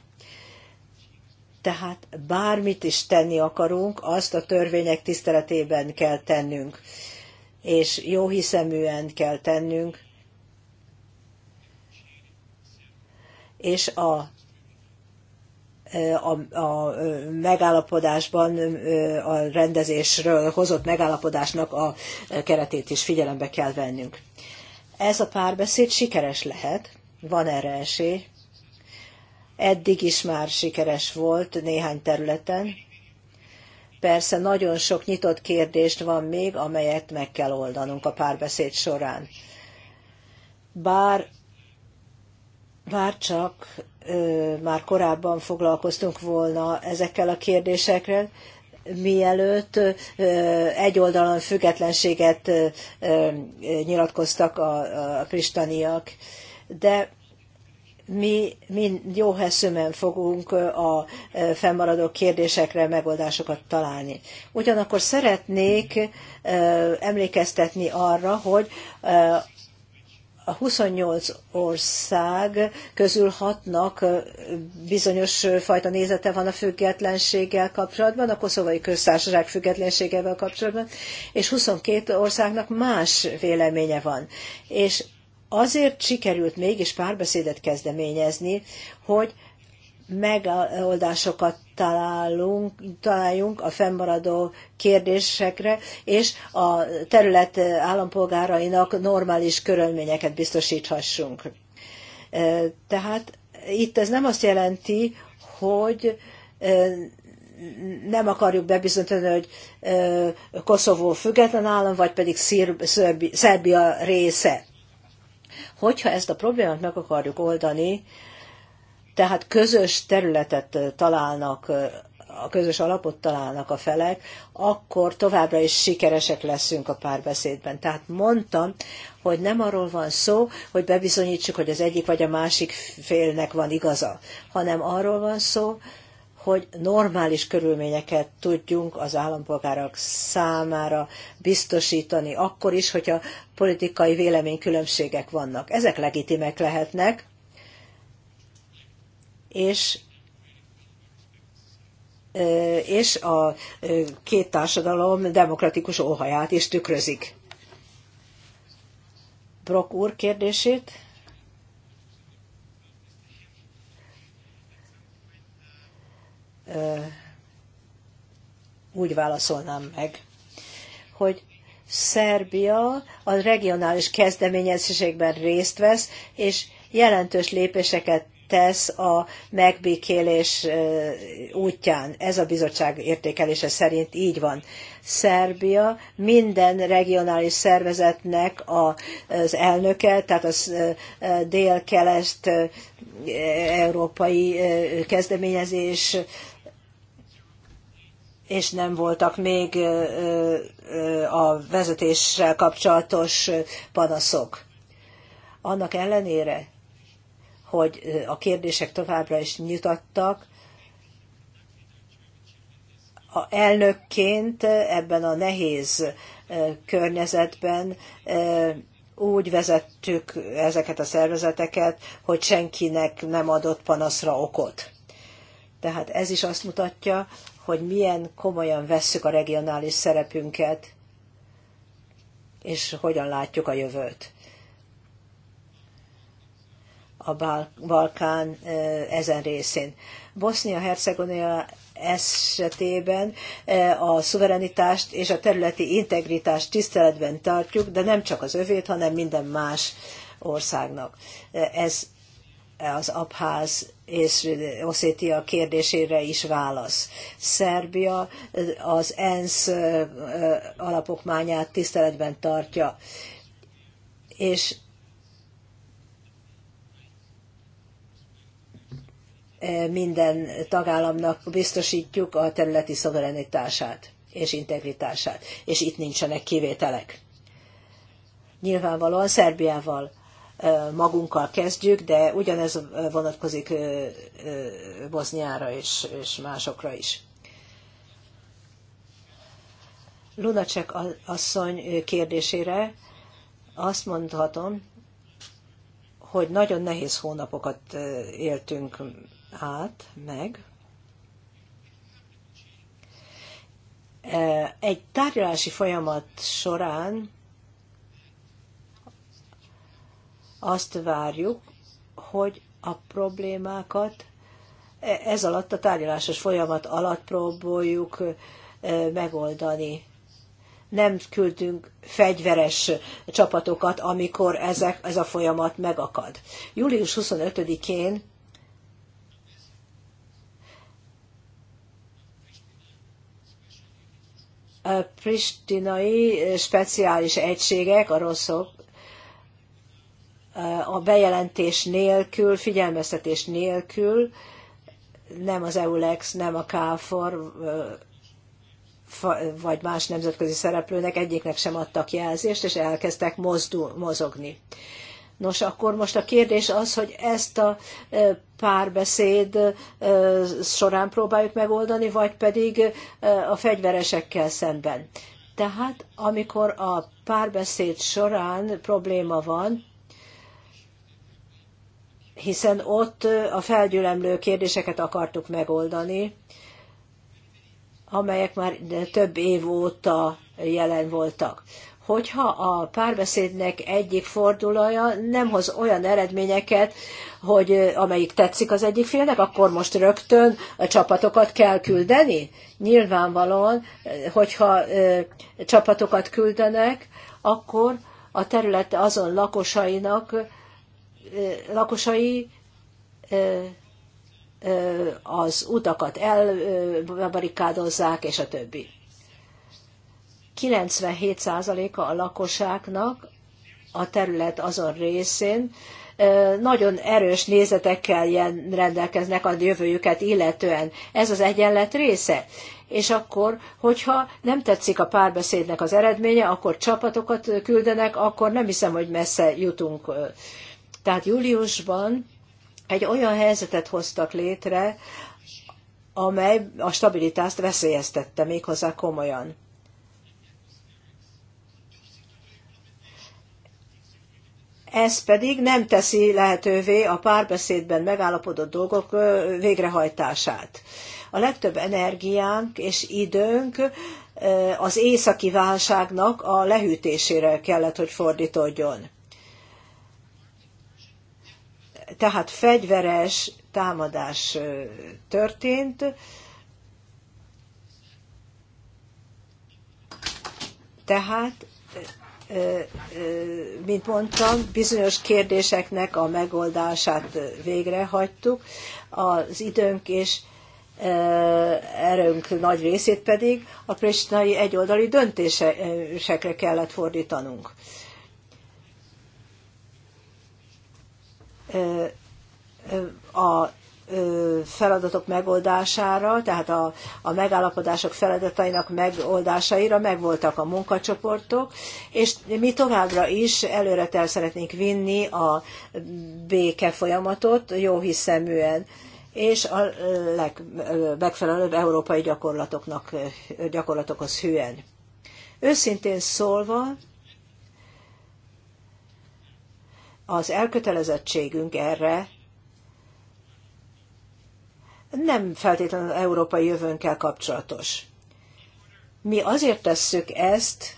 Tehát bármit is tenni akarunk, azt a törvények tiszteletében kell tennünk és jó hiszeműen kell tennünk, és a, a, a megállapodásban, a rendezésről hozott megállapodásnak a keretét is figyelembe kell vennünk. Ez a párbeszéd sikeres lehet, van erre esély. Eddig is már sikeres volt néhány területen, Persze nagyon sok nyitott kérdést van még, amelyet meg kell oldanunk a párbeszéd során. Bár, bár csak ö, már korábban foglalkoztunk volna ezekkel a kérdésekkel, mielőtt egy oldalon függetlenséget nyilatkoztak a, a kristaniak, de mi mind jó heszümen fogunk a fennmaradó kérdésekre megoldásokat találni. Ugyanakkor szeretnék emlékeztetni arra, hogy a 28 ország közül hatnak bizonyos fajta nézete van a függetlenséggel kapcsolatban, a koszovai köztársaság függetlenségevel kapcsolatban, és 22 országnak más véleménye van. És Azért sikerült mégis párbeszédet kezdeményezni, hogy megoldásokat találunk, találjunk a fennmaradó kérdésekre, és a terület állampolgárainak normális körülményeket biztosíthassunk. Tehát itt ez nem azt jelenti, hogy nem akarjuk bebizonyítani, hogy Koszovó független állam, vagy pedig Szerbia része. Hogyha ezt a problémát meg akarjuk oldani, tehát közös területet találnak, a közös alapot találnak a felek, akkor továbbra is sikeresek leszünk a párbeszédben. Tehát mondtam, hogy nem arról van szó, hogy bebizonyítsuk, hogy az egyik vagy a másik félnek van igaza, hanem arról van szó, hogy normális körülményeket tudjunk az állampolgárok számára biztosítani, akkor is, hogyha politikai véleménykülönbségek vannak. Ezek legitimek lehetnek, és és a két társadalom demokratikus óhaját is tükrözik. Brok úr kérdését. úgy válaszolnám meg, hogy Szerbia a regionális kezdeményezésekben részt vesz, és jelentős lépéseket tesz a megbékélés útján. Ez a bizottság értékelése szerint így van. Szerbia minden regionális szervezetnek az elnöke, tehát az dél kelest európai kezdeményezés és nem voltak még a vezetéssel kapcsolatos panaszok. Annak ellenére, hogy a kérdések továbbra is nyitattak, a elnökként ebben a nehéz környezetben úgy vezettük ezeket a szervezeteket, hogy senkinek nem adott panaszra okot. Tehát ez is azt mutatja, hogy milyen komolyan vesszük a regionális szerepünket, és hogyan látjuk a jövőt. A Balkán ezen részén. Bosznia-Hercegovina esetében a szuverenitást és a területi integritást tiszteletben tartjuk, de nem csak az övét, hanem minden más országnak. Ez az abház és Oszétia kérdésére is válasz. Szerbia az ENSZ alapokmányát tiszteletben tartja, és minden tagállamnak biztosítjuk a területi szoverenitását és integritását, és itt nincsenek kivételek. Nyilvánvalóan Szerbiával magunkkal kezdjük, de ugyanez vonatkozik Boszniára és, és másokra is. Lunacek asszony kérdésére azt mondhatom, hogy nagyon nehéz hónapokat éltünk át, meg. Egy tárgyalási folyamat során Azt várjuk, hogy a problémákat e- ez alatt a tárgyalásos folyamat alatt próbáljuk e, megoldani. Nem küldtünk fegyveres csapatokat, amikor ezek, ez a folyamat megakad. Július 25-én a pristinai speciális egységek, a rosszok, a bejelentés nélkül, figyelmeztetés nélkül, nem az EULEX, nem a KFOR vagy más nemzetközi szereplőnek egyiknek sem adtak jelzést, és elkezdtek mozdul, mozogni. Nos, akkor most a kérdés az, hogy ezt a párbeszéd során próbáljuk megoldani, vagy pedig a fegyveresekkel szemben. Tehát amikor a párbeszéd során probléma van, hiszen ott a felgyülemlő kérdéseket akartuk megoldani, amelyek már több év óta jelen voltak. Hogyha a párbeszédnek egyik fordulója nem hoz olyan eredményeket, hogy amelyik tetszik az egyik félnek, akkor most rögtön a csapatokat kell küldeni? Nyilvánvalóan, hogyha csapatokat küldenek, akkor a terület azon lakosainak lakosai az utakat elbarikádozzák, és a többi. 97%-a a lakosságnak a terület azon részén nagyon erős nézetekkel rendelkeznek a jövőjüket illetően. Ez az egyenlet része. És akkor, hogyha nem tetszik a párbeszédnek az eredménye, akkor csapatokat küldenek, akkor nem hiszem, hogy messze jutunk tehát júliusban egy olyan helyzetet hoztak létre, amely a stabilitást veszélyeztette méghozzá komolyan. Ez pedig nem teszi lehetővé a párbeszédben megállapodott dolgok végrehajtását. A legtöbb energiánk és időnk az északi válságnak a lehűtésére kellett, hogy fordítódjon. Tehát fegyveres támadás történt, tehát mint mondtam, bizonyos kérdéseknek a megoldását végrehajtjuk, az időnk és erőnk nagy részét pedig a pristinai egyoldali döntésekre kellett fordítanunk. a feladatok megoldására, tehát a, a megállapodások feladatainak megoldásaira megvoltak a munkacsoportok, és mi továbbra is előre el szeretnénk vinni a béke folyamatot jó hiszeműen és a legmegfelelőbb európai gyakorlatoknak, gyakorlatokhoz hűen. Őszintén szólva, az elkötelezettségünk erre nem feltétlenül európai jövőnkkel kapcsolatos. Mi azért tesszük ezt,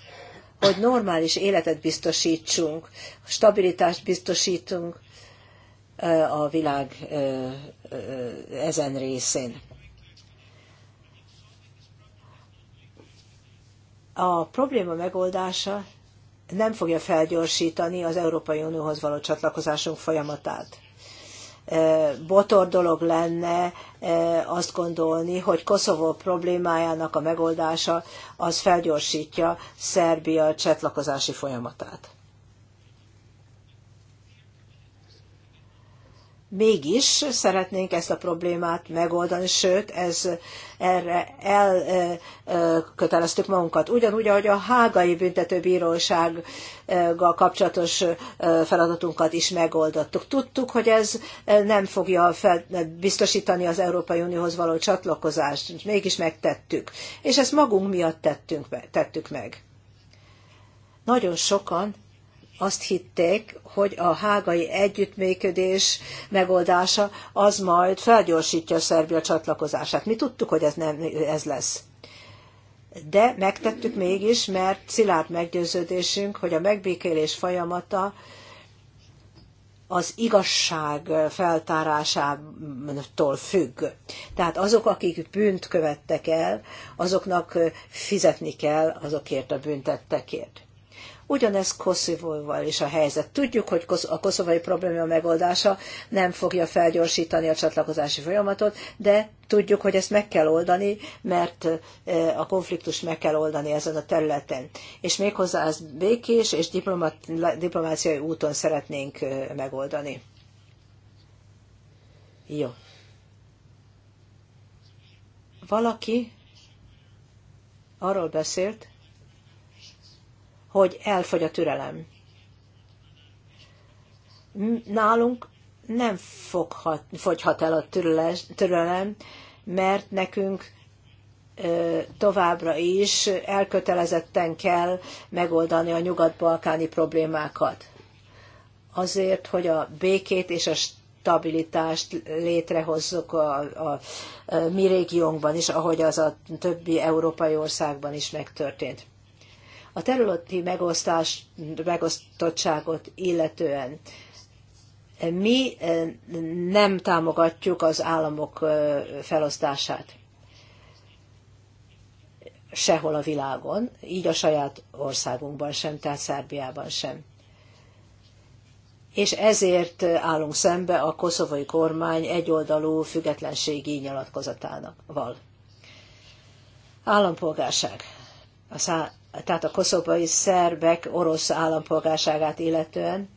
hogy normális életet biztosítsunk, stabilitást biztosítunk a világ ezen részén. A probléma megoldása nem fogja felgyorsítani az Európai Unióhoz való csatlakozásunk folyamatát. E, botor dolog lenne e, azt gondolni, hogy Koszovó problémájának a megoldása az felgyorsítja Szerbia csatlakozási folyamatát. mégis szeretnénk ezt a problémát megoldani, sőt, ez erre elköteleztük magunkat. Ugyanúgy, ahogy a hágai büntetőbírósággal kapcsolatos feladatunkat is megoldottuk. Tudtuk, hogy ez nem fogja fel, biztosítani az Európai Unióhoz való csatlakozást, mégis megtettük. És ezt magunk miatt tettünk, tettük meg. Nagyon sokan azt hitték, hogy a hágai együttműködés megoldása az majd felgyorsítja a Szerbia csatlakozását. Mi tudtuk, hogy ez, nem, ez lesz. De megtettük mégis, mert szilárd meggyőződésünk, hogy a megbékélés folyamata az igazság feltárásától függ. Tehát azok, akik bűnt követtek el, azoknak fizetni kell azokért a büntettekért. Ugyanez Koszovóval is a helyzet. Tudjuk, hogy a koszovai probléma megoldása nem fogja felgyorsítani a csatlakozási folyamatot, de tudjuk, hogy ezt meg kell oldani, mert eh, a konfliktust meg kell oldani ezen a területen. És méghozzá ezt békés és diplomáciai úton szeretnénk eh, megoldani. Jó. Valaki arról beszélt, hogy elfogy a türelem. Nálunk nem foghat, fogyhat el a türelem, mert nekünk továbbra is elkötelezetten kell megoldani a nyugat-balkáni problémákat. Azért, hogy a békét és a stabilitást létrehozzuk a, a, a mi régiónkban is, ahogy az a többi európai országban is megtörtént. A területi megosztás, megosztottságot illetően mi eh, nem támogatjuk az államok eh, felosztását sehol a világon, így a saját országunkban sem, tehát Szerbiában sem. És ezért eh, állunk szembe a koszovai kormány egyoldalú függetlenségi nyilatkozatával. Állampolgárság. A tehát a koszovai szerbek orosz állampolgárságát illetően.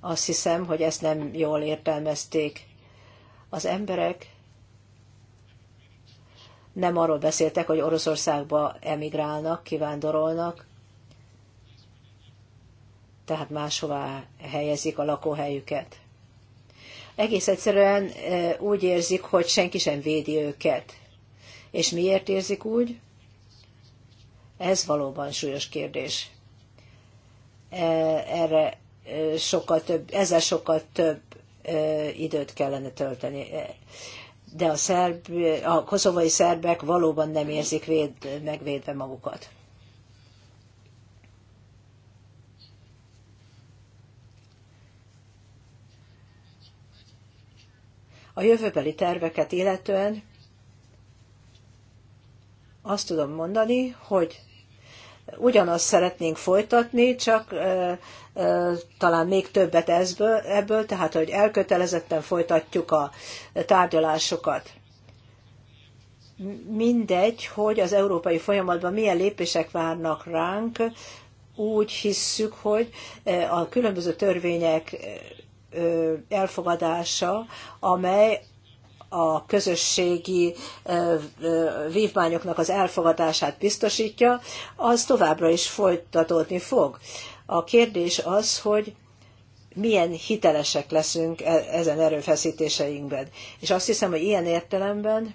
Azt hiszem, hogy ezt nem jól értelmezték. Az emberek nem arról beszéltek, hogy Oroszországba emigrálnak, kivándorolnak, tehát máshová helyezik a lakóhelyüket. Egész egyszerűen úgy érzik, hogy senki sem védi őket. És miért érzik úgy? Ez valóban súlyos kérdés. E, erre e, sokkal több, ezzel sokkal több e, időt kellene tölteni. De a, szerb, a koszovai szerbek valóban nem érzik véd, megvédve magukat. A jövőbeli terveket illetően azt tudom mondani, hogy ugyanazt szeretnénk folytatni, csak talán még többet ezből, ebből, tehát hogy elkötelezetten folytatjuk a tárgyalásokat. Mindegy, hogy az európai folyamatban milyen lépések várnak ránk, úgy hisszük, hogy a különböző törvények elfogadása, amely a közösségi vívmányoknak az elfogadását biztosítja, az továbbra is folytatódni fog. A kérdés az, hogy milyen hitelesek leszünk e, ezen erőfeszítéseinkben. És azt hiszem, hogy ilyen értelemben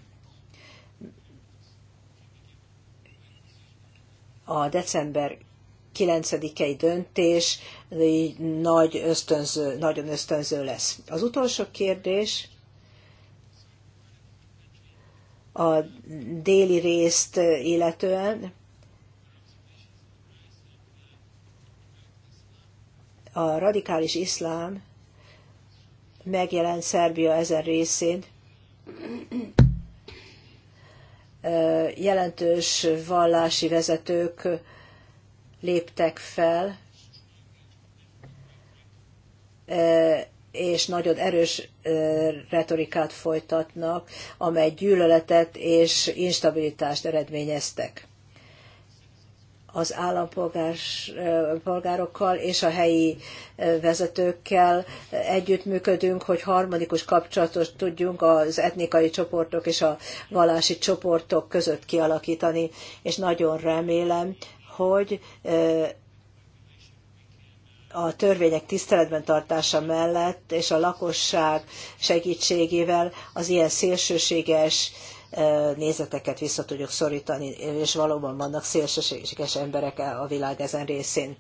a december 9-i döntés nagy ösztönző, nagyon ösztönző lesz. Az utolsó kérdés a déli részt illetően. A radikális iszlám megjelent Szerbia ezen részén jelentős vallási vezetők léptek fel, és nagyon erős retorikát folytatnak, amely gyűlöletet és instabilitást eredményeztek az állampolgárokkal és a helyi vezetőkkel együttműködünk, hogy harmonikus kapcsolatot tudjunk az etnikai csoportok és a vallási csoportok között kialakítani, és nagyon remélem, hogy a törvények tiszteletben tartása mellett és a lakosság segítségével az ilyen szélsőséges nézeteket vissza tudjuk szorítani, és valóban vannak szélsőséges emberek e, a világ ezen részén.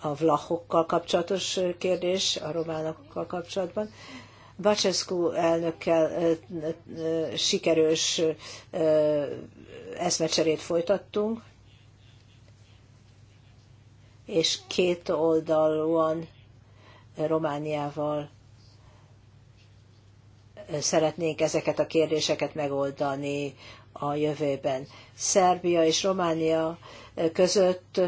A vlahokkal kapcsolatos kérdés, a románokkal kapcsolatban. Bacescu elnökkel sikerős eszmecserét folytattunk, és két oldalúan Romániával szeretnénk ezeket a kérdéseket megoldani a jövőben. Szerbia és Románia között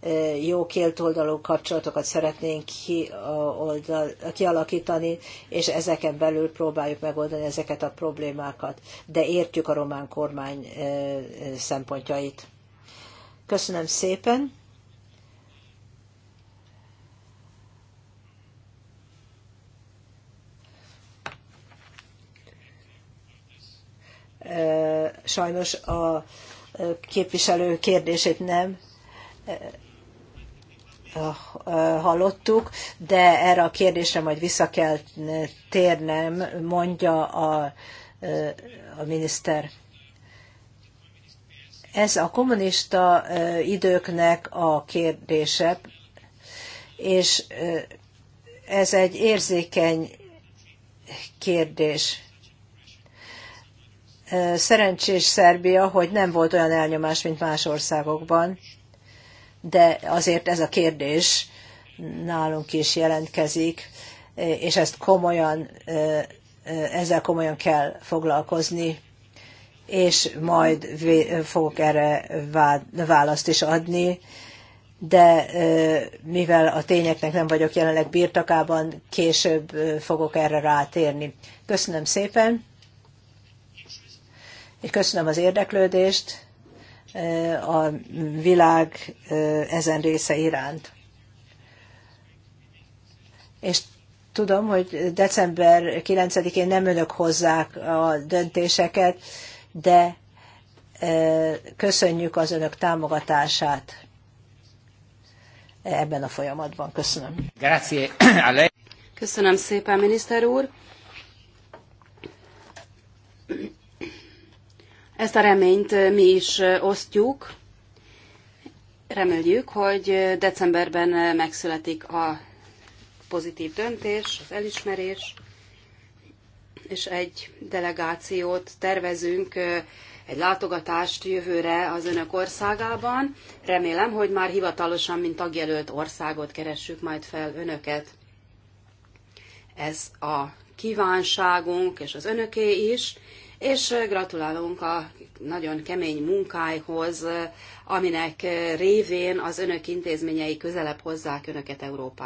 eh, jó kétoldalú kapcsolatokat szeretnénk kialakítani, és ezeken belül próbáljuk megoldani ezeket a problémákat, de értjük a román kormány eh, szempontjait. Köszönöm szépen! sajnos a képviselő kérdését nem hallottuk, de erre a kérdésre majd vissza kell térnem, mondja a, a miniszter. Ez a kommunista időknek a kérdése, és ez egy érzékeny kérdés Szerencsés Szerbia, hogy nem volt olyan elnyomás, mint más országokban, de azért ez a kérdés nálunk is jelentkezik, és ezt komolyan, ezzel komolyan kell foglalkozni, és majd fogok erre választ is adni, de mivel a tényeknek nem vagyok jelenleg birtokában, később fogok erre rátérni. Köszönöm szépen! Köszönöm az érdeklődést a világ ezen része iránt. És tudom, hogy december 9-én nem önök hozzák a döntéseket, de köszönjük az önök támogatását ebben a folyamatban. Köszönöm. Köszönöm szépen, miniszter úr. Ezt a reményt mi is osztjuk. Reméljük, hogy decemberben megszületik a pozitív döntés, az elismerés, és egy delegációt tervezünk, egy látogatást jövőre az önök országában. Remélem, hogy már hivatalosan, mint tagjelölt országot keressük majd fel önöket. Ez a kívánságunk, és az önöké is és gratulálunk a nagyon kemény munkájhoz, aminek révén az önök intézményei közelebb hozzák önöket Európához.